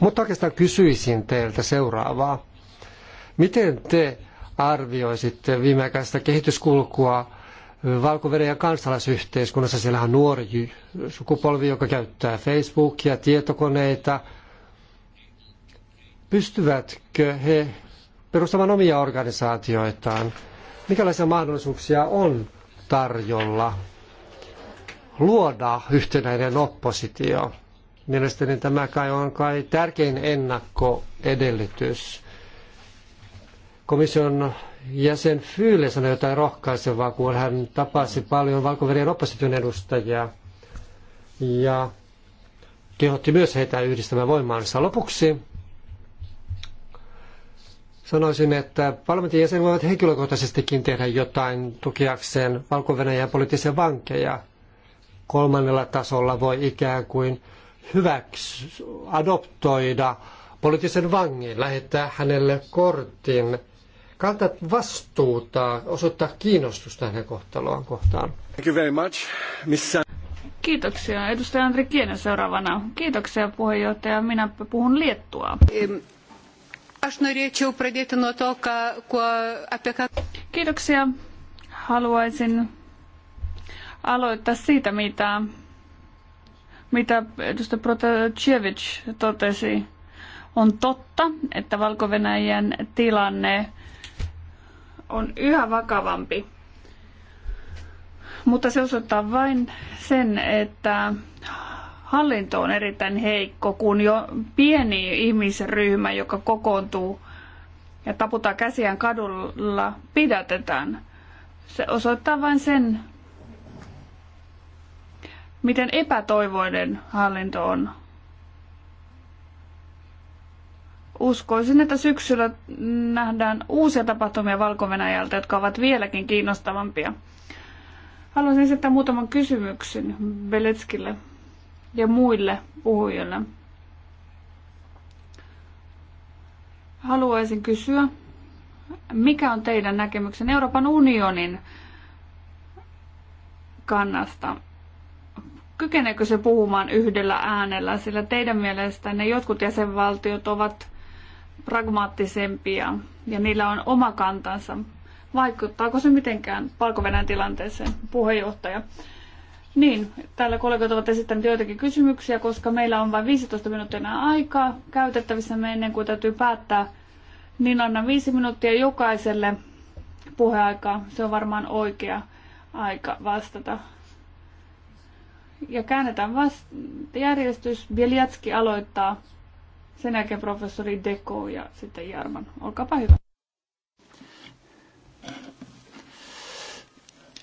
Mutta oikeastaan kysyisin teiltä seuraavaa. Miten te arvioisitte viimeaikaista kehityskulkua valko ja kansalaisyhteiskunnassa? Siellä on nuori sukupolvi, joka käyttää Facebookia, tietokoneita. Pystyvätkö he perustamaan omia organisaatioitaan? Mikälaisia mahdollisuuksia on tarjolla luoda yhtenäinen oppositio? Mielestäni tämä kai on kai tärkein ennakkoedellytys. Komission jäsen Fyyle sanoi jotain rohkaisevaa, kun hän tapasi paljon valko opposition edustajia ja kehotti myös heitä yhdistämään voimaansa. Lopuksi sanoisin, että parlamentin jäsenet voivat henkilökohtaisestikin tehdä jotain tukiakseen valko poliittisia vankeja. Kolmannella tasolla voi ikään kuin hyväksi adoptoida poliittisen vangin, lähettää hänelle kortin, kantaa vastuuta, osoittaa kiinnostusta hänen kohtaloaan kohtaan. Thank you very much. Missä... Kiitoksia. Edustaja Andri Kienen seuraavana. Kiitoksia puheenjohtaja. Minä puhun Liettua. Kiitoksia. Haluaisin aloittaa siitä, mitä mitä edustaja Protasevic totesi, on totta, että valko tilanne on yhä vakavampi. Mutta se osoittaa vain sen, että hallinto on erittäin heikko, kun jo pieni ihmisryhmä, joka kokoontuu ja taputaan käsiään kadulla, pidätetään. Se osoittaa vain sen, miten epätoivoinen hallinto on. Uskoisin, että syksyllä nähdään uusia tapahtumia valko jotka ovat vieläkin kiinnostavampia. Haluaisin esittää muutaman kysymyksen Beletskille ja muille puhujille. Haluaisin kysyä, mikä on teidän näkemyksen Euroopan unionin kannasta Kykeneekö se puhumaan yhdellä äänellä, sillä teidän mielestänne jotkut jäsenvaltiot ovat pragmaattisempia ja niillä on oma kantansa. Vaikuttaako se mitenkään palko tilanteeseen, puheenjohtaja? Niin, täällä kollegat ovat esittäneet joitakin kysymyksiä, koska meillä on vain 15 minuuttia enää aikaa käytettävissä me ennen kuin täytyy päättää, niin anna viisi minuuttia jokaiselle puheaikaa. Se on varmaan oikea aika vastata ja käännetään vasta järjestys. Bieliatski aloittaa, sen jälkeen professori Deko ja sitten Jarman. Olkaapa hyvä.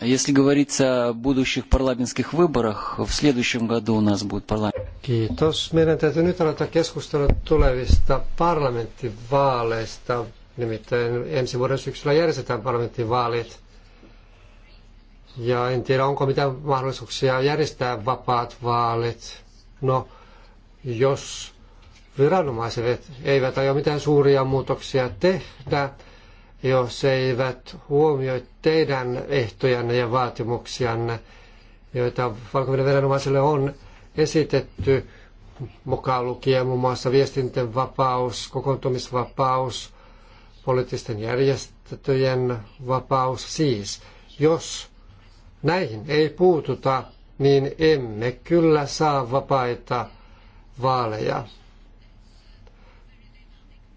Если говорить о будущих парламентских выборах, в следующем году у нас будет парламент. Kiitos. Meidän täytyy nyt aloittaa keskustella tulevista parlamenttivaaleista. Nimittäin ensi vuoden syksyllä järjestetään parlamenttivaalit. Ja en tiedä, onko mitään mahdollisuuksia järjestää vapaat vaalit. No, jos viranomaiset eivät aio mitään suuria muutoksia tehdä, jos eivät huomioi teidän ehtojanne ja vaatimuksianne, joita valko viranomaisille on esitetty, mukaan lukien muun muassa viestinten vapaus, kokoontumisvapaus, poliittisten järjestöjen vapaus. Siis, jos näihin ei puututa, niin emme kyllä saa vapaita vaaleja.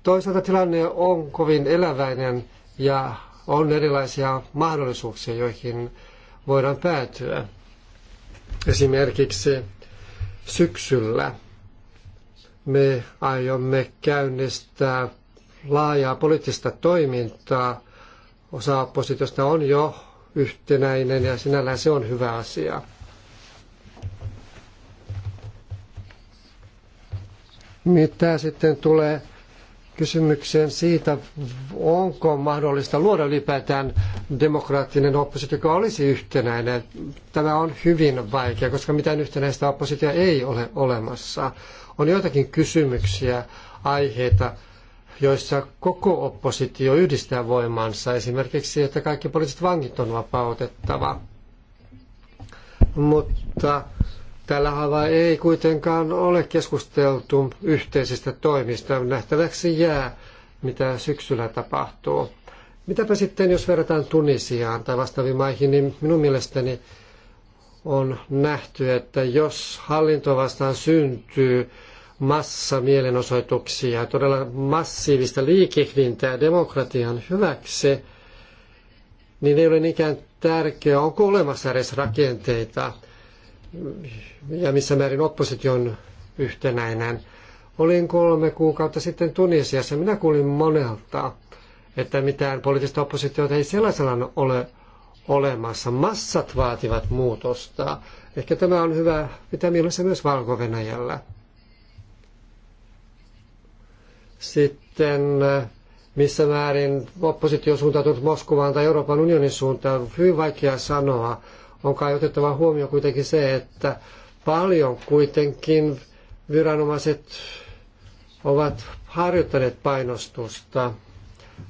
Toisaalta tilanne on kovin eläväinen ja on erilaisia mahdollisuuksia, joihin voidaan päätyä. Esimerkiksi syksyllä me aiomme käynnistää laajaa poliittista toimintaa. Osa oppositiosta on jo yhtenäinen ja sinällään se on hyvä asia. Mitä sitten tulee kysymykseen siitä, onko mahdollista luoda ylipäätään demokraattinen oppositio, joka olisi yhtenäinen. Tämä on hyvin vaikea, koska mitään yhtenäistä oppositiota ei ole olemassa. On joitakin kysymyksiä, aiheita, joissa koko oppositio yhdistää voimansa, esimerkiksi, että kaikki poliittiset vankit on vapautettava. Mutta tällä ei kuitenkaan ole keskusteltu yhteisistä toimista. Nähtäväksi jää, mitä syksyllä tapahtuu. Mitäpä sitten, jos verrataan Tunisiaan tai vastaaviin maihin, niin minun mielestäni on nähty, että jos hallinto vastaan syntyy massamielenosoituksia, todella massiivista liikehdintää demokratian hyväksi, niin ei ole niinkään tärkeää, onko olemassa edes rakenteita ja missä määrin on yhtenäinen. Olin kolme kuukautta sitten Tunisiassa. Minä kuulin monelta, että mitään poliittista oppositiota ei sellaisella ole olemassa. Massat vaativat muutosta. Ehkä tämä on hyvä pitää mielessä myös valko -Venäjällä. Sitten missä määrin oppositio on suuntautunut Moskovaan tai Euroopan unionin suuntaan, on hyvin vaikea sanoa. On kai otettava huomioon kuitenkin se, että paljon kuitenkin viranomaiset ovat harjoittaneet painostusta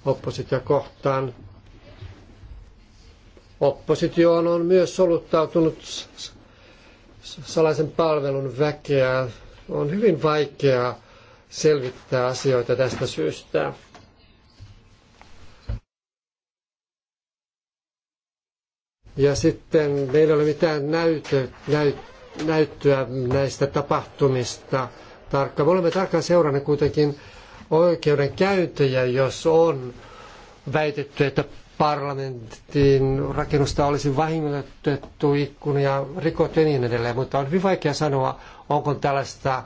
oppositio kohtaan. Oppositio on myös soluttautunut salaisen palvelun väkeä. On hyvin vaikeaa selvittää asioita tästä syystä. Ja sitten meillä ei ole mitään näytö, näyt, näyttöä näistä tapahtumista tarkka. Me olemme tarkkaan seuranneet kuitenkin oikeudenkäyntejä, jos on väitetty, että parlamentin rakennusta olisi vahingoitettu ikkuna ja ja niin edelleen. Mutta on hyvin vaikea sanoa, onko tällaista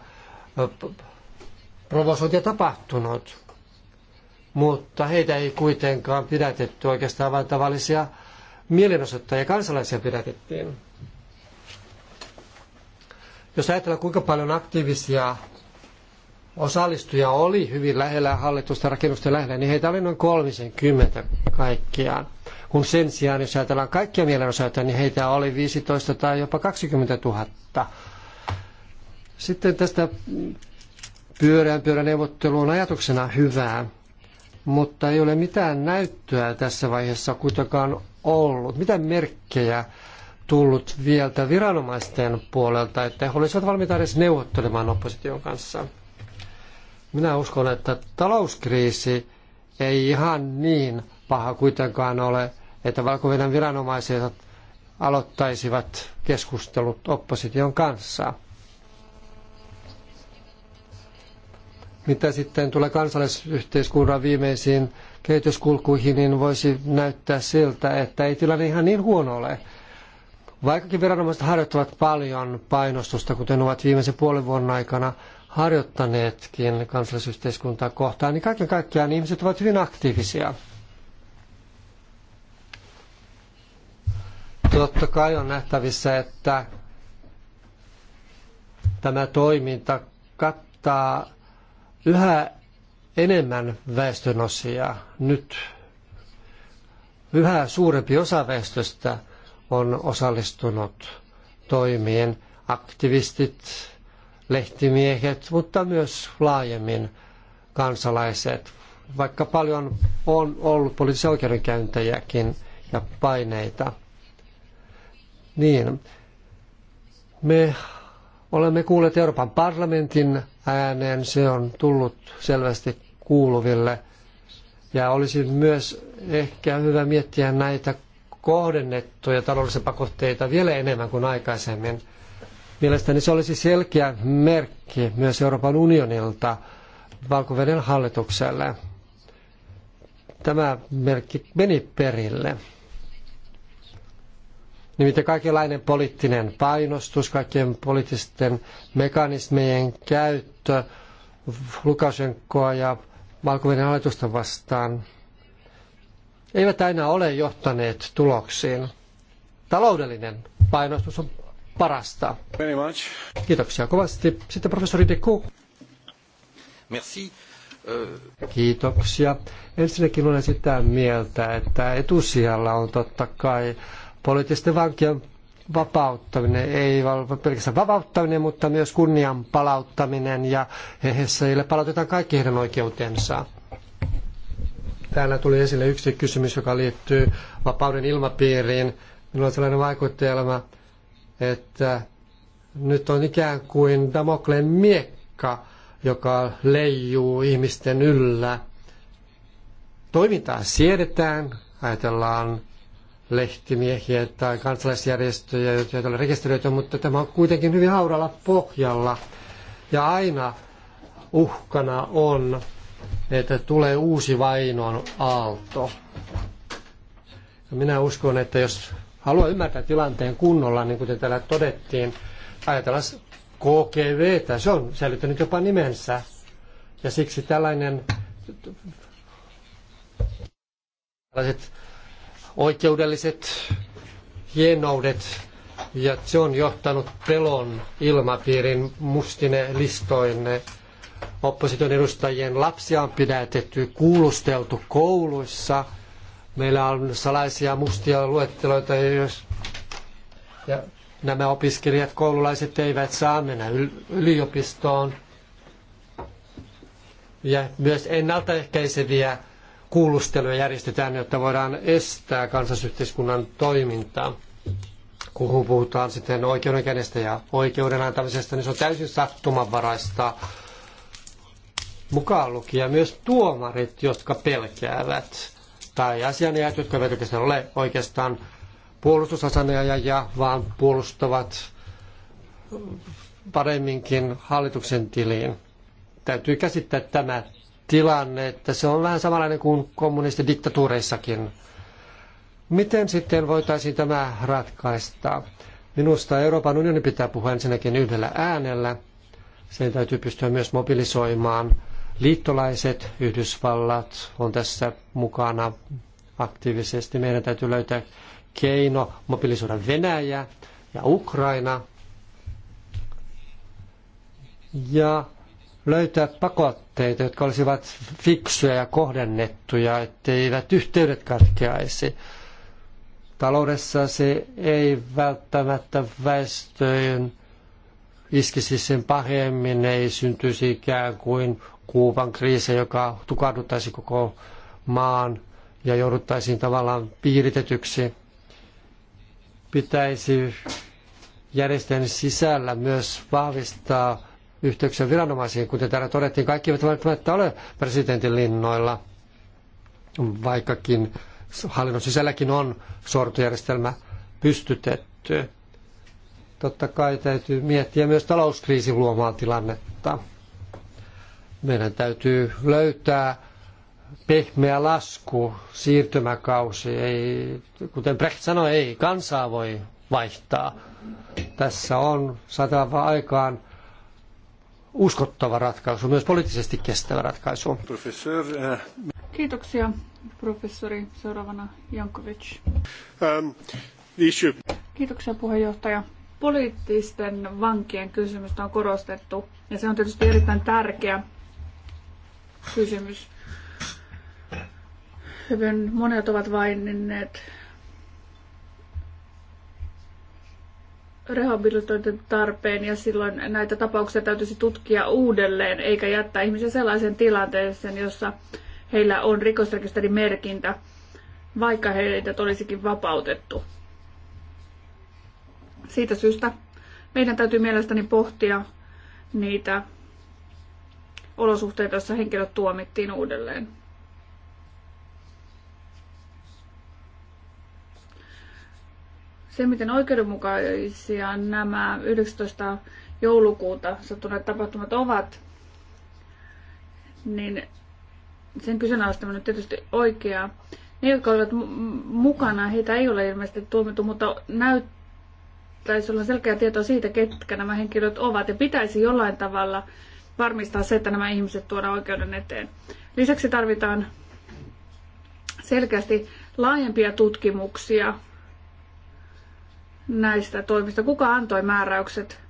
provosointia tapahtunut, mutta heitä ei kuitenkaan pidätetty oikeastaan vain tavallisia mielenosoittajia, kansalaisia pidätettiin. Jos ajatellaan, kuinka paljon aktiivisia osallistuja oli hyvin lähellä hallitusta rakennusten lähellä, niin heitä oli noin 30 kaikkiaan. Kun sen sijaan, jos ajatellaan kaikkia mielenosoittajia, niin heitä oli 15 tai jopa 20 000. Sitten tästä pyörään pyöräneuvottelu on ajatuksena hyvää, mutta ei ole mitään näyttöä tässä vaiheessa kuitenkaan ollut. Mitä merkkejä tullut vielä viranomaisten puolelta, että he olisivat valmiita edes neuvottelemaan opposition kanssa? Minä uskon, että talouskriisi ei ihan niin paha kuitenkaan ole, että valko viranomaiset aloittaisivat keskustelut opposition kanssa. Mitä sitten tulee kansalaisyhteiskunnan viimeisiin kehityskulkuihin, niin voisi näyttää siltä, että ei tilanne ihan niin huono ole. Vaikkakin viranomaiset harjoittavat paljon painostusta, kuten ovat viimeisen puolen vuoden aikana harjoittaneetkin kansalaisyhteiskuntaa kohtaan, niin kaiken kaikkiaan ihmiset ovat hyvin aktiivisia. Totta kai on nähtävissä, että tämä toiminta kattaa yhä enemmän väestönosia nyt. Yhä suurempi osa väestöstä on osallistunut toimiin, aktivistit, lehtimiehet, mutta myös laajemmin kansalaiset. Vaikka paljon on ollut poliittisia oikeudenkäyntejäkin ja paineita. Niin, me olemme kuulleet Euroopan parlamentin ääneen. Se on tullut selvästi kuuluville. Ja olisi myös ehkä hyvä miettiä näitä kohdennettuja taloudellisia pakotteita vielä enemmän kuin aikaisemmin. Mielestäni se olisi selkeä merkki myös Euroopan unionilta valko hallitukselle. Tämä merkki meni perille. Nimittäin kaikenlainen poliittinen painostus, kaikkien poliittisten mekanismien käyttö Lukashenkoa ja valko hallitusta vastaan eivät aina ole johtaneet tuloksiin. Taloudellinen painostus on parasta. Very much. Kiitoksia kovasti. Sitten professori Deku. Merci. Kiitoksia. Ensinnäkin olen sitä mieltä, että etusijalla on totta kai Poliittisten vankien vapauttaminen, ei pelkästään vapauttaminen, mutta myös kunnian palauttaminen ja heille palautetaan kaikki heidän oikeutensa. Täällä tuli esille yksi kysymys, joka liittyy vapauden ilmapiiriin. Minulla on sellainen vaikutelma, että nyt on ikään kuin Damokleen miekka, joka leijuu ihmisten yllä. Toimintaa siedetään, ajatellaan lehtimiehiä tai kansalaisjärjestöjä, joita ei ole rekisteröity, mutta tämä on kuitenkin hyvin hauralla pohjalla. Ja aina uhkana on, että tulee uusi vainon aalto. Ja minä uskon, että jos haluaa ymmärtää tilanteen kunnolla, niin kuten täällä todettiin, ajatellaan KGV, se on säilyttänyt jopa nimensä. Ja siksi tällainen, tällaiset oikeudelliset hienoudet ja se on johtanut pelon ilmapiirin mustine listoinne. Opposition edustajien lapsia on pidätetty, kuulusteltu kouluissa. Meillä on salaisia mustia luetteloita, jos ja nämä opiskelijat, koululaiset eivät saa mennä yliopistoon. Ja myös ennaltaehkäiseviä kuulusteluja järjestetään, jotta voidaan estää kansallisyhteiskunnan toimintaa. Kun puhutaan sitten oikeudenkädestä ja oikeuden antamisesta, niin se on täysin sattumanvaraista mukaan lukien myös tuomarit, jotka pelkäävät, tai asianajat, jotka eivät oikeastaan ole oikeastaan puolustusasianajaja, vaan puolustavat paremminkin hallituksen tiliin. Täytyy käsittää tämä tilanne, että se on vähän samanlainen kuin kommunistidiktatuureissakin. Miten sitten voitaisiin tämä ratkaista? Minusta Euroopan unioni pitää puhua ensinnäkin yhdellä äänellä. Sen täytyy pystyä myös mobilisoimaan. Liittolaiset, Yhdysvallat on tässä mukana aktiivisesti. Meidän täytyy löytää keino mobilisoida Venäjä ja Ukraina ja löytää pakot aloitteita, jotka olisivat fiksuja ja kohdennettuja, etteivät yhteydet katkeaisi. Taloudessa se ei välttämättä väestöön iskisi sen pahemmin, ei syntyisi ikään kuin Kuuban kriisi, joka tukahduttaisi koko maan ja jouduttaisiin tavallaan piiritetyksi. Pitäisi järjestelmän sisällä myös vahvistaa yhteyksiä viranomaisiin. Kuten täällä todettiin, kaikki eivät välttämättä ole presidentin linnoilla, vaikkakin hallinnon sisälläkin on sortojärjestelmä pystytetty. Totta kai täytyy miettiä myös talouskriisin luomaa tilannetta. Meidän täytyy löytää pehmeä lasku, siirtymäkausi. Ei, kuten Brecht sanoi, ei kansaa voi vaihtaa. Tässä on saatava aikaan uskottava ratkaisu, myös poliittisesti kestävä ratkaisu. Professor, äh... Kiitoksia, professori. Seuraavana Jankovic. Um, issue. Kiitoksia, puheenjohtaja. Poliittisten vankien kysymystä on korostettu, ja se on tietysti erittäin tärkeä kysymys. Hyvin monet ovat vainneet rehabilitointin tarpeen ja silloin näitä tapauksia täytyisi tutkia uudelleen eikä jättää ihmisiä sellaisen tilanteeseen, jossa heillä on rikosrekisterimerkintä, vaikka heidät olisikin vapautettu. Siitä syystä meidän täytyy mielestäni pohtia niitä olosuhteita, joissa henkilöt tuomittiin uudelleen. se, miten oikeudenmukaisia nämä 19. joulukuuta sattuneet tapahtumat ovat, niin sen kyseenalaistaminen on tietysti oikeaa. Ne, jotka olivat mukana, heitä ei ole ilmeisesti tuomittu, mutta näyttäisi olla selkeä tieto siitä, ketkä nämä henkilöt ovat. Ja pitäisi jollain tavalla varmistaa se, että nämä ihmiset tuodaan oikeuden eteen. Lisäksi tarvitaan selkeästi laajempia tutkimuksia näistä toimista? Kuka antoi määräykset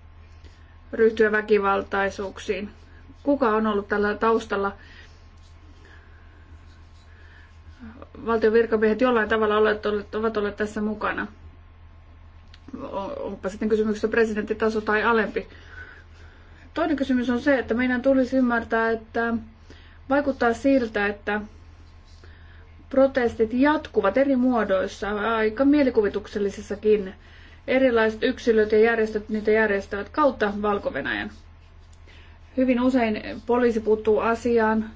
ryhtyä väkivaltaisuuksiin? Kuka on ollut tällä taustalla? Valtion virkamiehet jollain tavalla ovat olleet tässä mukana. Onpa sitten kysymyksessä presidenttitaso tai alempi. Toinen kysymys on se, että meidän tulisi ymmärtää, että vaikuttaa siltä, että protestit jatkuvat eri muodoissa, aika mielikuvituksellisissakin erilaiset yksilöt ja järjestöt niitä järjestävät kautta valko -Venäjän. Hyvin usein poliisi puuttuu asiaan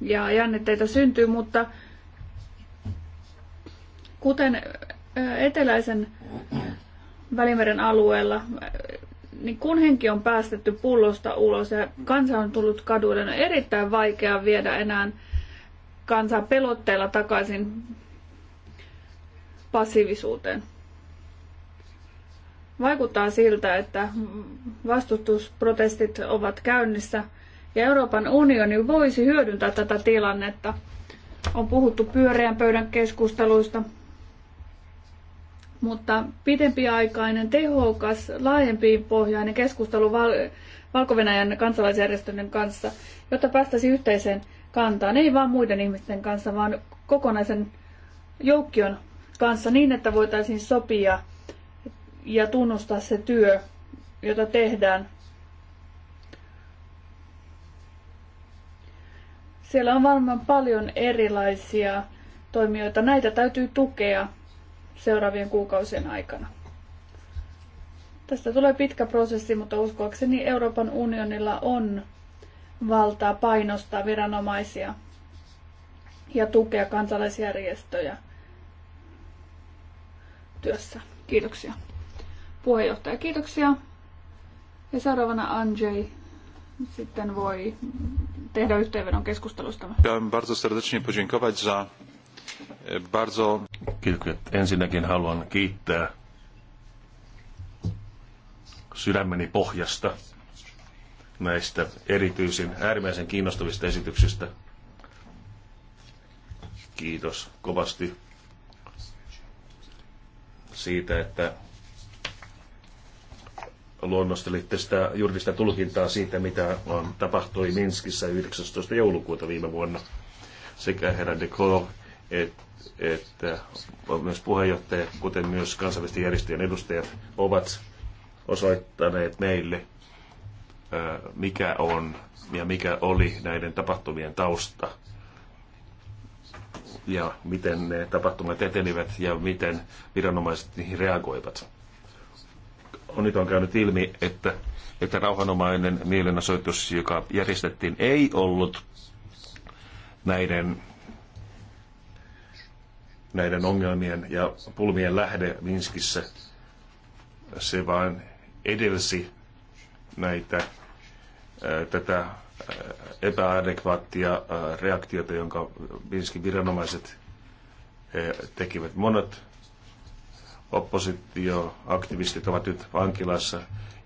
ja jännitteitä syntyy, mutta kuten eteläisen Välimeren alueella, niin kun henki on päästetty pullosta ulos ja kansa on tullut kaduille, on erittäin vaikea viedä enää kansaa pelotteella takaisin passiivisuuteen. Vaikuttaa siltä, että vastustusprotestit ovat käynnissä ja Euroopan unioni voisi hyödyntää tätä tilannetta. On puhuttu pyöreän pöydän keskusteluista, mutta pitempiaikainen, tehokas, laajempiin pohjainen keskustelu val- Valko-Venäjän kansalaisjärjestöjen kanssa, jotta päästäisiin yhteiseen kantaan, ei vain muiden ihmisten kanssa, vaan kokonaisen joukkion kanssa niin, että voitaisiin sopia ja tunnustaa se työ, jota tehdään. Siellä on varmaan paljon erilaisia toimijoita. Näitä täytyy tukea seuraavien kuukausien aikana. Tästä tulee pitkä prosessi, mutta uskoakseni Euroopan unionilla on valtaa painostaa viranomaisia ja tukea kansalaisjärjestöjä työssä. Kiitoksia. Puheenjohtaja, kiitoksia. Ja seuraavana Andrzej sitten voi tehdä yhteenvedon keskustelusta. Chciałem bardzo serdecznie podziękować za e, bardzo... Ensinnäkin haluan kiittää sydämeni pohjasta näistä erityisin äärimmäisen kiinnostavista esityksistä. Kiitos kovasti siitä, että luonnostelitte sitä juridista tulkintaa siitä, mitä on, tapahtui Minskissä 19. joulukuuta viime vuonna. Sekä herra de Colo että että äh, myös puheenjohtaja, kuten myös kansainvälisten järjestöjen edustajat, ovat osoittaneet meille, äh, mikä on ja mikä oli näiden tapahtumien tausta ja miten ne tapahtumat etenivät ja miten viranomaiset niihin reagoivat nyt on käynyt ilmi, että, että rauhanomainen mielenosoitus, joka järjestettiin, ei ollut näiden, näiden ongelmien ja pulmien lähde Minskissä. Se vain edelsi näitä, äh, tätä äh, epäadekvaattia äh, reaktiota, jonka Minskin viranomaiset tekivät. Monet oppositioaktivistit ovat nyt vankilassa.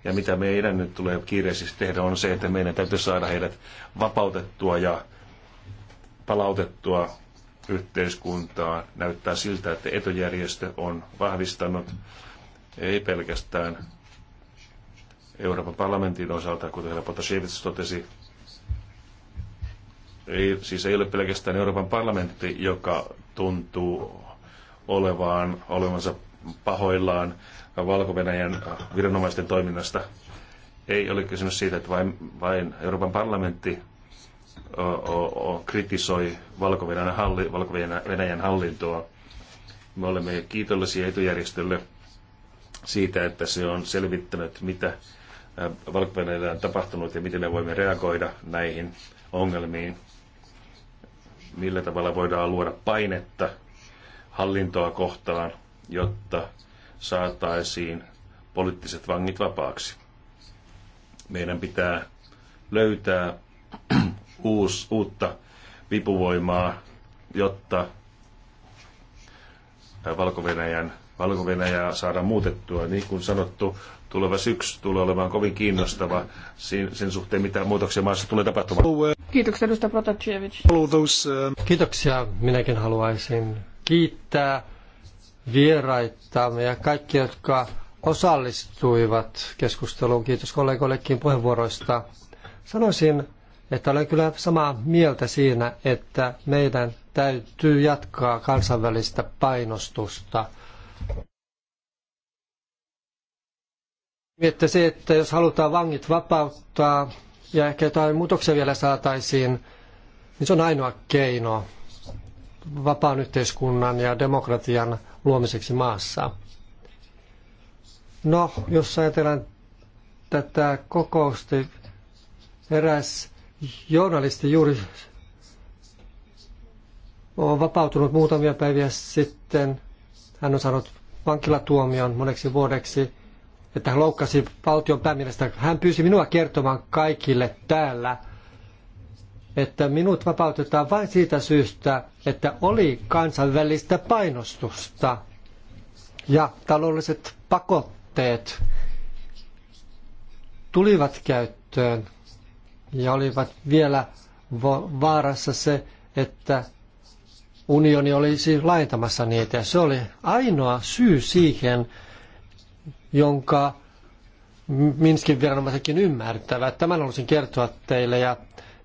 Ja mitä meidän nyt tulee kiireisesti tehdä on se, että meidän täytyy saada heidät vapautettua ja palautettua yhteiskuntaa. Näyttää siltä, että etujärjestö on vahvistanut ei pelkästään Euroopan parlamentin osalta, kuten herra Potashevits totesi, ei, siis ei ole pelkästään Euroopan parlamentti, joka tuntuu olevaan olevansa pahoillaan valko viranomaisten toiminnasta. Ei ole kysymys siitä, että vain, vain Euroopan parlamentti o, o, o, kritisoi valko halli, Valko-Venäjän hallintoa. Me olemme kiitollisia etujärjestölle siitä, että se on selvittänyt, mitä valko on tapahtunut ja miten me voimme reagoida näihin ongelmiin, millä tavalla voidaan luoda painetta hallintoa kohtaan jotta saataisiin poliittiset vangit vapaaksi. Meidän pitää löytää uus, uutta vipuvoimaa, jotta Valko-Venäjän valko saada muutettua. Niin kuin sanottu, tuleva syksy tulee olemaan kovin kiinnostava sen, sen suhteen, mitä muutoksia maassa tulee tapahtumaan. Kiitoksia, edustaja Protacevic. Uh, Kiitoksia. Minäkin haluaisin kiittää vieraitamme ja kaikki, jotka osallistuivat keskusteluun. Kiitos kollegoillekin puheenvuoroista. Sanoisin, että olen kyllä samaa mieltä siinä, että meidän täytyy jatkaa kansainvälistä painostusta. Että se, että jos halutaan vangit vapauttaa ja ehkä jotain muutoksia vielä saataisiin, niin se on ainoa keino vapaan yhteiskunnan ja demokratian luomiseksi maassa. No, jos ajatellaan tätä kokousta, eräs journalisti juuri on vapautunut muutamia päiviä sitten. Hän on saanut vankilatuomion moneksi vuodeksi, että hän loukkasi valtion pääministeriä, Hän pyysi minua kertomaan kaikille täällä – että minut vapautetaan vain siitä syystä, että oli kansainvälistä painostusta ja taloudelliset pakotteet tulivat käyttöön ja olivat vielä vaarassa se, että unioni olisi laitamassa niitä. Ja se oli ainoa syy siihen, jonka Minskin viranomaisetkin ymmärtävät. Tämän halusin kertoa teille ja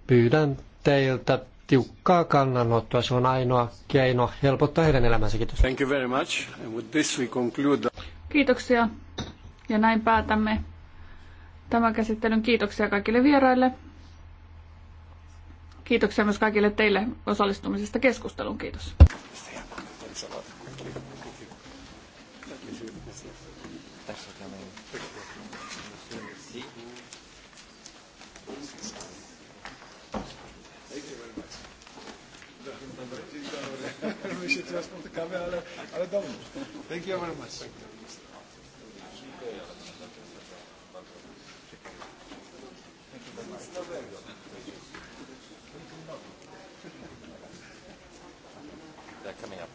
pyydän teiltä tiukkaa kannanottoa. Se on ainoa keino helpottaa heidän elämänsä. Kiitos. Thank you very much. And with this we conclude... Kiitoksia. Ja näin päätämme tämän käsittelyn. Kiitoksia kaikille vieraille. Kiitoksia myös kaikille teille osallistumisesta keskusteluun. Kiitos. ascolta cambia ale, ale dobrze. Thank you very much. They're coming up.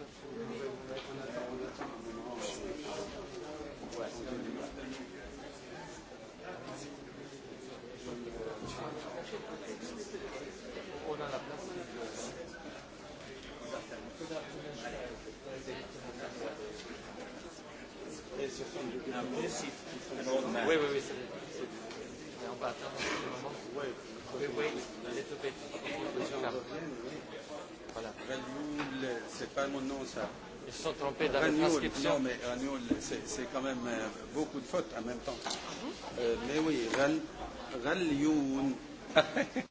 non, ça. Ils se sont trompés dans Ragnoul, la transcription. Non, mais Ragnoul, c'est quand même beaucoup de fautes en même temps. Ah mhm. bon euh, mais oui, Ragnoul.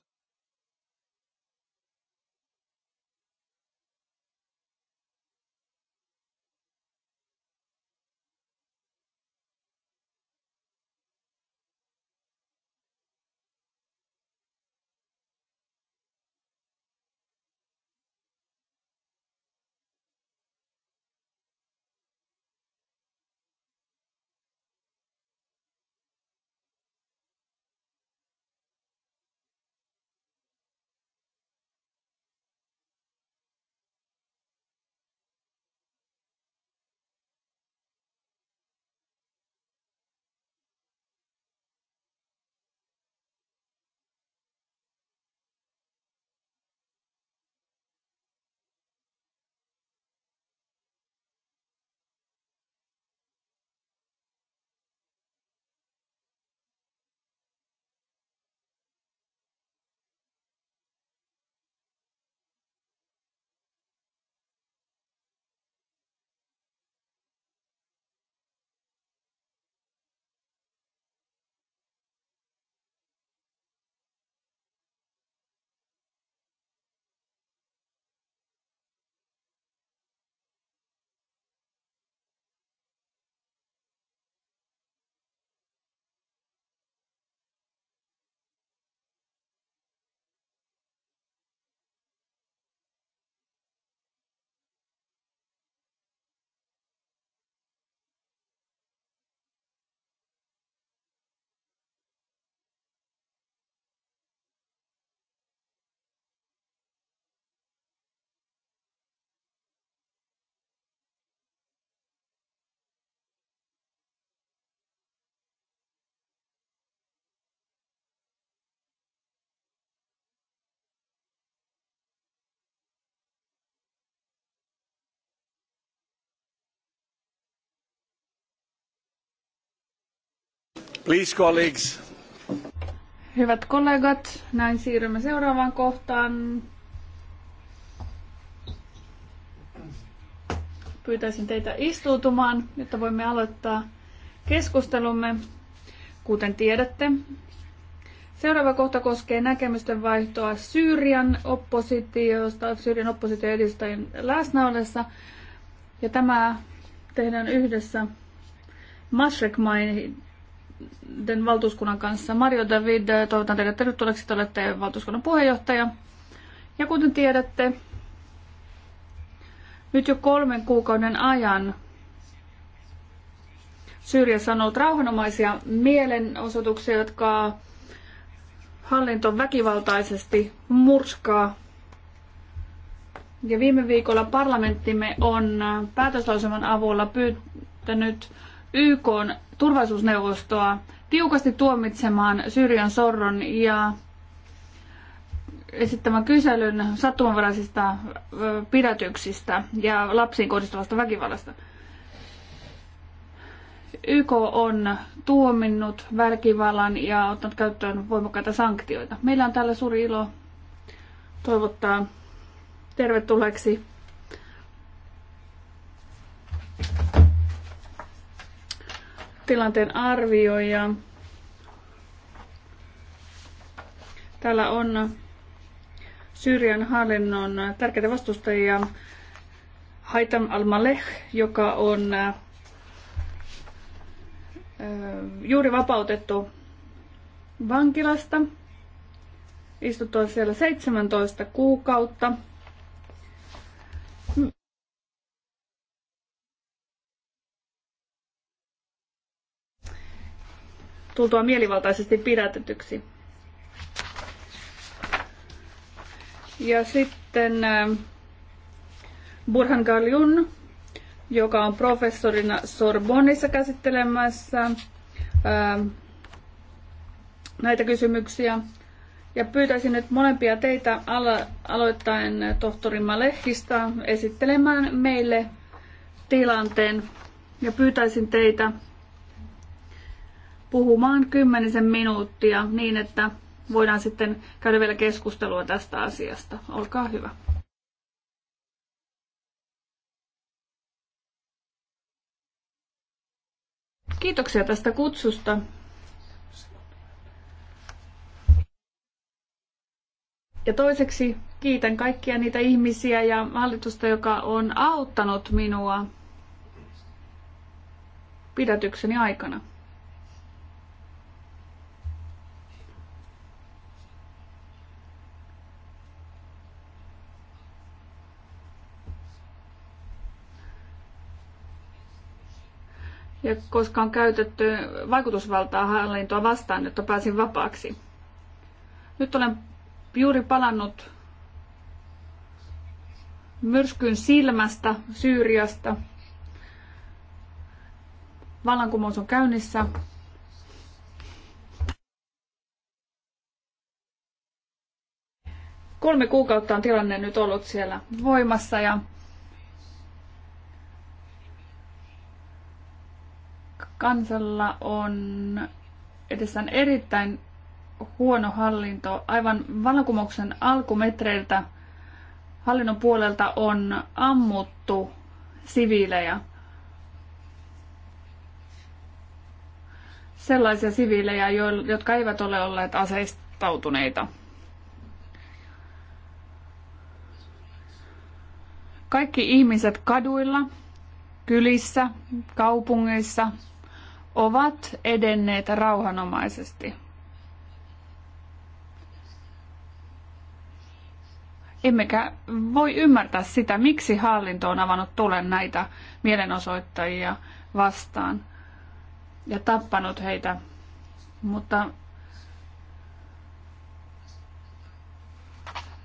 Please, colleagues. Hyvät kollegat, näin siirrymme seuraavaan kohtaan. Pyytäisin teitä istuutumaan, jotta voimme aloittaa keskustelumme. Kuten tiedätte, Seuraava kohta koskee näkemysten vaihtoa Syyrian oppositiosta, Syyrian oppositioedustajien läsnä ollessa. Ja tämä tehdään yhdessä Mashrek-maiden den valtuuskunnan kanssa. Mario David, toivotan teidät tervetulleeksi, te olette valtuuskunnan puheenjohtaja. Ja kuten tiedätte, nyt jo kolmen kuukauden ajan Syyriassa on ollut rauhanomaisia mielenosoituksia, jotka hallinto väkivaltaisesti murskaa. Ja viime viikolla parlamenttimme on päätöslauseman avulla pyytänyt YK turvallisuusneuvostoa tiukasti tuomitsemaan Syyrian sorron ja esittämään kyselyn sattumanvaraisista pidätyksistä ja lapsiin kohdistuvasta väkivallasta. YK on tuominnut väkivallan ja ottanut käyttöön voimakkaita sanktioita. Meillä on täällä suuri ilo toivottaa tervetulleeksi tilanteen arvioija. Täällä on Syyrian hallinnon tärkeitä vastustajia Haitam al-Maleh, joka on juuri vapautettu vankilasta istuttua siellä 17 kuukautta. tultua mielivaltaisesti pidätetyksi. Ja sitten ähm, Burhan Galjun, joka on professorina Sorbonnissa käsittelemässä ähm, näitä kysymyksiä. Ja pyytäisin nyt molempia teitä alo- aloittain tohtori Malehista esittelemään meille tilanteen. Ja pyytäisin teitä puhumaan kymmenisen minuuttia niin, että voidaan sitten käydä vielä keskustelua tästä asiasta. Olkaa hyvä. Kiitoksia tästä kutsusta. Ja toiseksi kiitän kaikkia niitä ihmisiä ja hallitusta, joka on auttanut minua pidätykseni aikana. ja koska on käytetty vaikutusvaltaa hallintoa vastaan, jotta pääsin vapaaksi. Nyt olen juuri palannut myrskyn silmästä Syyriasta. Vallankumous on käynnissä. Kolme kuukautta on tilanne nyt ollut siellä voimassa ja kansalla on edessään erittäin huono hallinto. Aivan vallankumouksen alkumetreiltä hallinnon puolelta on ammuttu siviilejä. Sellaisia siviilejä, jotka eivät ole olleet aseistautuneita. Kaikki ihmiset kaduilla, kylissä, kaupungeissa, ovat edenneet rauhanomaisesti. Emmekä voi ymmärtää sitä, miksi hallinto on avannut tulen näitä mielenosoittajia vastaan ja tappanut heitä. Mutta,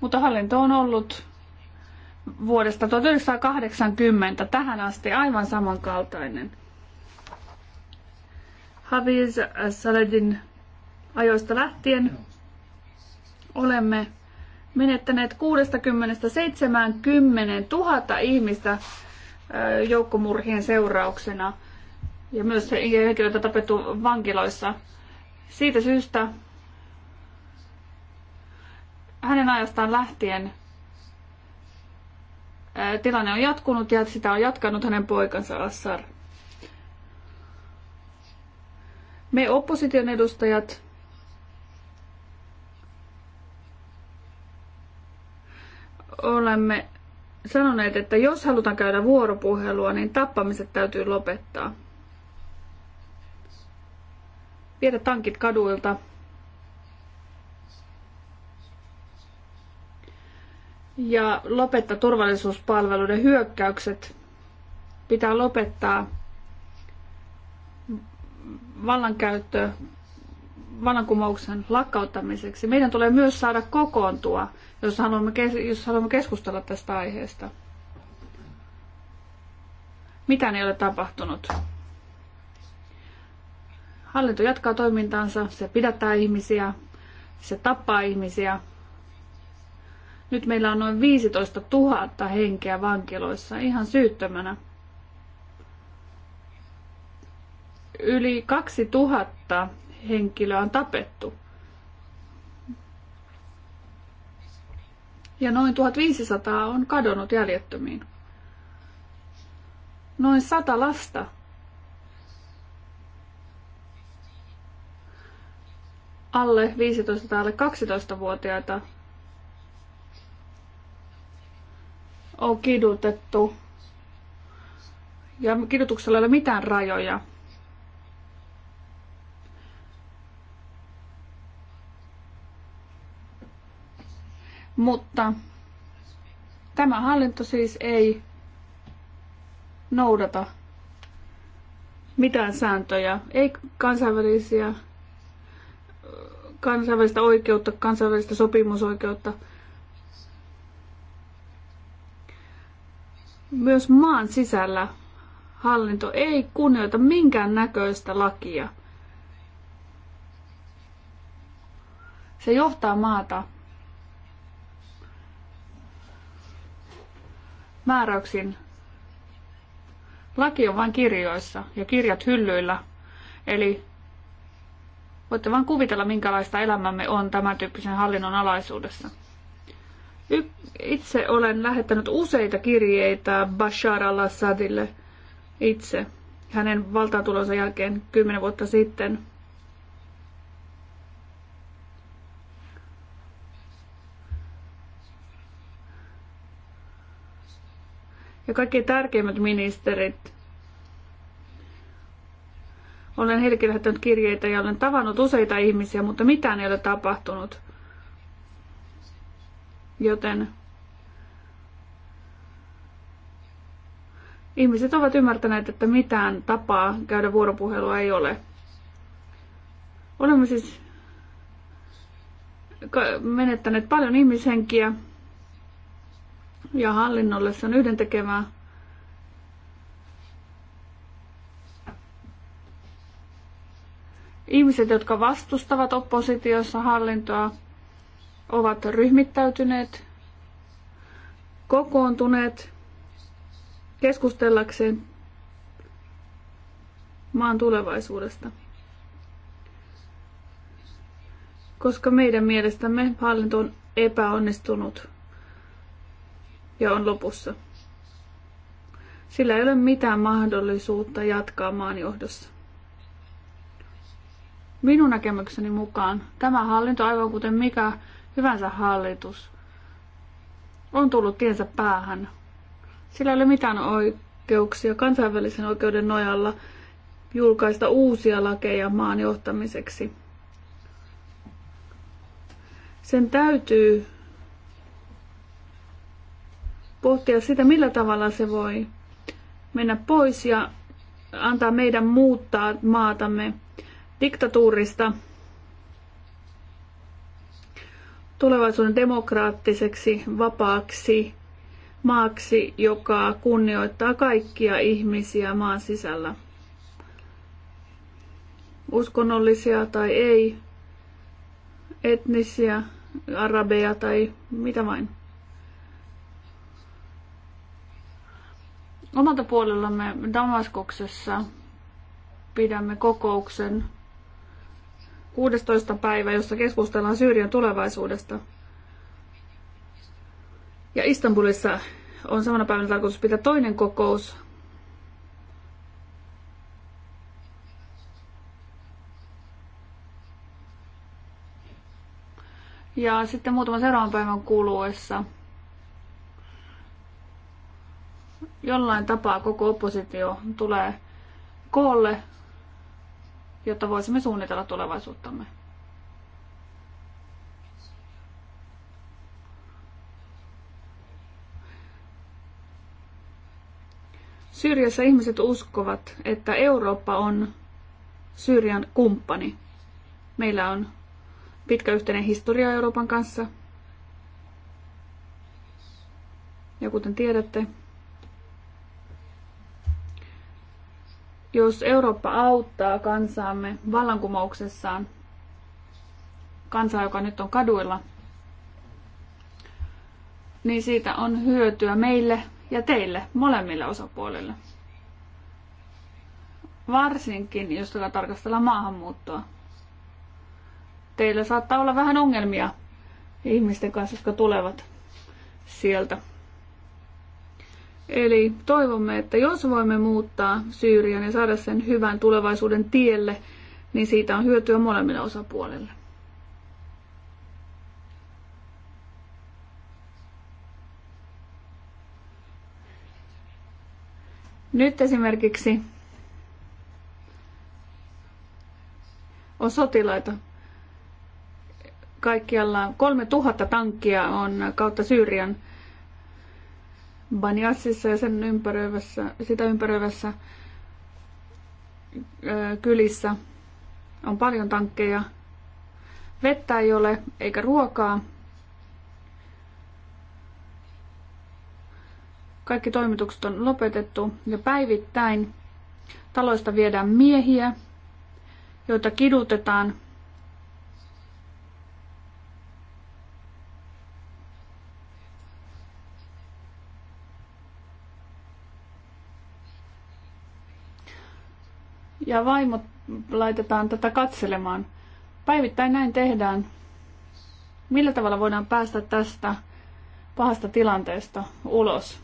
mutta hallinto on ollut vuodesta 1980 tähän asti aivan samankaltainen. Havis Saladin ajoista lähtien olemme menettäneet 60-70 000 ihmistä joukkomurhien seurauksena ja myös henkilöitä tapettu vankiloissa. Siitä syystä hänen ajastaan lähtien tilanne on jatkunut ja sitä on jatkanut hänen poikansa Assar Me opposition edustajat olemme sanoneet, että jos halutaan käydä vuoropuhelua, niin tappamiset täytyy lopettaa. Viedä tankit kaduilta. Ja lopettaa turvallisuuspalveluiden hyökkäykset. Pitää lopettaa vallankäyttö vallankumouksen lakkauttamiseksi. Meidän tulee myös saada kokoontua, jos haluamme, jos haluamme keskustella tästä aiheesta. Mitä ei ole tapahtunut? Hallinto jatkaa toimintaansa, se pidättää ihmisiä, se tappaa ihmisiä. Nyt meillä on noin 15 000 henkeä vankiloissa ihan syyttömänä. yli 2000 henkilöä on tapettu. Ja noin 1500 on kadonnut jäljettömiin. Noin 100 lasta. Alle 15 tai alle 12-vuotiaita on kidutettu. Ja kidutuksella ei ole mitään rajoja. Mutta tämä hallinto siis ei noudata mitään sääntöjä, ei kansainvälisiä, kansainvälistä oikeutta, kansainvälistä sopimusoikeutta. Myös maan sisällä hallinto ei kunnioita minkään näköistä lakia. Se johtaa maata määräyksin. Laki on vain kirjoissa ja kirjat hyllyillä. Eli voitte vain kuvitella, minkälaista elämämme on tämän tyyppisen hallinnon alaisuudessa. Itse olen lähettänyt useita kirjeitä Bashar al-Assadille itse hänen valtaantulonsa jälkeen kymmenen vuotta sitten – ja kaikki tärkeimmät ministerit. Olen heillekin lähettänyt kirjeitä ja olen tavannut useita ihmisiä, mutta mitään ei ole tapahtunut. Joten ihmiset ovat ymmärtäneet, että mitään tapaa käydä vuoropuhelua ei ole. Olemme siis menettäneet paljon ihmishenkiä ja hallinnolle se on yhdentekevää. Ihmiset, jotka vastustavat oppositiossa hallintoa, ovat ryhmittäytyneet, kokoontuneet keskustellakseen maan tulevaisuudesta. Koska meidän mielestämme hallinto on epäonnistunut ja on lopussa. Sillä ei ole mitään mahdollisuutta jatkaa johdossa. Minun näkemykseni mukaan tämä hallinto, aivan kuten mikä hyvänsä hallitus, on tullut tiensä päähän. Sillä ei ole mitään oikeuksia kansainvälisen oikeuden nojalla julkaista uusia lakeja maan johtamiseksi. Sen täytyy pohtia sitä, millä tavalla se voi mennä pois ja antaa meidän muuttaa maatamme diktatuurista tulevaisuuden demokraattiseksi, vapaaksi maaksi, joka kunnioittaa kaikkia ihmisiä maan sisällä. Uskonnollisia tai ei, etnisiä, arabeja tai mitä vain. Omalta puolellamme Damaskoksessa pidämme kokouksen 16. päivä, jossa keskustellaan Syyrian tulevaisuudesta. Ja Istanbulissa on samana päivänä tarkoitus pitää toinen kokous. Ja sitten muutaman seuraavan päivän kuluessa – jollain tapaa koko oppositio tulee koolle, jotta voisimme suunnitella tulevaisuuttamme. Syyriassa ihmiset uskovat, että Eurooppa on Syyrian kumppani. Meillä on pitkä yhteinen historia Euroopan kanssa. Ja kuten tiedätte, Jos Eurooppa auttaa kansaamme vallankumouksessaan, kansaa, joka nyt on kaduilla, niin siitä on hyötyä meille ja teille, molemmille osapuolille. Varsinkin, jos tarkastellaan maahanmuuttoa. Teillä saattaa olla vähän ongelmia ihmisten kanssa, jotka tulevat sieltä. Eli toivomme, että jos voimme muuttaa Syyrian ja saada sen hyvän tulevaisuuden tielle, niin siitä on hyötyä molemmille osapuolille. Nyt esimerkiksi on sotilaita. Kaikkialla 3000 tankkia on kautta Syyrian Banjassissa ja sen ympäröivässä, sitä ympäröivässä ö, kylissä on paljon tankkeja. Vettä ei ole eikä ruokaa. Kaikki toimitukset on lopetettu ja päivittäin taloista viedään miehiä, joita kidutetaan – ja vaimot laitetaan tätä katselemaan. Päivittäin näin tehdään. Millä tavalla voidaan päästä tästä pahasta tilanteesta ulos?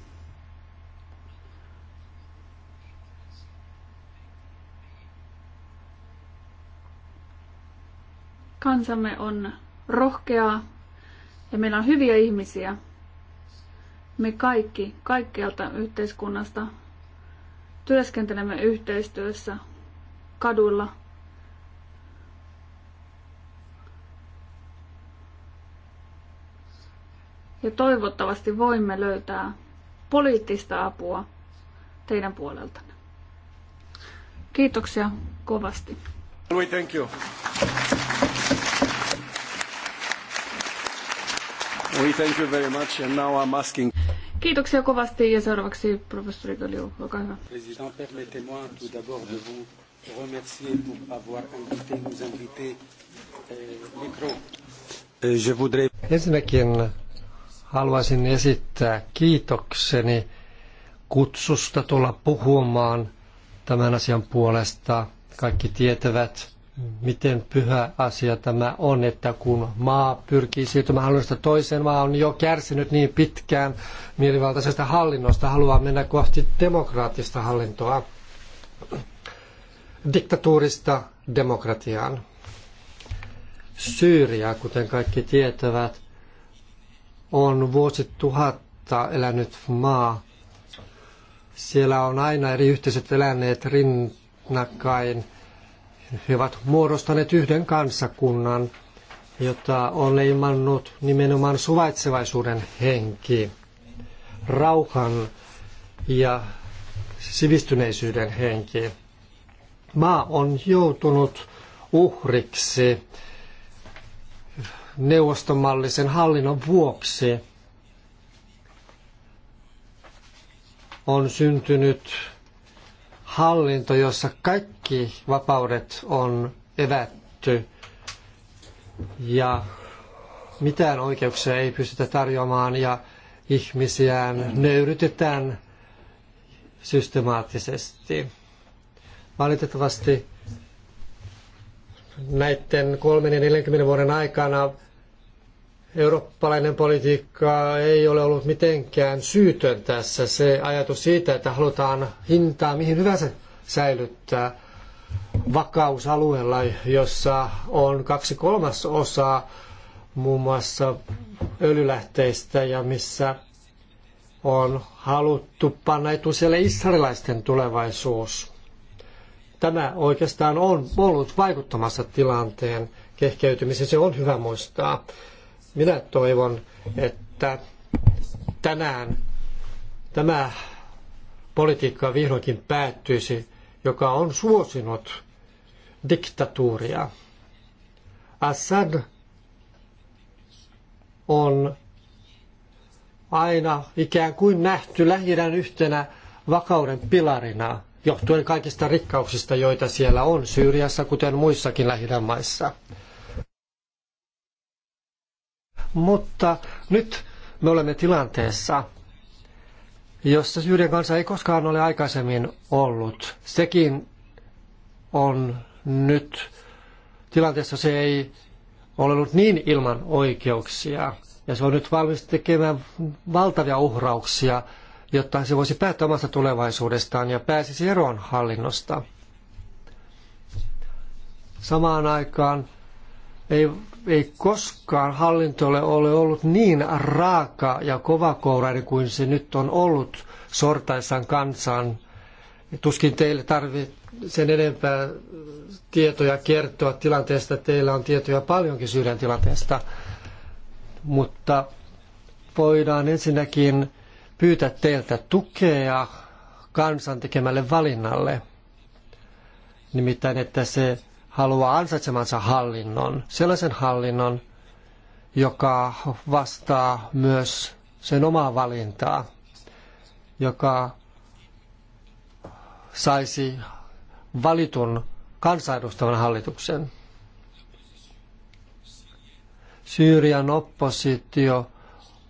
Kansamme on rohkeaa ja meillä on hyviä ihmisiä. Me kaikki, kaikkialta yhteiskunnasta työskentelemme yhteistyössä kaduilla. Ja toivottavasti voimme löytää poliittista apua teidän puoleltanne. Kiitoksia kovasti. Thank you. thank you very much and now I'm asking... Kiitoksia kovasti ja seuraavaksi professori Galio, olkaa hyvä. permettez-moi tout d'abord de vous Euh, euh, Ensinnäkin haluaisin esittää kiitokseni kutsusta tulla puhumaan tämän asian puolesta. Kaikki tietävät, miten pyhä asia tämä on, että kun maa pyrkii siirtymään hallinnosta toiseen, maa on jo kärsinyt niin pitkään mielivaltaisesta hallinnosta, haluaa mennä kohti demokraattista hallintoa diktatuurista demokratiaan. Syyria, kuten kaikki tietävät, on vuosituhatta elänyt maa. Siellä on aina eri yhteisöt eläneet rinnakkain. He ovat muodostaneet yhden kansakunnan, jota on leimannut nimenomaan suvaitsevaisuuden henki, rauhan ja sivistyneisyyden henki maa on joutunut uhriksi neuvostomallisen hallinnon vuoksi. On syntynyt hallinto, jossa kaikki vapaudet on evätty ja mitään oikeuksia ei pystytä tarjoamaan ja ihmisiään nöyrytetään systemaattisesti. Valitettavasti näiden 30-40 vuoden aikana eurooppalainen politiikka ei ole ollut mitenkään syytön tässä. Se ajatus siitä, että halutaan hintaa mihin hyvänsä säilyttää vakausalueella, jossa on kaksi kolmasosaa muun muassa öljylähteistä ja missä on haluttu panna siellä israelilaisten tulevaisuus. Tämä oikeastaan on ollut vaikuttamassa tilanteen kehkeytymiseen. Se on hyvä muistaa. Minä toivon, että tänään tämä politiikka vihdoinkin päättyisi, joka on suosinut diktatuuria. Assad on aina ikään kuin nähty lähi yhtenä vakauden pilarina – johtuen kaikista rikkauksista, joita siellä on Syyriassa, kuten muissakin lähi maissa. Mutta nyt me olemme tilanteessa, jossa Syyrian kansa ei koskaan ole aikaisemmin ollut. Sekin on nyt tilanteessa, se ei ole ollut niin ilman oikeuksia. Ja se on nyt valmis tekemään valtavia uhrauksia jotta se voisi päättää omasta tulevaisuudestaan ja pääsisi eroon hallinnosta. Samaan aikaan ei, ei koskaan hallinto ole ollut niin raaka ja kovakourainen kuin se nyt on ollut sortaissaan kansaan. Tuskin teille tarvitsee sen enempää tietoja kertoa tilanteesta. Teillä on tietoja paljonkin syyden tilanteesta, mutta voidaan ensinnäkin pyytää teiltä tukea kansan tekemälle valinnalle. Nimittäin, että se haluaa ansaitsemansa hallinnon, sellaisen hallinnon, joka vastaa myös sen omaa valintaa, joka saisi valitun kansanedustavan hallituksen. Syyrian oppositio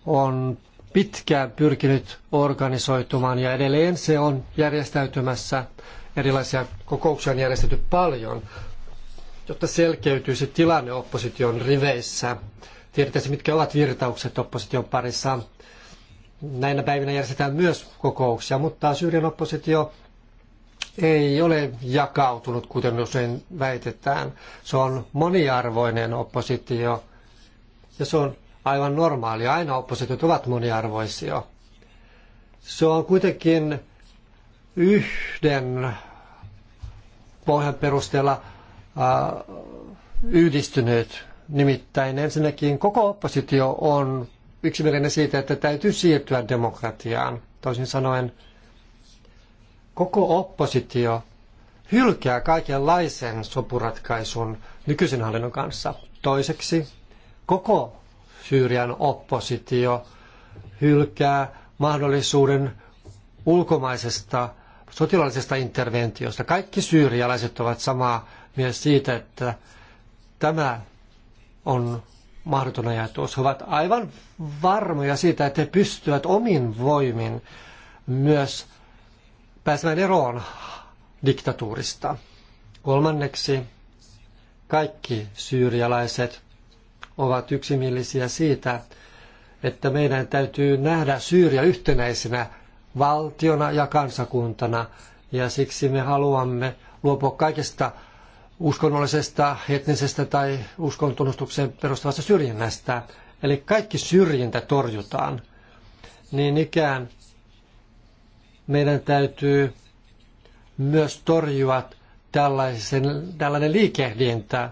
on pitkään pyrkinyt organisoitumaan ja edelleen se on järjestäytymässä. Erilaisia kokouksia on järjestetty paljon, jotta selkeytyisi tilanne opposition riveissä. Tiedetään, mitkä ovat virtaukset opposition parissa. Näinä päivinä järjestetään myös kokouksia, mutta Syyrian oppositio ei ole jakautunut, kuten usein väitetään. Se on moniarvoinen oppositio ja se on aivan normaalia. Aina oppositiot ovat moniarvoisia. Se on kuitenkin yhden pohjan perusteella äh, yhdistynyt. Nimittäin ensinnäkin koko oppositio on yksimielinen siitä, että täytyy siirtyä demokratiaan. Toisin sanoen koko oppositio hylkää kaikenlaisen sopuratkaisun nykyisen hallinnon kanssa. Toiseksi koko Syyrian oppositio hylkää mahdollisuuden ulkomaisesta sotilaallisesta interventiosta. Kaikki syyrialaiset ovat samaa myös siitä, että tämä on mahdoton ajatus. He ovat aivan varmoja siitä, että he pystyvät omin voimin myös pääsemään eroon diktatuurista. Kolmanneksi, kaikki syyrialaiset ovat yksimielisiä siitä, että meidän täytyy nähdä Syyria yhtenäisenä valtiona ja kansakuntana. Ja siksi me haluamme luopua kaikesta uskonnollisesta, etnisestä tai uskontunnustukseen perustuvasta syrjinnästä. Eli kaikki syrjintä torjutaan. Niin ikään meidän täytyy myös torjua tällaisen, tällainen liikehdintä,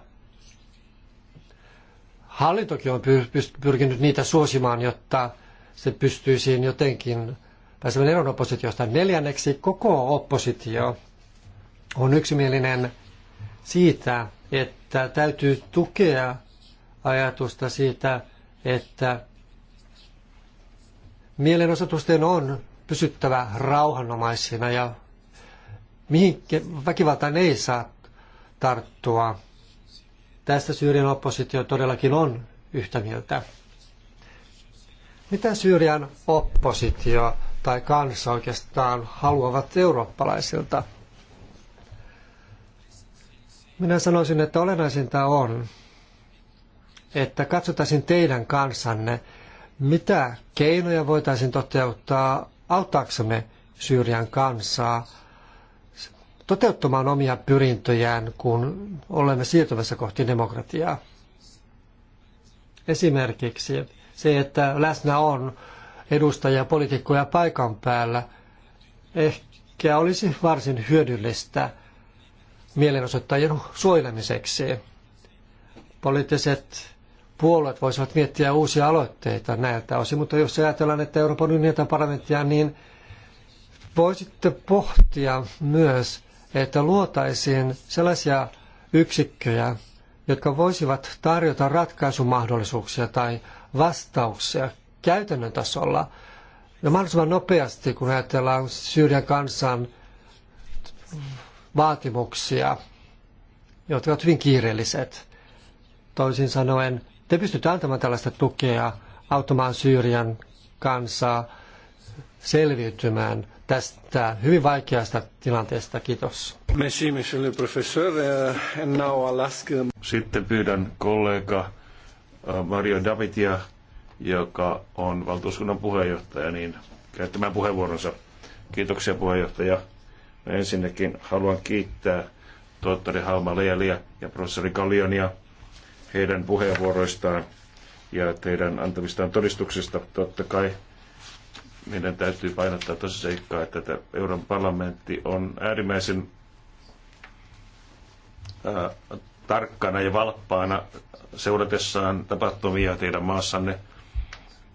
hallintokin on pyrkinyt niitä suosimaan, jotta se pystyisi jotenkin pääsemään eron oppositiosta. Neljänneksi koko oppositio on yksimielinen siitä, että täytyy tukea ajatusta siitä, että mielenosoitusten on pysyttävä rauhanomaisina ja mihin väkivaltaan ei saa tarttua. Tästä Syyrian oppositio todellakin on yhtä mieltä. Mitä Syyrian oppositio tai kansa oikeastaan haluavat eurooppalaisilta? Minä sanoisin, että olennaisinta on, että katsotaisiin teidän kansanne, mitä keinoja voitaisiin toteuttaa auttaaksemme Syyrian kansaa toteuttamaan omia pyrintöjään, kun olemme siirtymässä kohti demokratiaa. Esimerkiksi se, että läsnä on edustajia poliitikkoja paikan päällä, ehkä olisi varsin hyödyllistä mielenosoittajien suojelemiseksi. Poliittiset puolueet voisivat miettiä uusia aloitteita näiltä osin, mutta jos ajatellaan, että Euroopan unionin parlamenttia, niin voisitte pohtia myös että luotaisiin sellaisia yksikköjä, jotka voisivat tarjota ratkaisumahdollisuuksia tai vastauksia käytännön tasolla. Ja mahdollisimman nopeasti, kun ajatellaan Syyrian kansan vaatimuksia, jotka ovat hyvin kiireelliset. Toisin sanoen, te pystytte antamaan tällaista tukea auttamaan Syyrian kansaa selviytymään tästä hyvin vaikeasta tilanteesta. Kiitos. Merci, monsieur le professeur. Euh, and now I'll ask... Um, Sitten pyydän kollega äh, Mario Davidia, joka on valtuuskunnan puheenjohtaja, niin käyttämään puheenvuoronsa. Kiitoksia puheenjohtaja. Mä no, ensinnäkin haluan kiittää tohtori Halma Leeliä ja professori Kallionia heidän puheenvuoroistaan ja teidän antamistaan todistuksista. Totta kai meidän täytyy painottaa tosi seikkaa, että tämä Euroopan parlamentti on äärimmäisen ää, tarkkana ja valppaana seuratessaan tapahtumia teidän maassanne.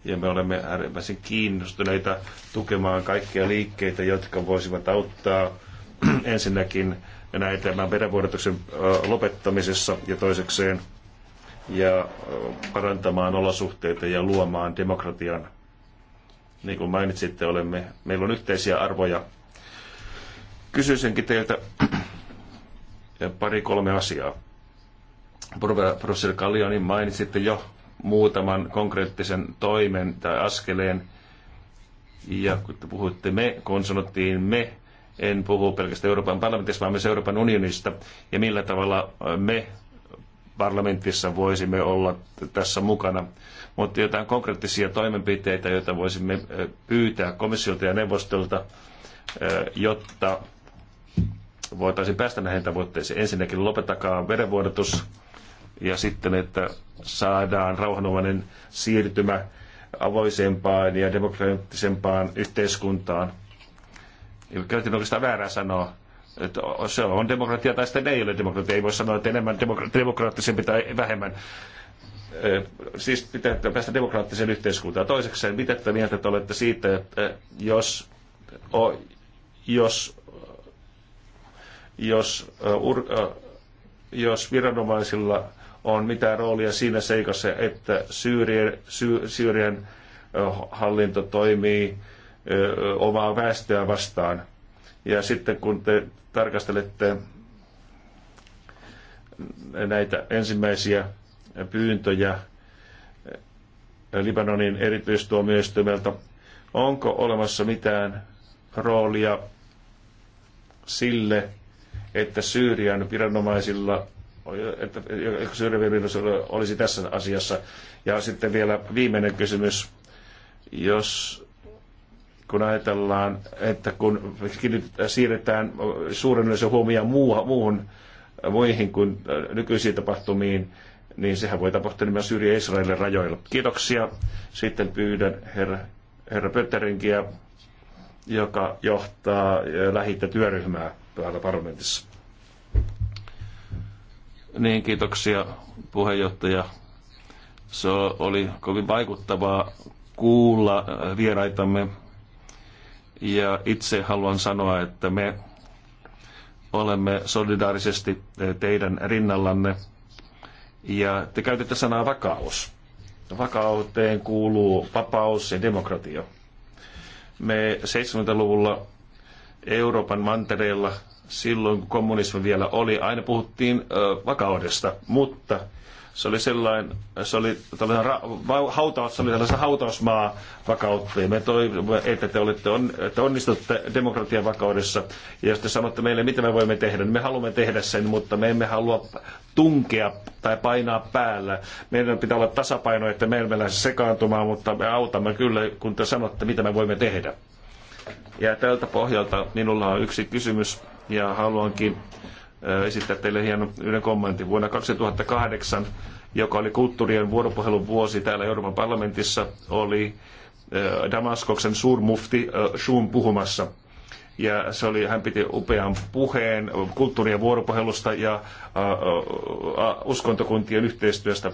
Ja me olemme äärimmäisen kiinnostuneita tukemaan kaikkia liikkeitä, jotka voisivat auttaa ensinnäkin näitä tämän vedenvuodatuksen lopettamisessa ja toisekseen ja parantamaan olosuhteita ja luomaan demokratian niin kuin mainitsitte, olemme, meillä on yhteisiä arvoja. Kysyisinkin teiltä pari-kolme asiaa. Professori Kallioni mainitsitte jo muutaman konkreettisen toimen tai askeleen. Ja kun te puhuitte me, kun sanottiin me, en puhu pelkästään Euroopan parlamentista, vaan myös Euroopan unionista, ja millä tavalla me parlamentissa voisimme olla tässä mukana mutta jotain konkreettisia toimenpiteitä, joita voisimme pyytää komissiolta ja neuvostolta, jotta voitaisiin päästä näihin tavoitteisiin. Ensinnäkin lopetakaa verenvuodatus ja sitten, että saadaan rauhanomainen siirtymä avoisempaan ja demokraattisempaan yhteiskuntaan. Käytin oikeastaan väärää sanoa, että se on demokratia tai sitten ei ole demokratia. Ei voi sanoa, että enemmän demokraattisempi tai vähemmän. Eh, siis pitää päästä demokraattiseen yhteiskuntaan. Toisekseen, mitä te mieltä te olette siitä, että jos, o, jos, jos, ur, jos viranomaisilla on mitään roolia siinä seikassa, että Syyrien, Sy, Syyrien hallinto toimii omaa väestöä vastaan. Ja sitten kun te tarkastelette näitä ensimmäisiä pyyntöjä Libanonin erityistuomioistuimelta. Onko olemassa mitään roolia sille, että Syyrian viranomaisilla että Syyrian viranomaisilla olisi tässä asiassa. Ja sitten vielä viimeinen kysymys. Jos kun ajatellaan, että kun siirretään suurennollisen yleisön huomioon muuhun, muihin kuin nykyisiin tapahtumiin, niin sehän voi tapahtua myös Syyrian Israelin rajoilla. Kiitoksia. Sitten pyydän herra, herra Pötterinkiä, joka johtaa lähittä työryhmää täällä parlamentissa. Niin, kiitoksia puheenjohtaja. Se oli kovin vaikuttavaa kuulla vieraitamme. Ja itse haluan sanoa, että me olemme solidaarisesti teidän rinnallanne – ja te käytätte sanaa vakaus. Vakauteen kuuluu vapaus ja demokratia. Me 70-luvulla Euroopan mantereella, silloin kun kommunismi vielä oli, aina puhuttiin ö, vakaudesta, mutta se oli sellainen, se oli hautaus, se oli tällainen hautausmaa vakautta ja me toivomme, että te, olette on, että onnistutte demokratian vakaudessa. Ja jos te sanotte meille, mitä me voimme tehdä, niin me haluamme tehdä sen, mutta me emme halua tunkea tai painaa päällä. Meidän pitää olla tasapaino, että me emme lähde sekaantumaan, mutta me autamme kyllä, kun te sanotte, mitä me voimme tehdä. Ja tältä pohjalta minulla on yksi kysymys ja haluankin esittää teille hienon yhden kommentin. Vuonna 2008, joka oli kulttuurien vuoropuhelun vuosi täällä Euroopan parlamentissa, oli Damaskoksen suurmufti Shun puhumassa. Ja se oli, hän piti upean puheen kulttuurien vuoropuhelusta ja uskontokuntien yhteistyöstä.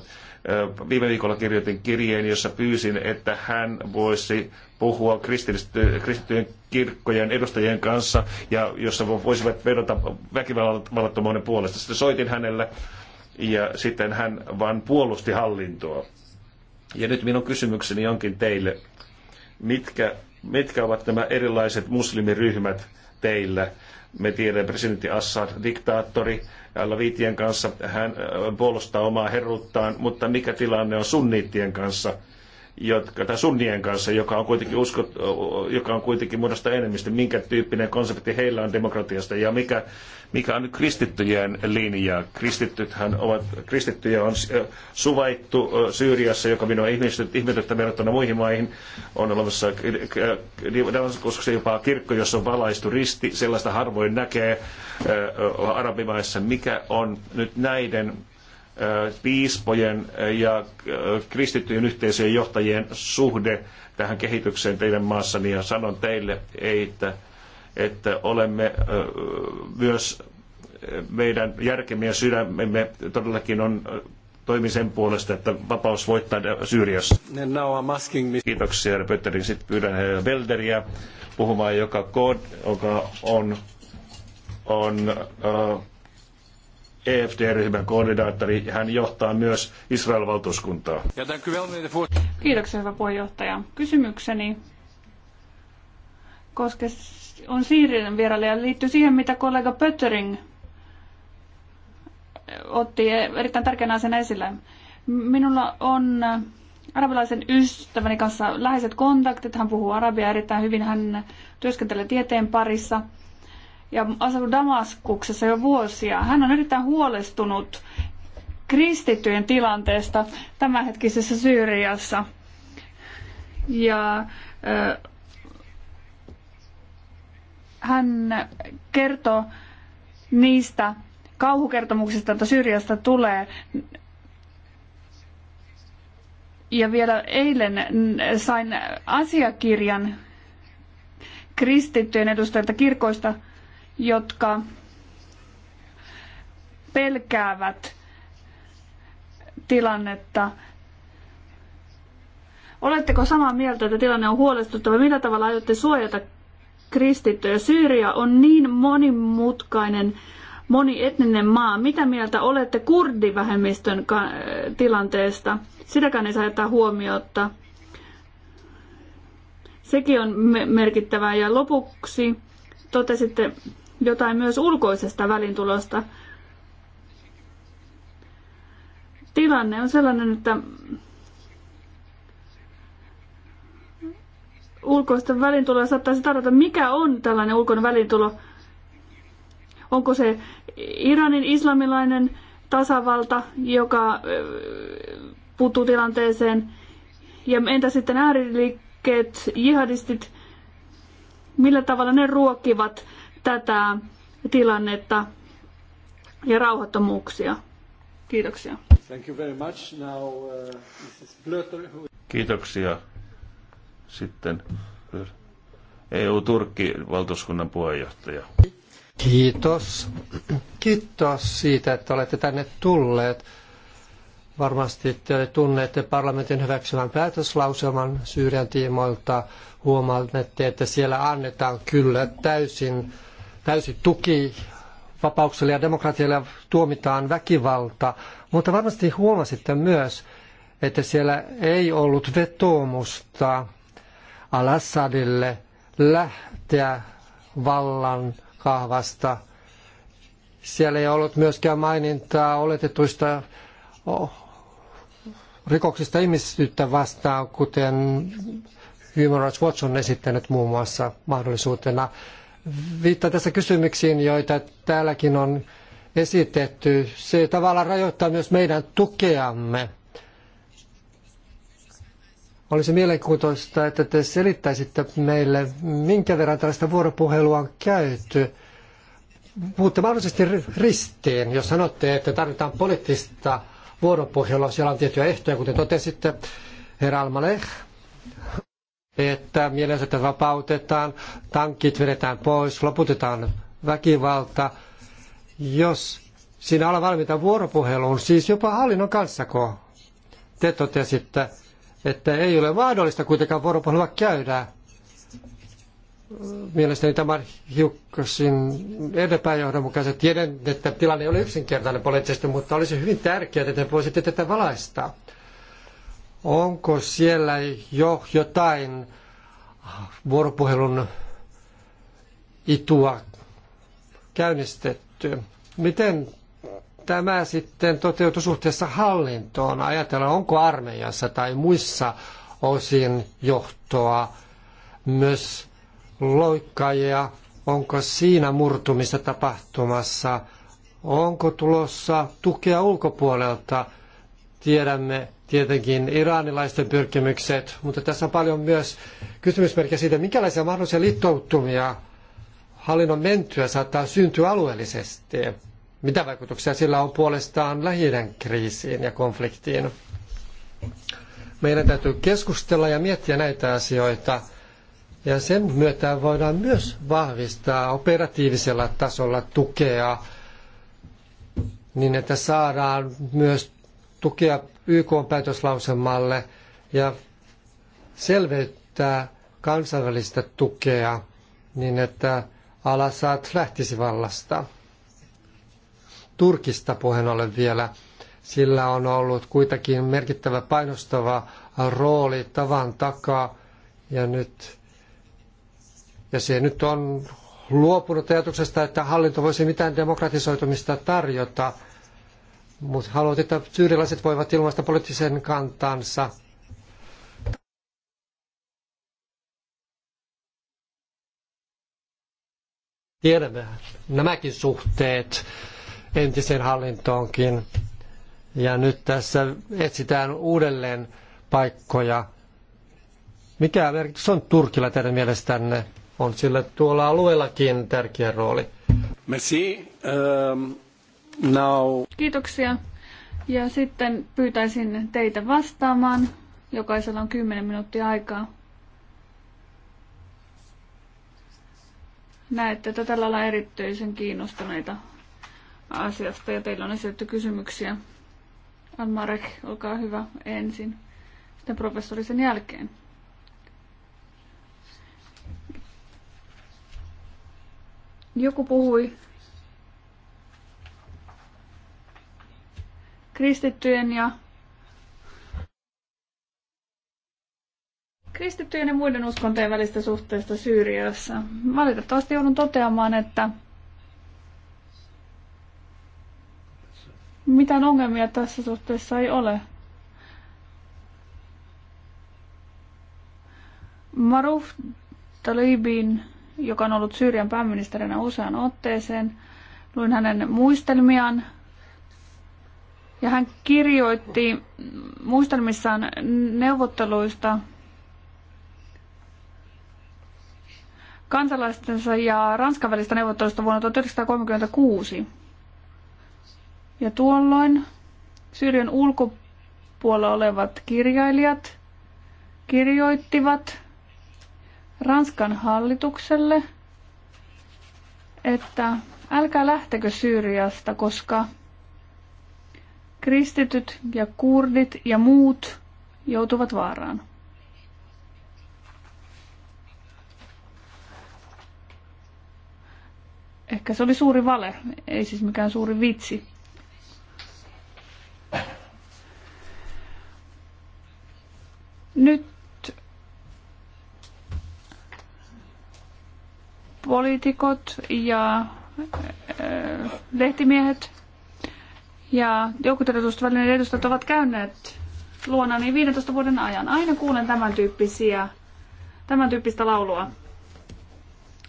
Viime viikolla kirjoitin kirjeen, jossa pyysin, että hän voisi puhua kristittyjen kirkkojen edustajien kanssa, ja jossa voisivat vedota väkivallattomuuden puolesta. Sitten soitin hänelle, ja sitten hän vain puolusti hallintoa. Ja nyt minun kysymykseni onkin teille, mitkä, mitkä ovat nämä erilaiset muslimiryhmät teillä? Me tiedämme presidentti Assad, diktaattori, Laviitien kanssa, hän äh, puolustaa omaa herruuttaan, mutta mikä tilanne on sunniittien kanssa? jotka, tai sunnien kanssa, joka on kuitenkin, uskot, joka on kuitenkin muodosta enemmistö, minkä tyyppinen konsepti heillä on demokratiasta ja mikä, mikä on kristittyjen linja. Kristittythän ovat, kristittyjä on suvaittu Syyriassa, joka minua ihmetyttää verrattuna muihin maihin. On olemassa Damaskuksessa jopa kirkko, jossa on valaistu risti, sellaista harvoin näkee arabimaissa. Mikä on nyt näiden piispojen ja kristittyjen yhteisöjen johtajien suhde tähän kehitykseen teidän maassani ja sanon teille, että, että olemme myös meidän järkemme ja sydämemme todellakin on toimisen sen puolesta, että vapaus voittaa Syyriassa. Kiitoksia, herra Pötterin. Sitten pyydän herra Belderiä puhumaan, joka, kod joka on, on uh, EFD-ryhmän koordinaattori. Hän johtaa myös Israel-valtuuskuntaa. Kiitoksia, hyvä puheenjohtaja. Kysymykseni koska on Siirin vieraille ja liittyy siihen, mitä kollega Pöttering otti erittäin tärkeänä sen esille. Minulla on arabilaisen ystäväni kanssa läheiset kontaktit. Hän puhuu arabia erittäin hyvin. Hän työskentelee tieteen parissa – ja asuu Damaskuksessa jo vuosia. Hän on erittäin huolestunut kristittyjen tilanteesta tämänhetkisessä Syyriassa. Ja ö, hän kertoo niistä kauhukertomuksista, joita Syyriasta tulee. Ja vielä eilen sain asiakirjan kristittyjen edustajilta kirkoista – jotka pelkäävät tilannetta. Oletteko samaa mieltä, että tilanne on huolestuttava? Millä tavalla aiotte suojata kristittyjä? Syyria on niin monimutkainen, monietninen maa. Mitä mieltä olette kurdivähemmistön tilanteesta? Sitäkään ei saa jättää huomiota. Sekin on merkittävää. Ja lopuksi totesitte, jotain myös ulkoisesta välintulosta. Tilanne on sellainen, että ulkoista välintuloa saattaisi tarjota, mikä on tällainen ulkoinen välintulo. Onko se Iranin islamilainen tasavalta, joka puuttuu tilanteeseen, ja entä sitten ääriliikkeet, jihadistit, millä tavalla ne ruokkivat tätä tilannetta ja rauhattomuuksia. Kiitoksia. Thank you very much. Now, uh, Mrs. Blöter, who... Kiitoksia. Sitten EU-Turkki-valtuuskunnan puheenjohtaja. Kiitos. Kiitos siitä, että olette tänne tulleet. Varmasti te tunnette parlamentin hyväksymän päätöslauselman Syyrian tiimoilta. Huomaatte, että siellä annetaan kyllä täysin täysi tuki vapaukselle ja demokratialle tuomitaan väkivalta, mutta varmasti huomasitte myös, että siellä ei ollut vetoomusta Al-Assadille lähteä vallan kahvasta. Siellä ei ollut myöskään mainintaa oletetuista rikoksista ihmisyyttä vastaan, kuten Human Rights Watch on esittänyt muun muassa mahdollisuutena viittaan tässä kysymyksiin, joita täälläkin on esitetty. Se tavallaan rajoittaa myös meidän tukeamme. Olisi mielenkiintoista, että te selittäisitte meille, minkä verran tällaista vuoropuhelua on käyty. Puhutte mahdollisesti ristiin, jos sanotte, että tarvitaan poliittista vuoropuhelua. Siellä on tiettyjä ehtoja, kuten totesitte, herra Almaleh että mielensä vapautetaan, tankit vedetään pois, loputetaan väkivalta, jos siinä ollaan valmiita vuoropuheluun, siis jopa hallinnon kanssako. Te totesitte, että ei ole mahdollista kuitenkaan vuoropuhelua käydä. Mielestäni tämä on hiukkasin epäjohdonmukaisen. Tiedän, että tilanne ei ole yksinkertainen poliittisesti, mutta olisi hyvin tärkeää, että te voisitte tätä valaistaa. Onko siellä jo jotain vuoropuhelun itua käynnistetty? Miten tämä sitten toteutuu suhteessa hallintoon? Ajatella, onko armeijassa tai muissa osin johtoa myös loikkaajia? Onko siinä murtumista tapahtumassa? Onko tulossa tukea ulkopuolelta? Tiedämme, tietenkin iranilaisten pyrkimykset, mutta tässä on paljon myös kysymysmerkkejä siitä, minkälaisia mahdollisia liittoutumia hallinnon mentyä saattaa syntyä alueellisesti. Mitä vaikutuksia sillä on puolestaan lähi kriisiin ja konfliktiin? Meidän täytyy keskustella ja miettiä näitä asioita. Ja sen myötä voidaan myös vahvistaa operatiivisella tasolla tukea niin, että saadaan myös tukea YK-päätöslauselmalle ja selvittää kansainvälistä tukea niin, että Al-Assad lähtisi vallasta. Turkista puheen ollen vielä. Sillä on ollut kuitenkin merkittävä painostava rooli tavan takaa ja nyt ja se nyt on luopunut ajatuksesta, että hallinto voisi mitään demokratisoitumista tarjota mutta haluat, että syyrialaiset voivat ilmaista poliittisen kantansa. Tiedämme nämäkin suhteet entiseen hallintoonkin. Ja nyt tässä etsitään uudelleen paikkoja. Mikä merkitys on Turkilla teidän mielestänne? On sillä tuolla alueellakin tärkeä rooli. Merci. Um... Now. Kiitoksia. Ja sitten pyytäisin teitä vastaamaan. Jokaisella on 10 minuuttia aikaa. Näette, että tällä lailla erityisen kiinnostuneita asiasta ja teillä on esitetty kysymyksiä. Almarek, olkaa hyvä ensin, sitten professori sen jälkeen. Joku puhui kristittyjen ja kristittyjen ja muiden uskontojen välistä suhteesta Syyriassa. Valitettavasti joudun toteamaan, että mitään ongelmia tässä suhteessa ei ole. Maruf Talibin, joka on ollut Syyrian pääministerinä usean otteeseen, luin hänen muistelmiaan ja hän kirjoitti muistelmissaan neuvotteluista kansalaistensa ja Ranskan välistä neuvottelusta vuonna 1936. Ja tuolloin Syyrian ulkopuolella olevat kirjailijat kirjoittivat Ranskan hallitukselle, että älkää lähtekö Syyriasta, koska Kristityt ja kurdit ja muut joutuvat vaaraan. Ehkä se oli suuri vale, ei siis mikään suuri vitsi. Nyt poliitikot ja äh, lehtimiehet ja jotkut edustusvälineen edustajat ovat käyneet niin 15 vuoden ajan. Aina kuulen tämän tyyppisiä, tämän tyyppistä laulua.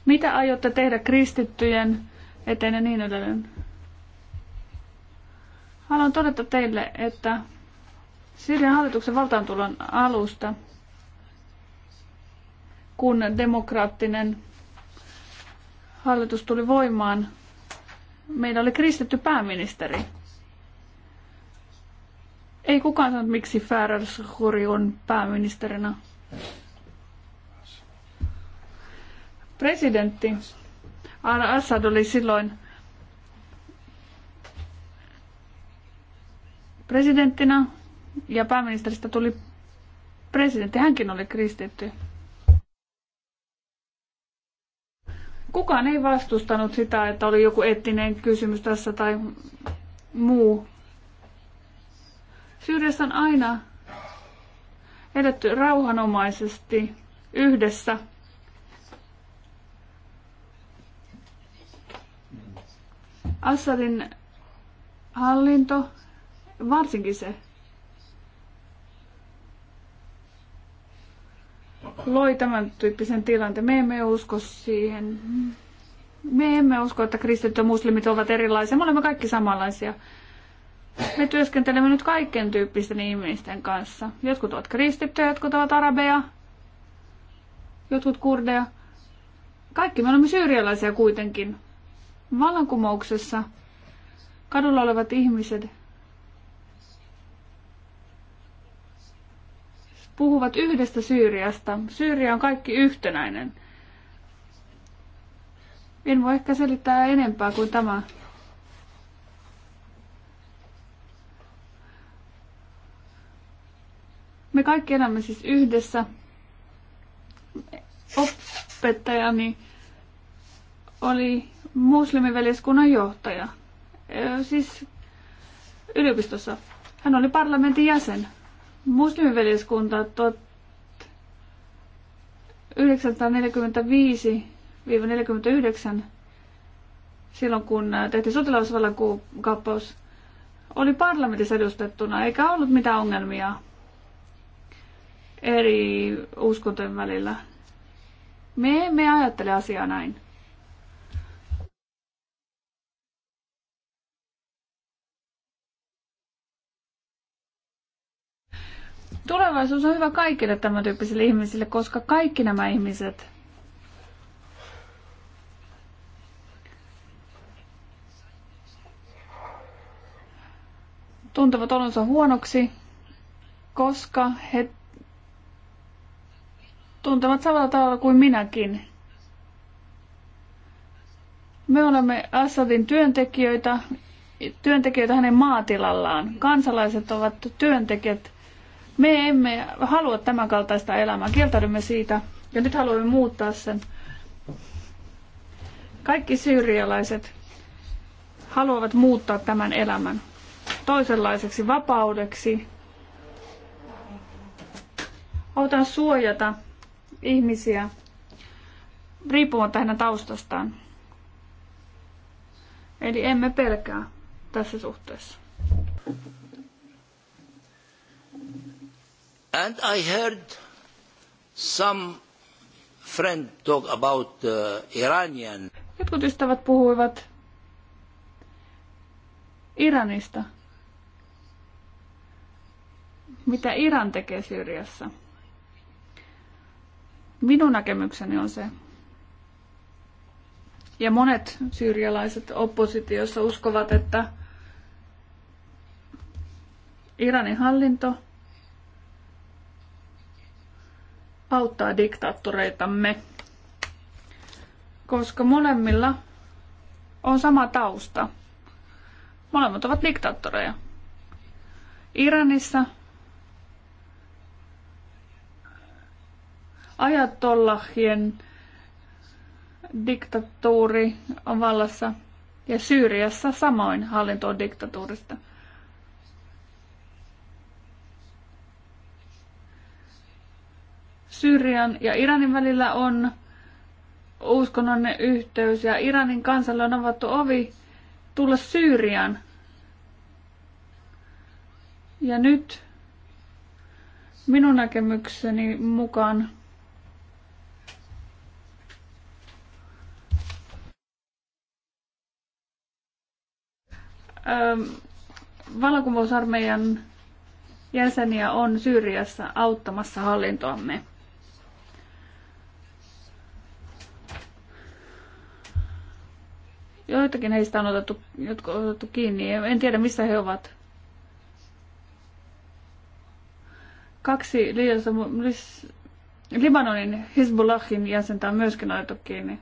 Mitä aiotte tehdä kristittyjen eteen ja niin edelleen? Haluan todeta teille, että Syyrian hallituksen valtaantulon alusta, kun demokraattinen hallitus tuli voimaan, meillä oli kristitty pääministeri. Ei kukaan sanonut, miksi Farage Huri on pääministerinä. Presidentti Al-Assad oli silloin presidenttinä ja pääministeristä tuli presidentti. Hänkin oli kristitty. Kukaan ei vastustanut sitä, että oli joku etninen kysymys tässä tai muu Syyriassa on aina edetty rauhanomaisesti yhdessä. Assadin hallinto, varsinkin se, loi tämän tyyppisen tilanteen. Me emme usko siihen. Me emme usko, että kristityt ja muslimit ovat erilaisia. Me olemme kaikki samanlaisia. Me työskentelemme nyt kaiken tyyppisten ihmisten kanssa. Jotkut ovat kristittyjä, jotkut ovat arabeja, jotkut kurdeja. Kaikki me olemme syyrialaisia kuitenkin. Vallankumouksessa kadulla olevat ihmiset puhuvat yhdestä Syyriasta. Syyria on kaikki yhtenäinen. En voi ehkä selittää enempää kuin tämä. Me kaikki elämme siis yhdessä. Opettajani oli muslimiveljeskunnan johtaja. Siis yliopistossa. Hän oli parlamentin jäsen. Muslimiveljeskunta 1945-49 silloin kun tehtiin sotilasvallan kappaus, oli parlamentissa edustettuna eikä ollut mitään ongelmia eri uskontojen välillä. Me emme ajattele asiaa näin. Tulevaisuus on hyvä kaikille tämän tyyppisille ihmisille, koska kaikki nämä ihmiset tuntevat olonsa huonoksi, koska he tuntevat samalla tavalla kuin minäkin. Me olemme Assadin työntekijöitä, työntekijöitä hänen maatilallaan. Kansalaiset ovat työntekijät. Me emme halua tämän kaltaista elämää. Kieltäydymme siitä ja nyt haluamme muuttaa sen. Kaikki syyrialaiset haluavat muuttaa tämän elämän toisenlaiseksi vapaudeksi. Autan suojata ihmisiä riippumatta hänen taustastaan. Eli emme pelkää tässä suhteessa. And I heard some friend talk about uh, Iranian. Jotkut ystävät puhuivat Iranista. Mitä Iran tekee Syyriassa? Minun näkemykseni on se, ja monet syyrialaiset oppositiossa uskovat, että Iranin hallinto auttaa diktaattoreitamme, koska molemmilla on sama tausta. Molemmat ovat diktaattoreja. Iranissa ajatollahien diktatuuri on vallassa ja Syyriassa samoin hallinto on diktatuurista. Syyrian ja Iranin välillä on uskonnollinen yhteys ja Iranin kansalle on avattu ovi tulla Syyrian. Ja nyt minun näkemykseni mukaan Ähm, valokuvausarmeijan jäseniä on Syyriassa auttamassa hallintoamme. Joitakin heistä on otettu, jotka on otettu kiinni. En tiedä, missä he ovat. Kaksi liiassa, Libanonin Hezbollahin jäsentä on myöskin otettu kiinni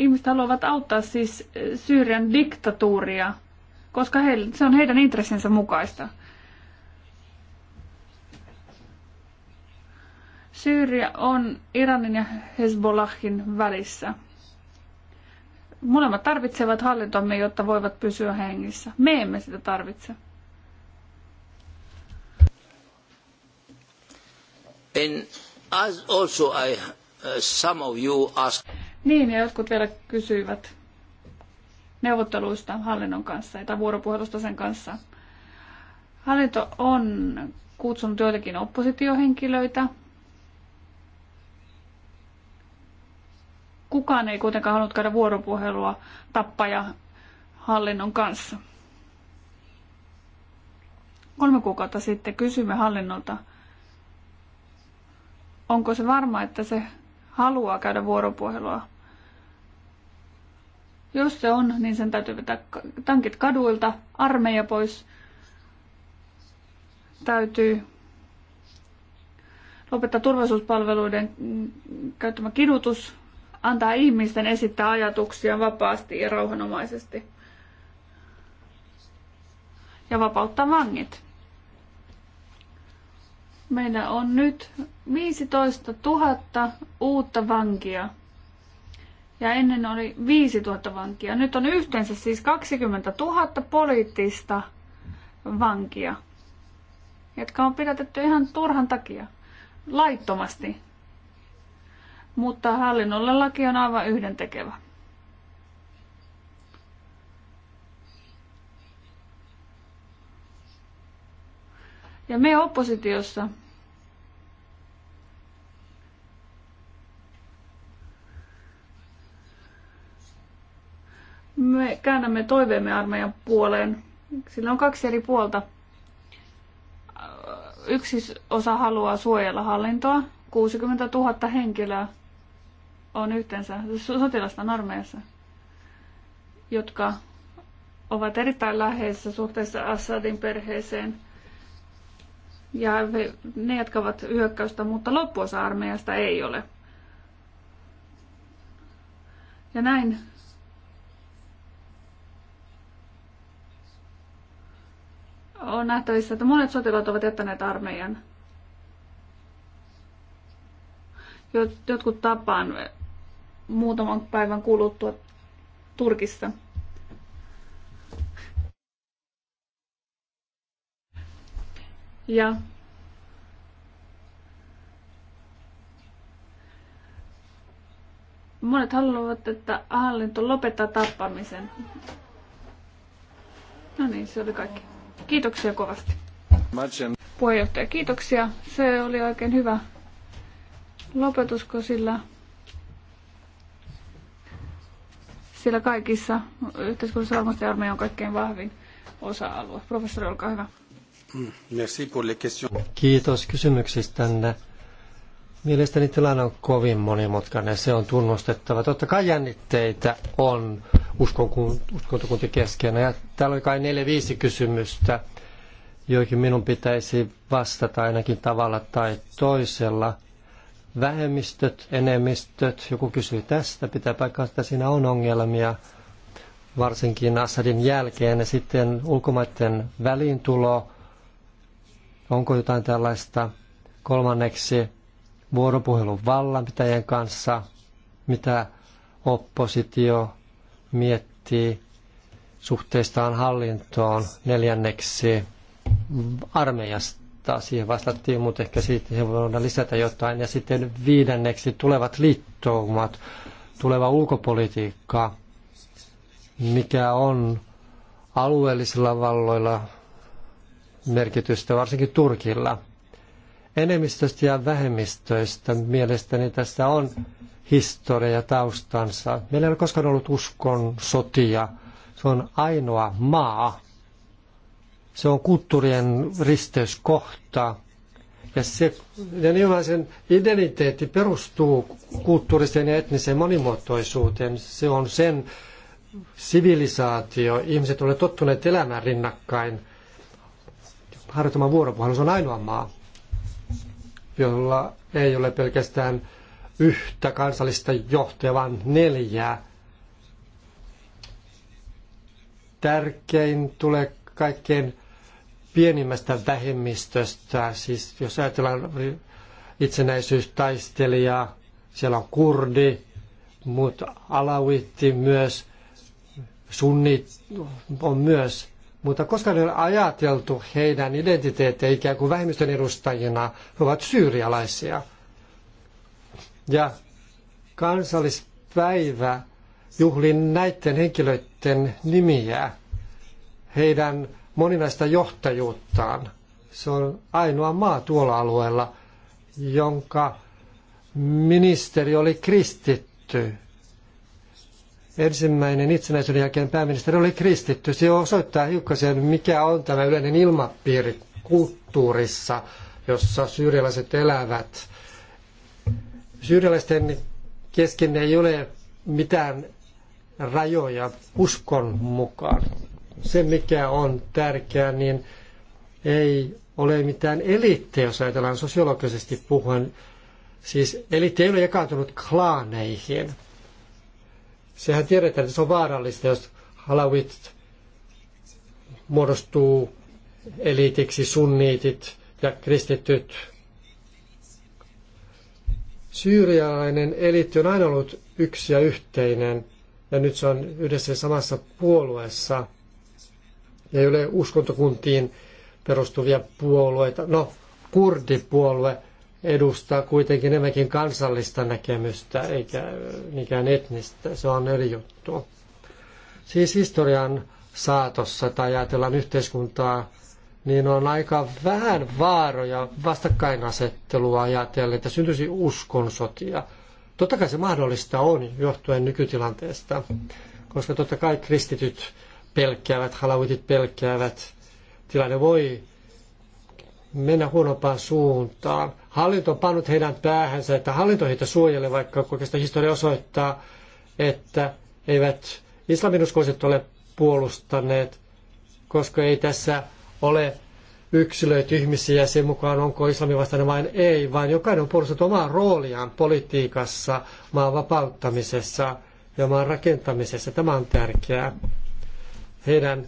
ihmiset haluavat auttaa siis eh, Syyrian diktatuuria, koska he, se on heidän intressinsä mukaista. Syyria on Iranin ja Hezbollahin välissä. Molemmat tarvitsevat hallintomme, jotta voivat pysyä hengissä. Me emme sitä tarvitse. And as also I, uh, some of you ask... Niin, ja jotkut vielä kysyivät neuvotteluista hallinnon kanssa tai vuoropuhelusta sen kanssa. Hallinto on kutsunut joitakin oppositiohenkilöitä. Kukaan ei kuitenkaan halunnut käydä vuoropuhelua tappaja hallinnon kanssa. Kolme kuukautta sitten kysymme hallinnolta, onko se varma, että se haluaa käydä vuoropuhelua jos se on, niin sen täytyy vetää tankit kaduilta, armeija pois. Täytyy lopettaa turvallisuuspalveluiden käyttämä kidutus, antaa ihmisten esittää ajatuksia vapaasti ja rauhanomaisesti. Ja vapauttaa vangit. Meillä on nyt 15 000 uutta vankia ja ennen oli 5000 vankia. Nyt on yhteensä siis 20 000 poliittista vankia, jotka on pidätetty ihan turhan takia, laittomasti. Mutta hallinnolle laki on aivan yhdentekevä. Ja me oppositiossa me käännämme toiveemme armeijan puoleen. Sillä on kaksi eri puolta. Yksi osa haluaa suojella hallintoa. 60 000 henkilöä on yhteensä sotilasta armeijassa, jotka ovat erittäin läheisessä suhteessa Assadin perheeseen. Ja he, ne jatkavat hyökkäystä, mutta loppuosa armeijasta ei ole. Ja näin on nähtävissä, että monet sotilaat ovat jättäneet armeijan. Jotkut tapaan muutaman päivän kuluttua Turkissa. Ja monet haluavat, että hallinto lopettaa tappamisen. No niin, se oli kaikki. Kiitoksia kovasti. Puheenjohtaja, kiitoksia. Se oli oikein hyvä lopetusko sillä sillä kaikissa yhteiskunnassa varmasti armeija on kaikkein vahvin osa-alue. Professori, olkaa hyvä. Kiitos kysymyksistänne. Mielestäni tilanne on kovin monimutkainen, se on tunnustettava. Totta kai jännitteitä on uskontokunti kesken. Ja täällä oli kai neljä viisi kysymystä, joihin minun pitäisi vastata ainakin tavalla tai toisella. Vähemmistöt, enemmistöt, joku kysyy tästä, pitää paikkaa, että siinä on ongelmia, varsinkin Assadin jälkeen. Ja sitten ulkomaiden väliintulo, onko jotain tällaista. Kolmanneksi vuoropuhelun vallanpitäjien kanssa, mitä oppositio miettii suhteistaan hallintoon neljänneksi armeijasta. Siihen vastattiin, mutta ehkä siitä he voidaan lisätä jotain. Ja sitten viidenneksi tulevat liittoumat, tuleva ulkopolitiikka, mikä on alueellisilla valloilla merkitystä, varsinkin Turkilla – enemmistöstä ja vähemmistöistä. Mielestäni tässä on historia ja taustansa. Meillä ei ole koskaan ollut uskon sotia. Se on ainoa maa. Se on kulttuurien risteyskohta. Ja se ja identiteetti perustuu kulttuuriseen ja etniseen monimuotoisuuteen. Se on sen sivilisaatio. Ihmiset ovat tottuneet elämään rinnakkain harjoittamaan vuoropuhelu. Se on ainoa maa jolla ei ole pelkästään yhtä kansallista johtajaa, vaan neljää. Tärkein tulee kaikkein pienimmästä vähemmistöstä, siis jos ajatellaan itsenäisyystaistelijaa, siellä on kurdi, mutta alawitti myös, sunnit on myös mutta koska ne on ajateltu heidän identiteettiä ikään kuin vähemmistön edustajina, he ovat syyrialaisia. Ja kansallispäivä juhlin näiden henkilöiden nimiä, heidän moninaista johtajuuttaan. Se on ainoa maa tuolla alueella, jonka ministeri oli kristitty ensimmäinen itsenäisyyden jälkeen pääministeri oli kristitty. Se osoittaa hiukkasen, mikä on tämä yleinen ilmapiiri kulttuurissa, jossa syyrialaiset elävät. Syyrialaisten kesken ei ole mitään rajoja uskon mukaan. Se, mikä on tärkeää, niin ei ole mitään eliittiä, jos ajatellaan sosiologisesti puhuen. Siis eliitti ei ole jakaantunut klaaneihin – Sehän tiedetään, että se on vaarallista, jos halawit muodostuu eliitiksi sunniitit ja kristityt. Syyrialainen eliitti on aina ollut yksi ja yhteinen, ja nyt se on yhdessä samassa puolueessa. Ei ole uskontokuntiin perustuvia puolueita. No, kurdipuolue edustaa kuitenkin enemmänkin kansallista näkemystä eikä niinkään etnistä. Se on eri juttu. Siis historian saatossa tai ajatellaan yhteiskuntaa, niin on aika vähän vaaroja vastakkainasettelua ajatellen, että syntyisi uskonsotia. Totta kai se mahdollista on johtuen nykytilanteesta, koska totta kai kristityt pelkäävät, halawitit pelkäävät. Tilanne voi mennä huonompaan suuntaan hallinto on pannut heidän päähänsä, että hallinto heitä suojelee, vaikka oikeastaan historia osoittaa, että eivät islaminuskoiset ole puolustaneet, koska ei tässä ole yksilöity ihmisiä sen mukaan, onko islamin vastainen vai ei, vaan jokainen on puolustanut omaa rooliaan politiikassa, maan vapauttamisessa ja maan rakentamisessa. Tämä on tärkeää. Heidän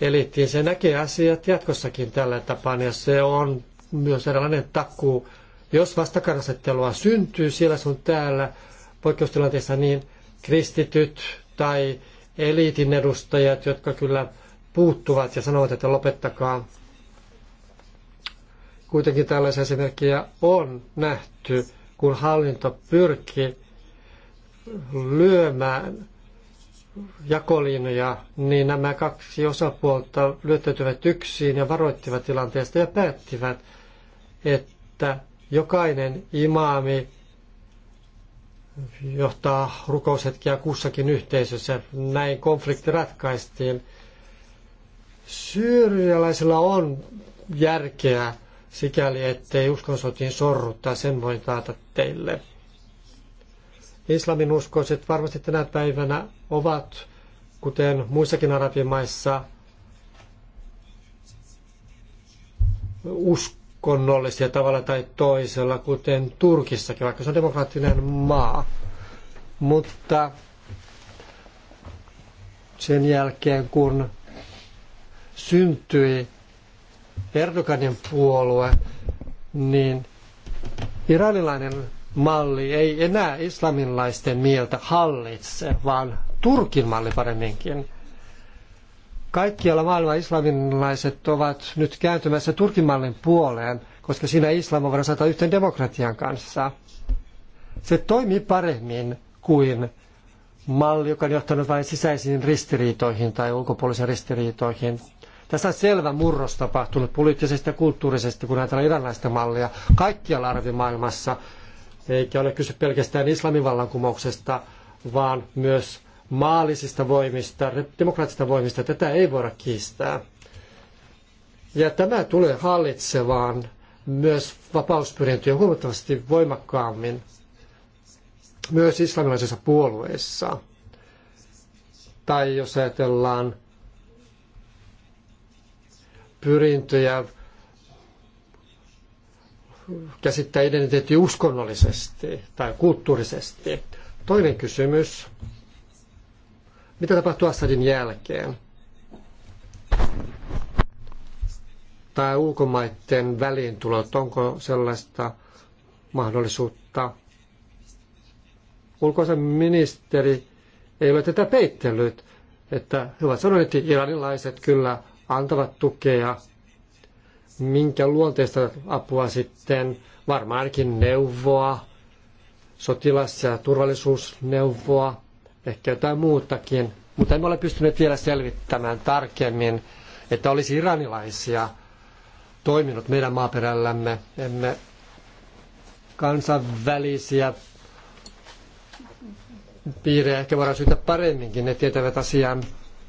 eliittiin se näkee asiat jatkossakin tällä tapaa, ja se on myös eräänlainen takuu. Jos vastakarasettelua syntyy siellä sun täällä poikkeustilanteessa, niin kristityt tai eliitin edustajat, jotka kyllä puuttuvat ja sanovat, että lopettakaa. Kuitenkin tällaisia esimerkkejä on nähty, kun hallinto pyrki lyömään jakolinjoja, niin nämä kaksi osapuolta lyöttäytyivät yksiin ja varoittivat tilanteesta ja päättivät, että jokainen imaami johtaa rukoushetkiä kussakin yhteisössä. Näin konflikti ratkaistiin. Syyrialaisilla on järkeä sikäli, ettei uskonsotiin sorruttaa, sen voin taata teille. Islamin uskoiset varmasti tänä päivänä ovat, kuten muissakin arabimaissa, usko uskonnollisia tavalla tai toisella, kuten Turkissakin, vaikka se on demokraattinen maa. Mutta sen jälkeen, kun syntyi Erdoganin puolue, niin iranilainen malli ei enää islaminlaisten mieltä hallitse, vaan Turkin malli paremminkin. Kaikkialla maailman islamilaiset ovat nyt kääntymässä Turkin mallin puoleen, koska siinä islam voidaan saada yhteen demokratian kanssa. Se toimii paremmin kuin malli, joka on johtanut vain sisäisiin ristiriitoihin tai ulkopuolisiin ristiriitoihin. Tässä on selvä murros tapahtunut poliittisesti ja kulttuurisesti, kun ajatellaan iranlaista mallia kaikkialla arvimaailmassa. Eikä ole kyse pelkästään islamin vallankumouksesta, vaan myös maallisista voimista, demokraattisista voimista. Tätä ei voida kiistää. Ja tämä tulee hallitsevaan myös vapauspyrintöjä huomattavasti voimakkaammin myös islamilaisissa puolueissa. Tai jos ajatellaan pyrintöjä käsittää identiteetti uskonnollisesti tai kulttuurisesti. Toinen kysymys mitä tapahtuu Assadin jälkeen? Tai ulkomaiden väliintulot, onko sellaista mahdollisuutta? Ulkoisen ministeri ei ole tätä peittellyt, että he ovat sanoneet, että iranilaiset kyllä antavat tukea, minkä luonteista apua sitten, varmaankin neuvoa, sotilas- ja turvallisuusneuvoa, ehkä jotain muutakin, mutta emme ole pystyneet vielä selvittämään tarkemmin, että olisi iranilaisia toiminut meidän maaperällämme. Emme kansainvälisiä piirejä ehkä voidaan syytä paremminkin, ne tietävät asian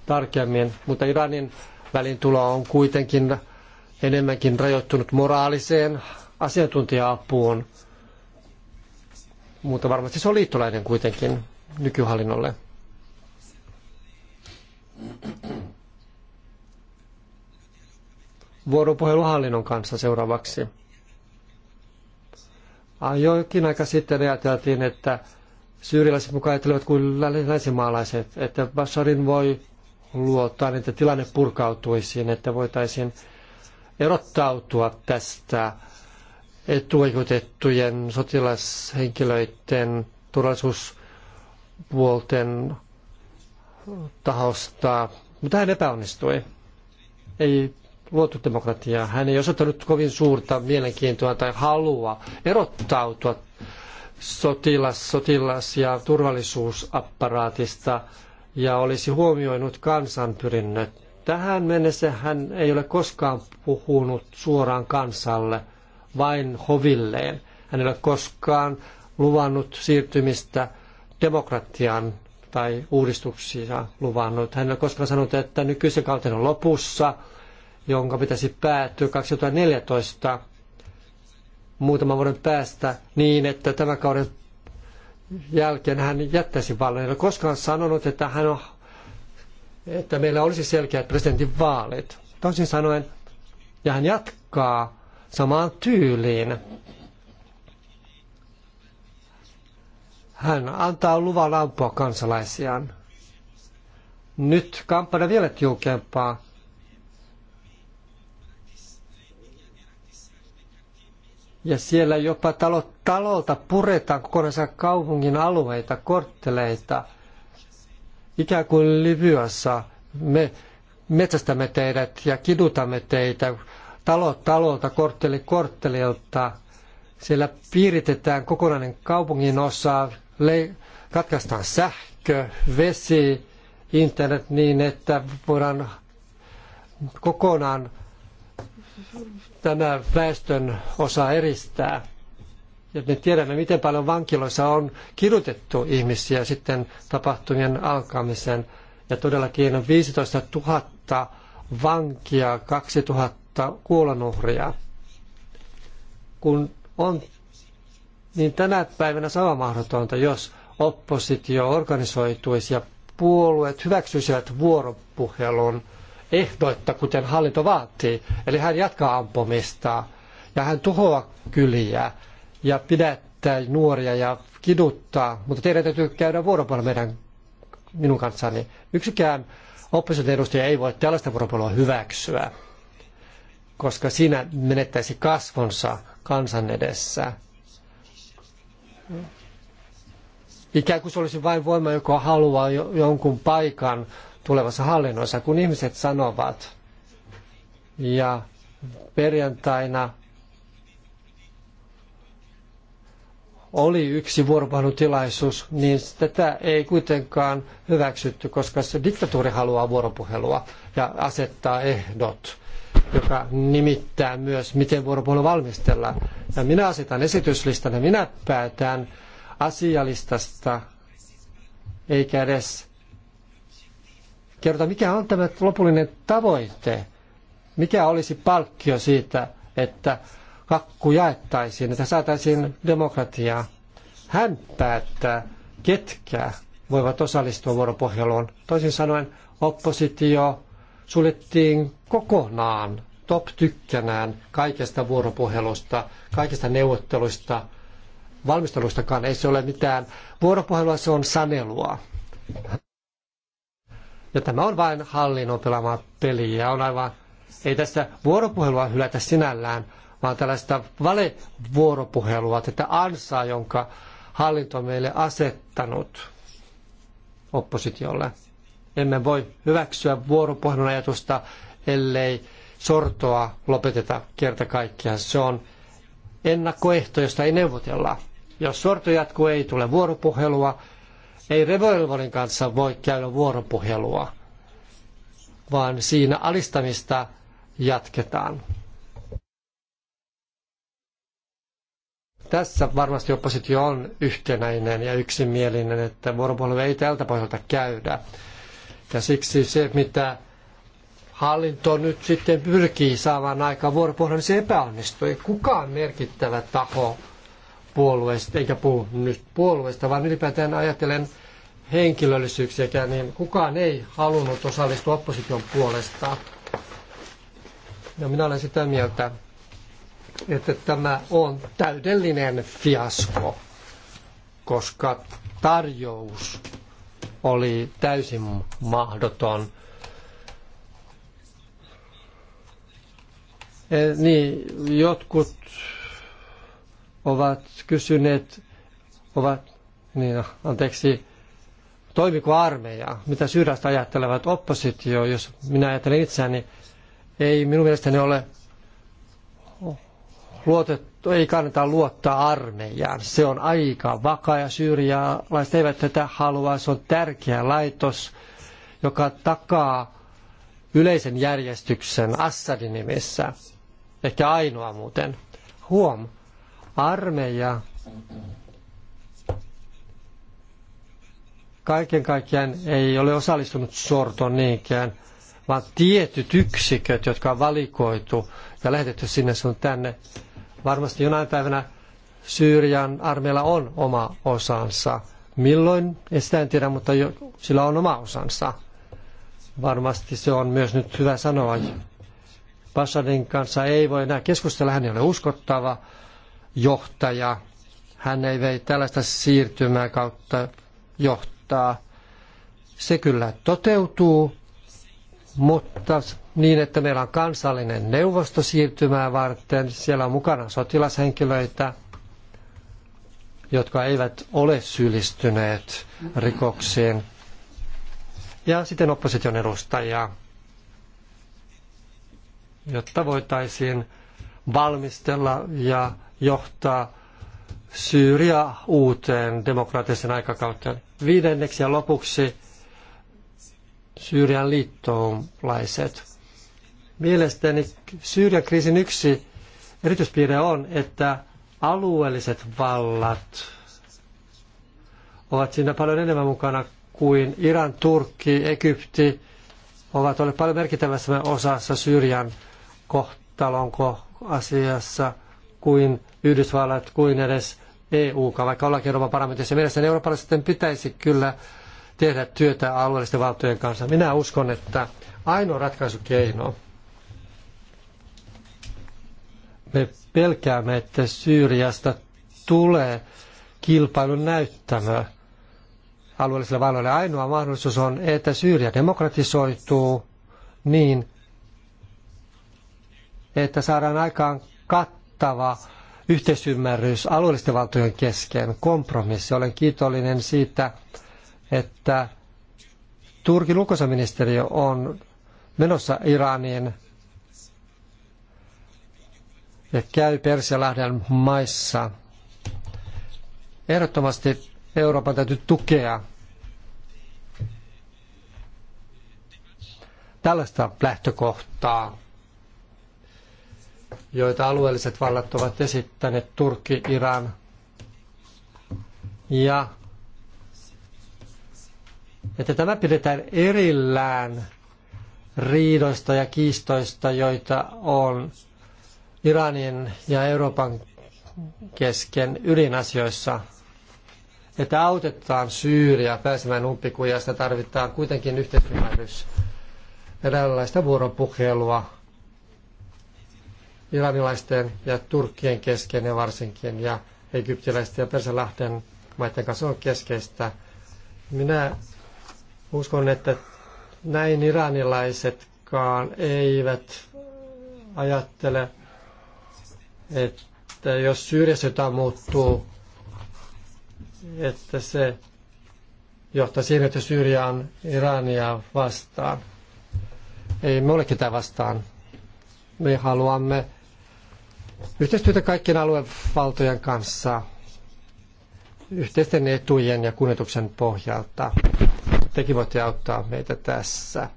tarkemmin, mutta Iranin välintulo on kuitenkin enemmänkin rajoittunut moraaliseen asiantuntija-apuun, mutta varmasti se on liittolainen kuitenkin nykyhallinnolle. Vuoropuhelu hallinnon kanssa seuraavaksi. Jokin aika sitten ajateltiin, että syyrialaiset mukaan ajattelevat kuin länsimaalaiset, että Bassarin voi luottaa, että tilanne purkautuisi, että voitaisiin erottautua tästä etuoikeutettujen sotilashenkilöiden turvallisuus puolten tahosta, mutta hän epäonnistui. Ei luotu demokratiaa. Hän ei osoittanut kovin suurta mielenkiintoa tai halua erottautua sotilas, sotilas- ja turvallisuusapparaatista ja olisi huomioinut kansanpyrinnöt. Tähän mennessä hän ei ole koskaan puhunut suoraan kansalle, vain hovilleen. Hän ei ole koskaan luvannut siirtymistä demokratian tai uudistuksia luvannut. Hän on koskaan sanonut, että nykyisen kauten on lopussa, jonka pitäisi päättyä 2014 muutaman vuoden päästä niin, että tämän kauden jälkeen hän jättäisi vallan. Ei ole koskaan sanonut, että, hän on, että meillä olisi selkeät presidentin vaalit. Toisin sanoen, ja hän jatkaa samaan tyyliin Hän antaa luvan ampua kansalaisiaan. Nyt kampanja vielä tiukempaa. Ja siellä jopa talo, talolta puretaan kokonaisia kaupungin alueita, kortteleita. Ikään kuin Livyassa me metsästämme teidät ja kidutamme teitä talo talolta, kortteli korttelilta. Siellä piiritetään kokonainen kaupungin osa katkaistaan sähkö, vesi, internet niin, että voidaan kokonaan tämä väestön osa eristää. Ja me tiedämme, miten paljon vankiloissa on kidutettu ihmisiä sitten tapahtumien alkamisen. Ja todellakin on 15 000 vankia, 2000 kuolonuhria. Kun on niin tänä päivänä sama mahdotonta, jos oppositio organisoituisi ja puolueet hyväksyisivät vuoropuhelun ehdoitta, kuten hallinto vaatii. Eli hän jatkaa ampumista ja hän tuhoaa kyliä ja pidättää nuoria ja kiduttaa, mutta teidän täytyy käydä vuoropuhelua meidän minun kanssani. Yksikään edustaja ei voi tällaista vuoropuhelua hyväksyä, koska siinä menettäisi kasvonsa kansan edessä ikään kuin se olisi vain voima, joka haluaa jonkun paikan tulevassa hallinnossa, kun ihmiset sanovat. Ja perjantaina oli yksi vuoropuhelutilaisuus, niin tätä ei kuitenkaan hyväksytty, koska se diktatuuri haluaa vuoropuhelua ja asettaa ehdot joka nimittää myös, miten vuoropuhelu valmistellaan. Ja minä asetan esityslistan ja minä päätän asialistasta, eikä edes kerrota, mikä on tämä lopullinen tavoite, mikä olisi palkkio siitä, että kakku jaettaisiin, että saataisiin demokratiaa. Hän päättää, ketkä voivat osallistua vuoropuheluun. Toisin sanoen oppositio, suljettiin kokonaan top tykkänään kaikesta vuoropuhelusta, kaikista neuvotteluista, valmistelustakaan. Ei se ole mitään vuoropuhelua, se on sanelua. Ja tämä on vain hallinnon pelaamaa peliä. On aivan, ei tässä vuoropuhelua hylätä sinällään, vaan tällaista valevuoropuhelua, tätä ansaa, jonka hallinto on meille asettanut oppositiolle. Emme voi hyväksyä vuoropuhelun ajatusta, ellei sortoa lopeteta kerta kaikkiaan. Se on ennakkoehto, josta ei neuvotella. Jos sorto jatkuu, ei tule vuoropuhelua. Ei revolvolin kanssa voi käydä vuoropuhelua, vaan siinä alistamista jatketaan. Tässä varmasti oppositio on yhtenäinen ja yksimielinen, että vuoropuhelu ei tältä pohjalta käydä. Ja siksi se, mitä hallinto nyt sitten pyrkii saamaan aikaan vuoropuhelun, niin se epäonnistui. Kukaan merkittävä taho puolueesta, eikä puhu nyt puolueesta, vaan ylipäätään ajattelen henkilöllisyyksiäkään, niin kukaan ei halunnut osallistua opposition puolesta. Ja no, minä olen sitä mieltä, että tämä on täydellinen fiasko, koska tarjous oli täysin mahdoton. E, niin, jotkut ovat kysyneet, ovat, niin, anteeksi, toimiko armeija, mitä Syyriasta ajattelevat oppositio, jos minä ajattelen itseäni, ei minun mielestäni ole luotettu, ei kannata luottaa armeijaan. Se on aika vakaa ja syyrialaiset eivät tätä halua. Se on tärkeä laitos, joka takaa yleisen järjestyksen Assadin nimissä. Ehkä ainoa muuten. Huom, armeija kaiken kaikkiaan ei ole osallistunut sortoon niinkään, vaan tietyt yksiköt, jotka on valikoitu ja lähetetty sinne sun tänne, Varmasti jonain päivänä Syyrian armeilla on oma osansa. Milloin? En sitä en tiedä, mutta jo, sillä on oma osansa. Varmasti se on myös nyt hyvä sanoa. Bashadin kanssa ei voi enää keskustella, hän ei ole uskottava johtaja. Hän ei vei tällaista siirtymää kautta johtaa. Se kyllä toteutuu, mutta niin, että meillä on kansallinen neuvosto siirtymää varten. Siellä on mukana sotilashenkilöitä, jotka eivät ole syyllistyneet rikoksiin. Ja sitten opposition edustajia, jotta voitaisiin valmistella ja johtaa Syyria uuteen demokraattiseen aikakauteen. Viidenneksi ja lopuksi Syyrian liittolaiset. Mielestäni Syyrian kriisin yksi erityispiirre on, että alueelliset vallat ovat siinä paljon enemmän mukana kuin Iran, Turkki, Egypti ovat olleet paljon merkittävässä osassa Syyrian kohtalonko asiassa kuin Yhdysvallat, kuin edes EU, vaikka ollaankin Euroopan parlamentissa. Mielestäni eurooppalaisten pitäisi kyllä tehdä työtä alueellisten valtojen kanssa. Minä uskon, että ainoa ratkaisukeino, me pelkäämme, että Syyriasta tulee kilpailun näyttämö alueellisille valoille. Ainoa mahdollisuus on, että Syyria demokratisoituu niin, että saadaan aikaan kattava yhteisymmärrys alueellisten valtojen kesken, kompromissi. Olen kiitollinen siitä, että Turkin ulkoasiaministeriö on menossa Iraniin ja käy Persialahden maissa. Ehdottomasti Euroopan täytyy tukea tällaista lähtökohtaa, joita alueelliset vallat ovat esittäneet Turkki, Iran ja että tämä pidetään erillään riidoista ja kiistoista, joita on Iranin ja Euroopan kesken ydinasioissa, että autetaan Syyriä pääsemään umpikujasta, tarvitaan kuitenkin yhteisymmärrys ja tällaista vuoropuhelua iranilaisten ja turkkien kesken ja varsinkin ja egyptiläisten ja Persianlahden maiden kanssa on keskeistä. Minä Uskon, että näin iranilaisetkaan eivät ajattele, että jos Syyriassa jotain muuttuu, että se johtaa siihen, että Syyria on Irania vastaan. Ei me ole ketään vastaan. Me haluamme yhteistyötä kaikkien aluevaltojen kanssa yhteisten etujen ja kunnetuksen pohjalta. Tekin voitte auttaa meitä tässä.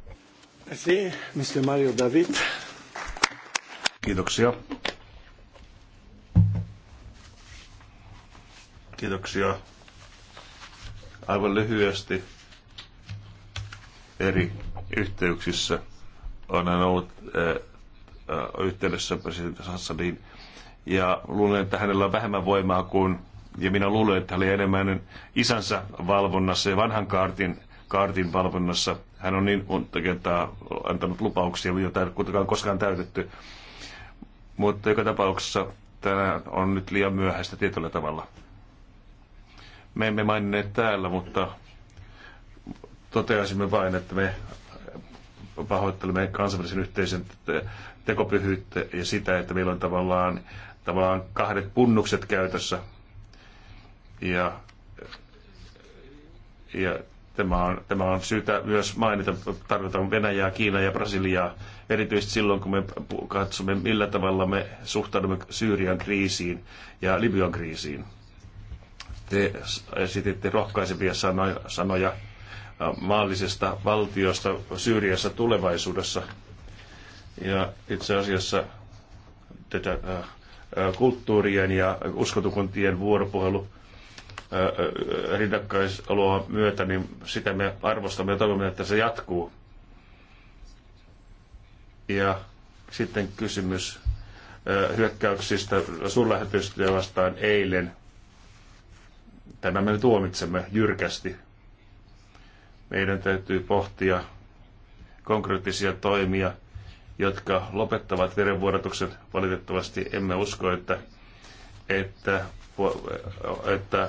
Merci, Mr. Mario David. Kiitoksia. Kiitoksia. Aivan lyhyesti eri yhteyksissä on ollut äh, yhteydessä presidentti Hassaniin. Ja luulen, että hänellä on vähemmän voimaa kuin ja minä luulen, että hän oli enemmän isänsä valvonnassa ja vanhan kaartin, kaartin valvonnassa. Hän on niin monta kertaa antanut lupauksia, joita ei kuitenkaan koskaan täytetty. Mutta joka tapauksessa tämä on nyt liian myöhäistä tietyllä tavalla. Me emme maininneet täällä, mutta toteaisimme vain, että me pahoittelemme kansainvälisen yhteisön tekopyhyyttä ja sitä, että meillä on tavallaan, tavallaan kahdet punnukset käytössä. Ja, ja tämä, on, tämä on syytä myös mainita, tarkoitan Venäjää, Kiinaa ja Brasiliaa, erityisesti silloin kun me katsomme, millä tavalla me suhtaudumme Syyrian kriisiin ja Libyan kriisiin. Te esititte rohkaisevia sanoja, sanoja maallisesta valtiosta Syyriassa tulevaisuudessa. Ja itse asiassa tätä kulttuurien ja uskotukuntien vuoropuhelu rinnakkaisoloa myötä, niin sitä me arvostamme ja toivomme, että se jatkuu. Ja sitten kysymys hyökkäyksistä suurlähetystöjä vastaan eilen. Tämä me tuomitsemme jyrkästi. Meidän täytyy pohtia konkreettisia toimia, jotka lopettavat verenvuorotukset. Valitettavasti emme usko, että, että että,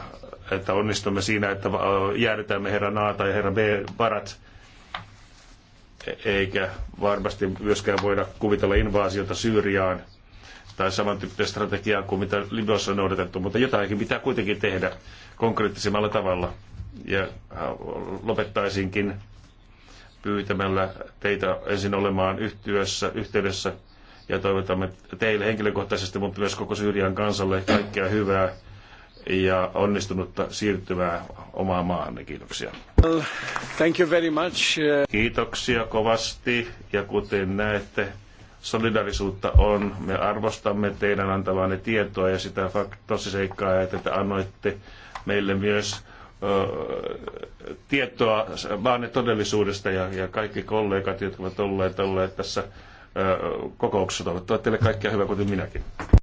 että onnistumme siinä, että jäädytämme herran A tai herran B varat, e- eikä varmasti myöskään voida kuvitella invaasiota Syyriaan tai samantyyppistä strategiaa kuin mitä Libyassa on noudatettu, mutta jotakin pitää kuitenkin tehdä konkreettisemmalla tavalla. Ja lopettaisinkin pyytämällä teitä ensin olemaan yhtyössä, yhteydessä ja toivotamme teille henkilökohtaisesti, mutta myös koko Syyrian kansalle kaikkea hyvää ja onnistunutta siirtymää omaan maahanne. Kiitoksia. Well, thank you very much. Uh, Kiitoksia kovasti ja kuten näette, solidarisuutta on. Me arvostamme teidän antavanne tietoa ja sitä tosiseikkaa, että te annoitte meille myös tietoa vaan todellisuudesta ja, ja kaikki kollegat, jotka ovat olleet, olleet tässä kokouksessa. Toivottavasti teille kaikkia hyvää, kuten minäkin.